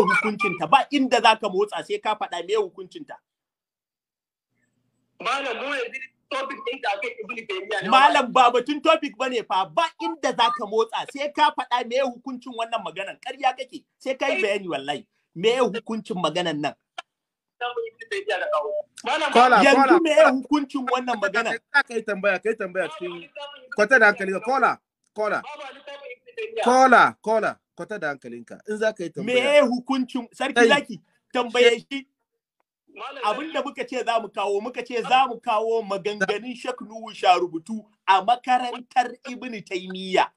ta ba inda zaka motsa sai ka faɗa me ya ta. malam mu topic din da taymiya malam ba batun topic bane fa ba inda zaka motsa sai ka faɗa me ya hukuncin wannan maganan ƙarya kake sai kai bayani wallahi me ya hukuncin maganan nan Kola, yanzu me ya hukuncin wannan magana? Kai tambaya, kai tambaya cikin kwata da hankali kola, kola. Kola, kola, kwata da hankalinka. In za ka yi tambaya. Me hukuncin sarki zaki tambaye shi abin da muka ce za mu kawo muka ce za mu kawo maganganun shaknu sha rubutu a makarantar ibn taimiyya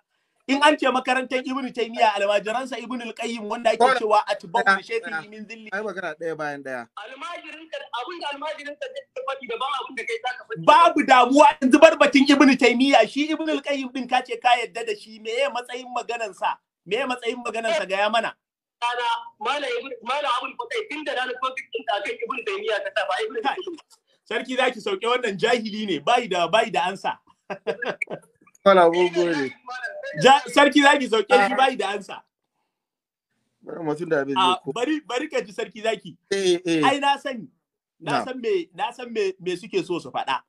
in an ce makarantar ibnu taymiya almajiransa ibn al-qayyim wanda ake cewa atba'u bi shaykhi min dhilli ai magana daya bayan daya almajirin ka abin da almajirin ka zai faɗi daban abin da kai zaka faɗi babu damuwa in zubar batun ibnu taymiya shi ibnu alqayyim qayyim din kace ka yadda da shi meye matsayin maganar sa meye matsayin maganar sa ga ya mana kana mala ibnu mala abul fatai tun da ranar kofin din da kai ibnu taymiya ka ta ba ibnu sarki zaki sauke wannan jahili ne bai da bai da ansa Sarki zaki sauke shi ah. bai da ansa. Ah, bari bari ka ji sarki zaki. Eh, eh. Ai na sani. Na san me na san me me suke so su faɗa.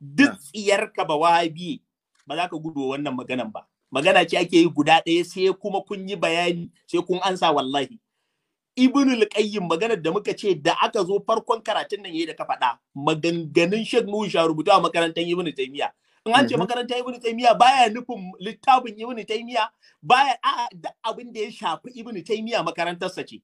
Duk tsiyar ka ba wabi ba za ka gudu wannan maganan ba. Magana ce ake yi guda ɗaya sai kuma kun yi bayani sai kun ansa wallahi. al Qayyim maganar da muka ce da aka zo farkon karatun nan yayi da ka faɗa maganganun Sheikh Nuhu Sharubutu a makarantar Ibn Taymiyyah in an ce mm-hmm. makarantar ibnu taymiya baya nufin littafin Ibn taymiya baya a duk abin da ya shafi Ibn taymiya makarantarsa ce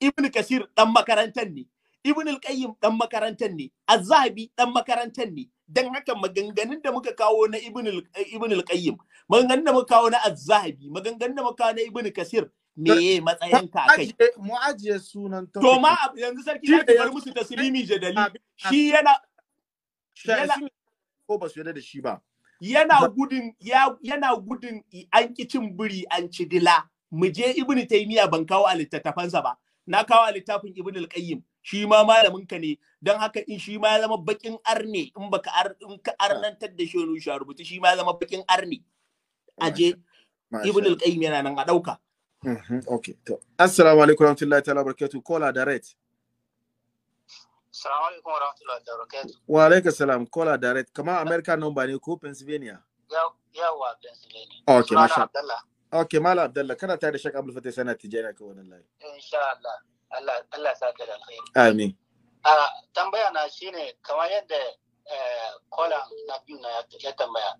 Ibn kasir dan makarantar ne Ibn al-qayyim dan makarantar ne az-zahabi dan makarantar ne dan haka maganganun da muka kawo na eh, Ibn al-qayyim maganganun da muka kawo na az-zahabi maganganun da muka kawo na ibn kasir meye matsayin ka kai mu ajiye sunan to ma yanzu sarki ya bar musu taslimi jadali shi yana yana ko ba su yarda da shi ba yana gudun yana gudun an ki cin biri an ci dila mu je Ibn taymiya ban kawo a littattafansa ba na kawo a littafin ibnu al-qayyim shi ma malamin ka ne don haka in shi ma ya zama bakin arne in baka ar in ka arnantar da shi wani shi rubutu shi ma ya zama bakin arne aje Ibn al-qayyim yana nan a dauka mm-hmm, okay to assalamu alaikum warahmatullahi ta'ala barakatuh kola direct Assalamu alaikum wa rahmatullahi wa barakatuh. Wa alaikum salam, kola direct. Kama America number ne ko Pennsylvania? Yawa Pennsylvania. Okay, masha Allah. Okay, Mala Abdullah, kana tare da Sheikh Abdul Fatih sana tijara ka wannan layi. Insha Allah. Allah Allah sa ka da alkhairi. Amin. Ah, tambaya na shine kamar yadda eh kola na biyu na ya tambaya.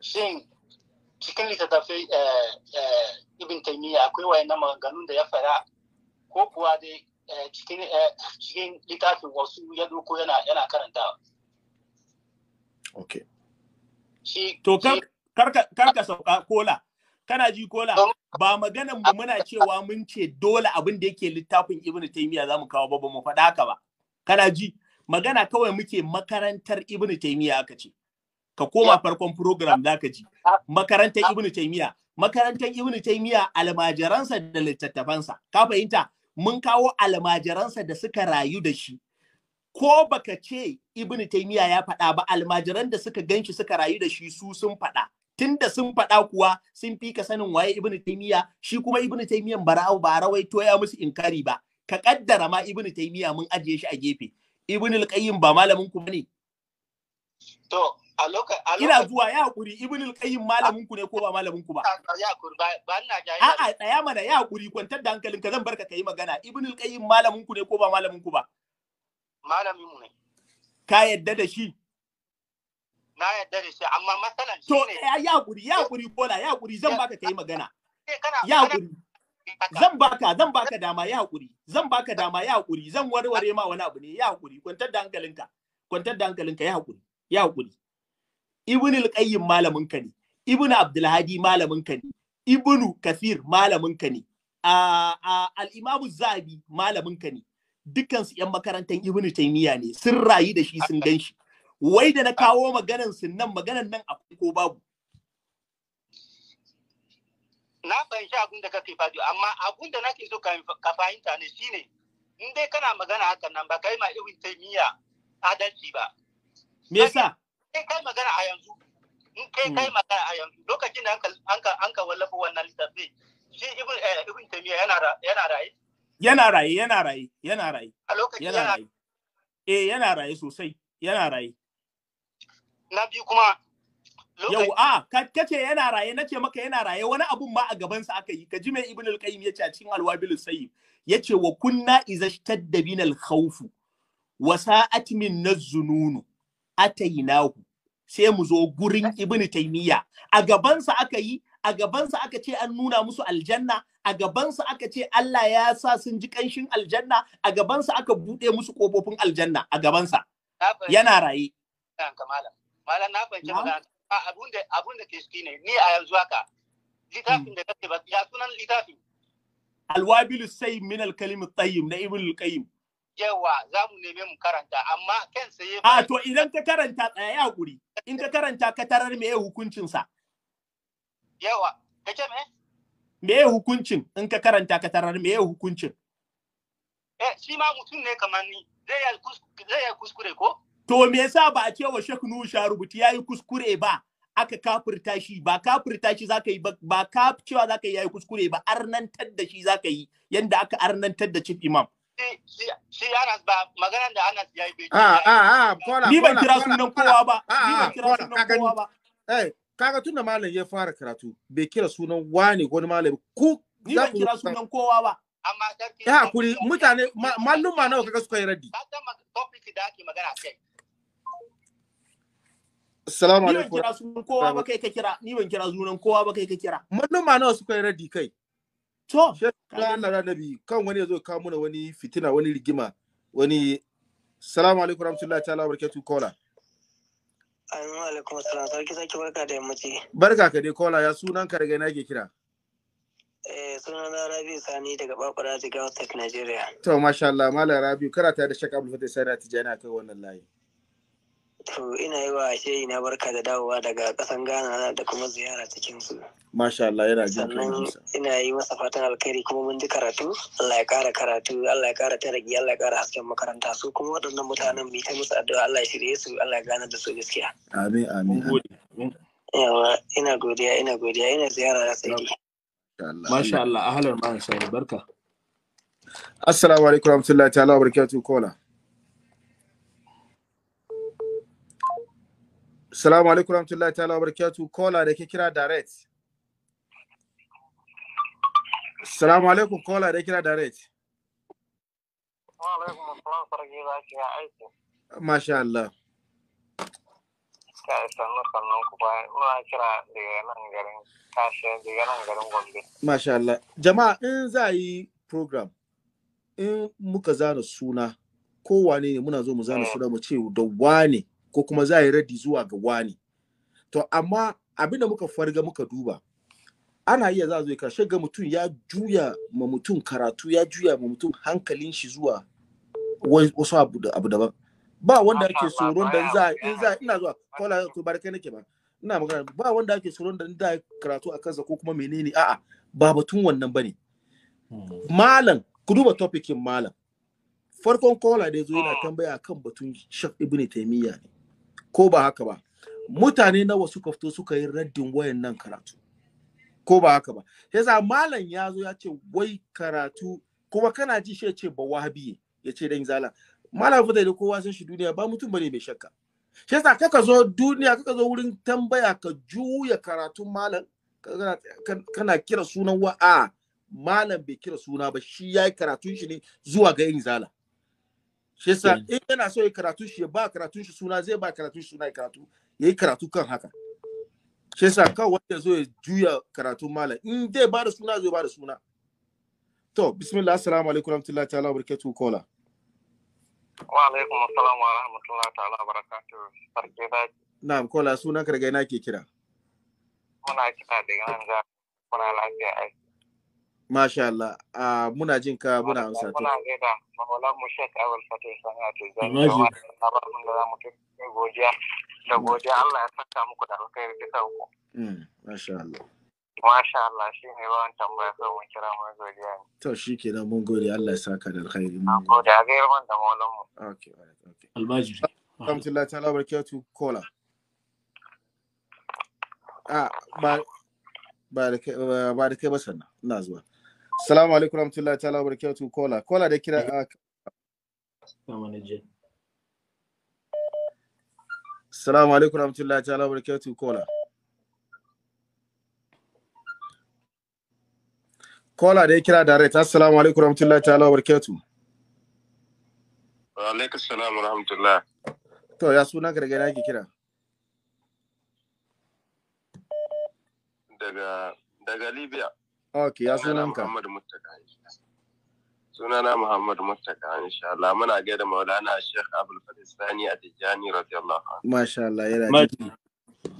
Shin cikin littattafai eh eh Ibn Taymiyyah akwai wayannan maganganun da ya fara ko kuwa dai Eh, eh, cikin littafin wasu ya doko yana karanta. Ok. To karka sauka kola. Kana ji kola ba maganan mu muna cewa mun ce dole abin da yake littafin Ibn Taymiyyah za mu kawo ba mu faɗa haka ba. Kana ji magana kawai muke makarantar Ibn Taymiyyah aka ce. Ka koma farkon program zaka ji. Makarantar Ibn Taymiyyah. Makarantar Ibn Taymiyyah almajiransa da littattafansa. Ka fahimta? mun kawo almajiransa da suka rayu da shi ko baka ce Ibn taymiya ya faɗa ba almajiran da suka ganshi suka rayu da shi su sun faɗa tunda sun faɗa kuwa sun fi ka sanin waye Ibn taymiya shi kuma Ibn taymiyan bara'u ba rawai to ya musu inkari ba ka kaddara ma Ibn taymiya mun ajiye shi a gefe Ibn al ba malamin ku bane To, a lokacin. Ina zuwa ya haƙuri, Ibn al-Qayyim malamin ku ne ko ba malamin ku ba? Ya haƙuri, ba ina A'a, tsaya mana ya haƙuri, kwantar da hankalin ka zan barka kai magana. Ibn al-Qayyim malamin ku ne ko ba malamin ku ba? Malamin mu ne. Ka yadda da shi? Na yadda da shi, amma matsalan shi ne. To, ya haƙuri, ya haƙuri, Bola, ya haƙuri, zan baka kai magana. Eh, ya haƙuri. Zan baka, zan baka dama ya haƙuri, zan baka dama ya haƙuri, zan warware ma wani abu ne ya haƙuri, kwantar da hankalinka, kwantar da hankalinka ya haƙuri. ya hakuri ibn al-qayyim malamin ka ne ibn abdulhadi malamin ka ne ibn kafir malamin ka ne al-imam zahabi malamin ka ne dukkan su yan makarantar ibn taymiya ne sun rayu da shi sun ganshi. wai da na kawo maganan sun nan maganan nan akwai ko babu na fahimci abin da kake faɗi amma abin da nake so ka fahimta ne shine in dai kana magana hakan nan ba kai ma ibn taymiya adalci ba me yasa kai kai magana a yanzu in kai kai hmm. magana a yanzu lokacin da an ka wallafa wannan littafi shi ibn eh, ibn Taymiyyah yana yana raye yana raye yana raye yana raye a lokacin yana raye eh yana raye sosai yana raye na biyu kuma yau a kace yana raye nace maka yana raye wani abun ma a gaban sa aka yi ka ji mai ibn al-qayyim yace a cikin alwabil sayyib yace wa kunna izashtadda bina al-khawfu wa sa'at min nazununu nahu, sai mu zo gurin ibn taymiya a gabansa aka yi a gabansa aka ce an nuna musu aljanna a gabansa aka ce Allah ya sa sun ji kanshin aljanna a gabansa aka bude musu kofofin aljanna a gabansa yana raye malam na fahimci magana abun da abun da ke shi ne ni a yanzu haka littafin mm. da kake ba ya sunan litafin Alwabilu, sai min alkalimut tayyib na ibn alqayyim yawa za mu neme mu karanta amma kan sai a to idan ka karanta tsaya guri in ka karanta ka tarar me ya hukuncin sa yawa ce me me ya hukuncin in ka karanta ka tarar me ya hukuncin eh shi ma mutum ne kamar ni zai ya zai ya kuskure ko to me yasa ba a cewa Sheikh Nuhu Sharubuti yayi kuskure ba aka kafirta shi ba kafirta shi zaka yi ba ka cewa zaka yi yayi kuskure ba arnantar da shi zaka yi yanda aka arnantar da chief imam shi Anas ba maganan da Anas ya yi bai. Ah, ah, ah, ni ban kira sunan kowa ba. Ni ban kira sunan kowa ba. Eh, ya fara karatu bai kira sunan wani wani malami ku za ban kira sunan kowa ba. Amma hakuri mutane malluma nawa kaga suka yi raddi. Kaga magana alaikum. Ni ban kira sunan kowa ba kai ka kira. Ni ban kira sunan kowa ba kai ka kira. Malluma nawa suka yi raddi kai. To. Shi ana da Nabi kan wani ya zo kawo mana wani fitina wani rigima wani salamu alaikum rahmatullahi ta'ala wa kola. Amin alaikum assalam sarki saki barka da yammaci. Barka ka dai kola ya sunan ka daga ina ke kira. Eh sunan na Rabi Sani daga Babura Jigawa Tech Nigeria. To masha Allah Malam Rabi karata da Sheikh Abdul Fatah Sani Tijani akai wannan layi. To ina yi wa shehi na barka da dawowa daga kasan Ghana da kuma ziyara cikin su. Masha Allah yana jin Sannan ina yi masa fatan alkhairi kuma mun ji karatu, Allah ya ƙara karatu, Allah ya ƙara taragi, Allah ya ƙara hasken makaranta su kuma waɗannan mutanen mu ta musu addu'a Allah ya shirye su, Allah ya gane da su gaskiya. Amin amin. Yawa ina godiya ina godiya ina ziyara da sai. Masha Allah ahlan ma sai barka. Assalamu alaikum warahmatullahi ta'ala wa barakatuh kola. Salamu alaikum rahmatullahi ta'ala wa barakatu kola da ke kira direct. Salamu alaikum kola da kira direct. Wa alaikum assalam sarki ya aiki. Masha Allah. kira nan garin nan garin Masha Allah. Jama'a in za yi program in muka zana suna kowane ne muna zo mu zana mm. suna mu ce da wane ko kuma za yi radi zuwa ga wani to amma abin da muka farga muka duba ana iya za zo ka ga mutum ya juya ma mutum karatu ya juya ma mutum hankalin shi zuwa wasu abu daban ba wanda ake tsoron da za in za ina zuwa kola ko kai nake ba ina magana ba wanda ake tsoron da za karatu a kansa ko kuma menene a'a ba batun wannan bane hmm. malam ku duba topicin malam farkon kola da zo yana hmm. tambaya kan batun shak ibn taymiya ne ko ba haka ba mutane nawa suka fito suka yi raddin wayan nan karatu ko ba haka ba za malam ya zo ya ce wai karatu kuma kana ji shi ya ce ba wahabi ya ce dan zala malam fita da kowa san shi duniya ba mutum bane mai shakka shi za kaka zo duniya kaka zo wurin tambaya ka juya karatun malam kana kira sunan wa a malam bai kira suna ba shi yayi karatun shi ne zuwa ga yin zala shi yasa in yana so ya karatu shi ba karatun shi suna zai ba karatun shi suna ya karatu yayi karatu kan haka shi yasa kawai wanda zo ya juya karatun malam in dai ba da suna zai ba da suna to bismillah assalamu alaikum warahmatullahi ta'ala barakatuhu kola wa alaikum assalamu wa rahmatullahi ta'ala barakatuhu sarki zaki na'am kola sunan karga ina ke kira muna kira daga nan za kuna lafiya ai Masha Allah, uh, muna jin ka muna amsa. Muna gaida Maula Mushek Awal Fatih Sanatu zai kawo labarin da za mu godiya da mm. godiya Allah ya saka muku da alkhairi duka ku. Mm, Masha Allah. Masha Allah shi ne ba tambaya sa mun kira mun godiya ne. To shi ke nan mun gode Allah ya saka da alkhairi. Na gode a gairar man da maulan mu. Ok, okay. Almajiri. Alhamdulillah ta'ala barakatu kola. Ah, ba da kai ba sannan ina zuwa. Salamu alaikum rahmatullahi ta'ala barakatu kola. Kola da kira uh, a Salamu alaikum rahmatullahi ta'ala barakatu kola. Kola da da kira ta salamu alaikum rahmatullahi ta'ala barakatu. Wa alaikum salam wa To ya suna gargada yake kira. Daga daga Libya. Ok, ya sunan ka. Muhammad na Sunana Muhammad Muttaka insha Allah. Muna gaida Maulana Sheikh Abdul Fadistani a Tijjani radiyallahu anhu. Masha Allah, yana ji.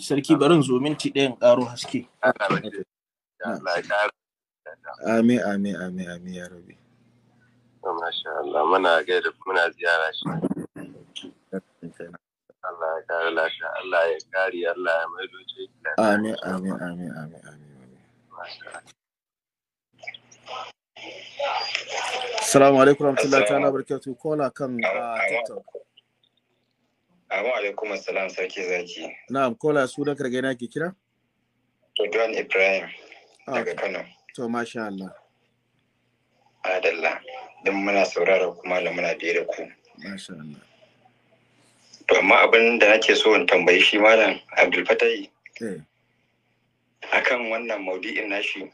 Sarki barin zo minti ɗayan ƙaro haske. Amin, amin, amin, amin ya rabi. Masha Allah, muna gaida muna ziyara shi. Allah ya kare lafiya, Allah ya kare, Allah ya maido ce. Amin, amin, amin, amin, amin. Masha Allah. Assalamu alaikum warahmatullahi ta'ala barakatuh. Kola kan uh, TikTok. Abu alaikum assalam sarki zaki. Na'am, kola sunan karge na ke kira? John Ibrahim ah, daga Kano. To masha Allah. Adalla. Din muna saurara kuma da muna biye da ku. Masha Allah. To amma abin da nake so in tambayi shi malam Abdul Fatai. Eh. Akan wannan maudu'in nashi.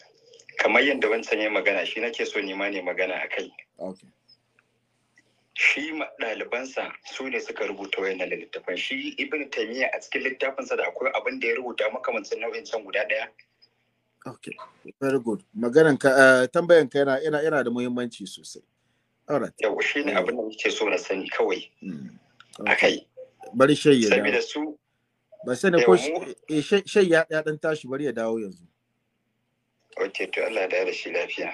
kamar yadda ban sanya magana shi nake so nima ne magana a kai shi ɗalibansa su ne suka rubuta wayannan littafan shi ibn taimiyya a cikin littafinsa da akwai abin da ya rubuta makamancin nau'in can guda ɗaya okay very good maganan ka uh, tambayan ka yana yana yana da muhimmanci sosai alright yau shi ne abin da nake so na sani kawai hmm. akai bari shayya saboda su ba sai ko shayya eh, ya dan tashi bari ya dawo yanzu ok to Allah da da shi lafiya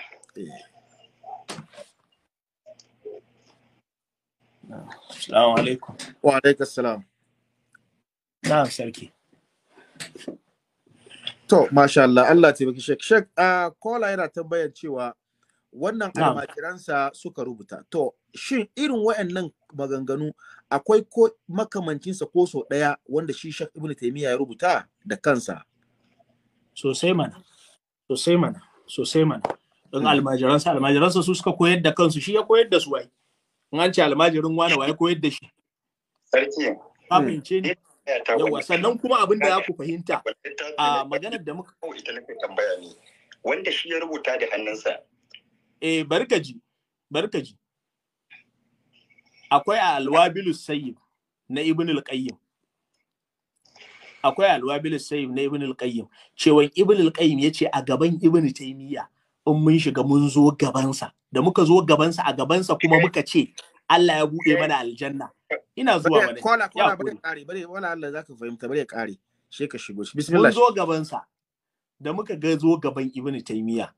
Assalamu alaikum. Wa alaikum salam. Na sarki. To, masha Allah, Allah ta baki shek. Shek, a kola yana tambayar cewa wannan almajiransa suka rubuta. To, shin irin wayannan maganganu akwai ko makamancinsa ko sau ɗaya wanda shi shek Ibn taimiyya ya rubuta da kansa? Sosai mana. sosai mana sosai mana in hmm. almajiransa almajiransa su suka koyar da kansu shi ya koyar da su wai in an ce almajirin wani wai koyar da shi sarki amince ne yawa sannan kuma abin da ku fahimta a maganar da muka ita nake tambaya ne wanda shi ya rubuta da hannunsa eh barkaji barkaji akwai a sayyid na ibn qayyim akwai alwabil sayyid na ibn al-qayyim cewa ibn al-qayyim yace a gaban ibn taymiya in mun shiga mun zo gabansa da muka zo gabansa a gabansa kuma eh. muka ce Allah ya bude mana aljanna ina zuwa mana kola kola bare kare bare wala Allah zaka fahimta bare kare she ka shigo bismillah mun zo gabansa da muka ga zo gaban ibn taymiya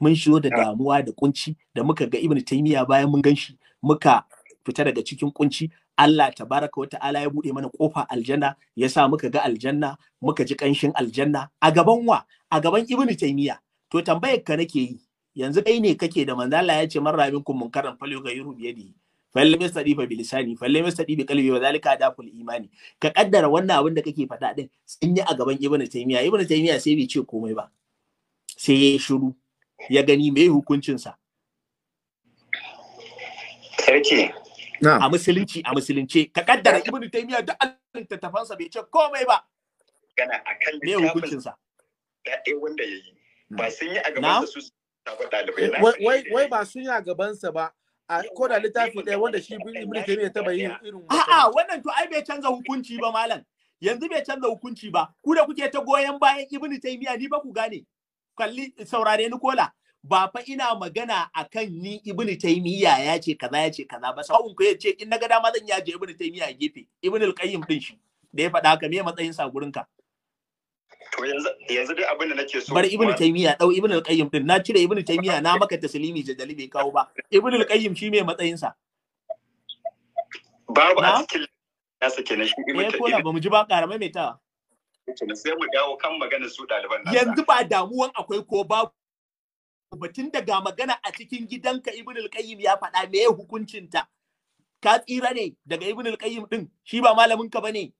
mun shigo da damuwa da kunci da muka ga ibn taymiya bayan mun ganshi muka fita daga cikin kunci Allah ta baraka wata ala ya bude mana kofa aljanna ya sa muka ga aljanna muka ji kanshin aljanna a gaban wa a gaban ibnu taymiya to tambayar ka nake yi yanzu kai ne kake da manzo Allah ya ce man rabin kun munkaran falo ga yuru biyadi falle mai sadi fa bilisani falle mai sadi bi qalbi wa zalika daful imani ka kaddara wannan abin da kake faɗa din sun yi a gaban ibnu taymiya ibnu taymiya sai bai ce komai ba sai ya shiru ya gani mai hukuncin sa sarki a musulunci a musulunce ka kaddara ibn taymiya duk littattafansa bai ce komai ba gana akan me hukuncin sa eh wanda yayi ba sun yi a gaban su wai wai ba sun yi a gaban sa ba a ko da littafi ɗaya wanda shi ibn taymiya ta bayyana irin a'a wannan to ai bai canza hukunci ba malam yanzu bai canza hukunci ba ku da kuke ta goyon bayan ibn taymiya ni ba ku gane kalli saurare ni kola ba fa ina magana akan ni ibnu taymiya ya ce kaza ya ce kaza ba sa'un ku ya ce in na ga dama zan yaje ibnu taymiya a gefe ibnu alqayyim din shi da ya faɗa haka me matsayin sa gurin ka to yanzu yanzu dai abin da nake so bar ibnu taymiya dau ibnu alqayyim din na cire ibnu taymiya na maka taslimi jadali bai kawo ba ibnu alqayyim shi me matsayin sa babu a cikin sake na shi ibnu eh, taymiya ba mu ji ba ƙara maimaitawa sai mu dawo kan magana su ɗaliban yanzu ba damuwan akwai ko babu batun da ga magana a cikin gidanka ibn al-qayyim ya faɗa me ya hukuncinta ka tsira ne daga ibn al-qayyim din shi ba malamin ka bane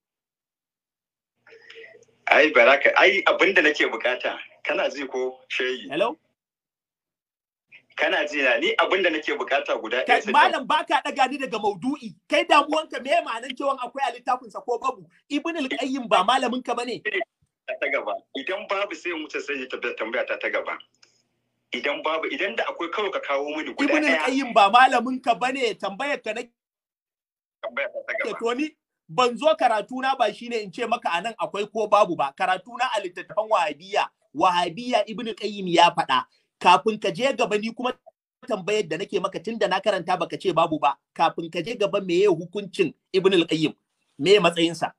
ai baraka ai abinda nake bukata kana ji ko shehi hello kana ji na ni abinda nake bukata guda ɗaya sai malam baka daga ni daga maudu'i kai damuwanka me ma'anan cewa akwai a littafin sa ko babu ibn al-qayyim ba malamin ka bane ta gaba idan babu sai sai ta sanya tambaya ta gaba idan babu idan da akwai kawai ka kawo mini guda ɗaya. Qayyim ba malamin ka bane tambayar ka na Tambayar ta gaba. ban zo karatuna na ba shine in ce maka anan akwai ko babu ba Karatuna a littattafan Wahabiyya Wahabiyya Ibn Qayyim ya faɗa kafin ka je gaba ni kuma tambayar da nake maka tunda na karanta baka ce babu ba kafin ka je gaba meye hukuncin Ibn Qayyim meye matsayinsa.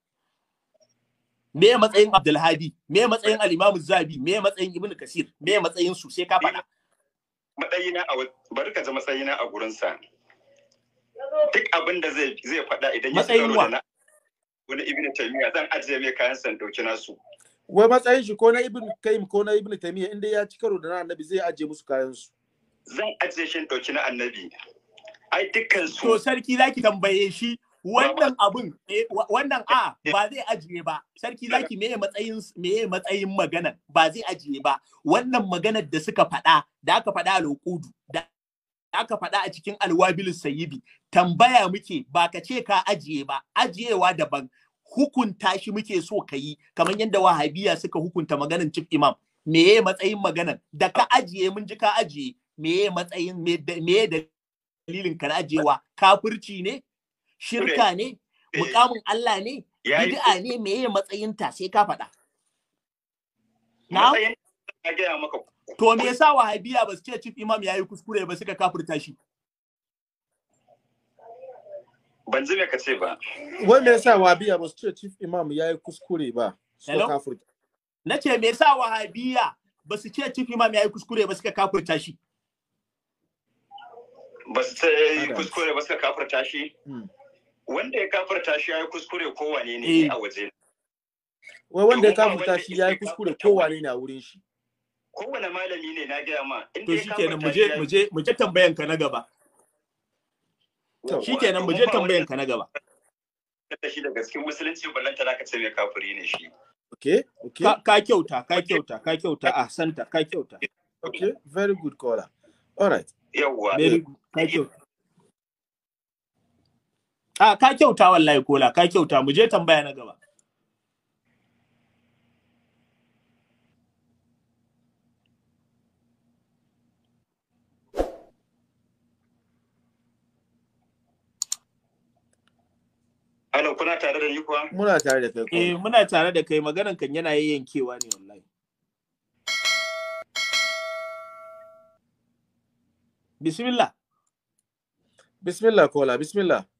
me matsayin Abdulhadi me matsayin Alimamu Zabi me matsayin Ibn Kasir me matsayin su sai ka faɗa matsayina a bari ka ji matsayina a gurin sa duk abin da zai zai faɗa idan ya tsaro da wani Ibn Taymiyyah zan ajiye mai kayan san dauki nasu wai matsayin shi ko na Ibn Kayyim ko na Ibn Taymiyyah inda ya ci karo da na Annabi zai ajiye musu kayan su zan ajiye shi dauki na Annabi ai dukkan su to sarki zaki tambaye shi wannan abin eh, wannan a ah, ba zai ajiye ba sarki zaki meye matsayin meye matsayin magana ba zai ajiye ba wannan maganar da suka faɗa da aka faɗa a lokudu da aka faɗa a cikin alwabil sayibi tambaya muke ba ka ce ka ajiye ba ajiyewa daban hukunta shi muke so ka yi kamar yadda wahabiya suka hukunta maganar chief imam me matsayin maganar da ka ajiye mun ji ka ajiye meye matsayin me da dalilin ka ajiyewa kafirci ne shirka ne eh. mukamin Allah ne bid'a ne meye matsayinta sai ka faɗa na to me yasa wahabiya ba su ce chief imam yayi kuskure ba suka kafirta shi ban ji ka ce ba wai me yasa wahabiya ba su ce chief imam yayi kuskure ba suka kafirta na ce me yasa wahabiya ba su ce chief imam yayi kuskure ba suka kafirta shi ba su ce kuskure ba suka kafirta shi hmm. wanda ya kafarta shi ya yi kuskure kowane ne eh. a waje wai wanda ya kafarta shi ya yi kuskure kowane ne a wurin shi kowane malami ne na gaya ma to shikenan mu je mu je mu je tambayan ka na gaba shikenan mu je tambayan ka na gaba kada shi da gaskin musulunci ballanta zaka ce mai kafiri ne shi okay okay ka kyauta ka kyauta ka ah, kyauta santa, ka kyauta okay very good caller all right yawwa very good ka kyauta a ka kyauta wallahi kola ka kyauta mu je tambaya na gaba Hello, kuna tare da ni kuwa? Muna tare da kai. Eh, muna tare da kai maganan kan yana yayyankewa ne wallahi. Bismillah. Bismillah kola, bismillah.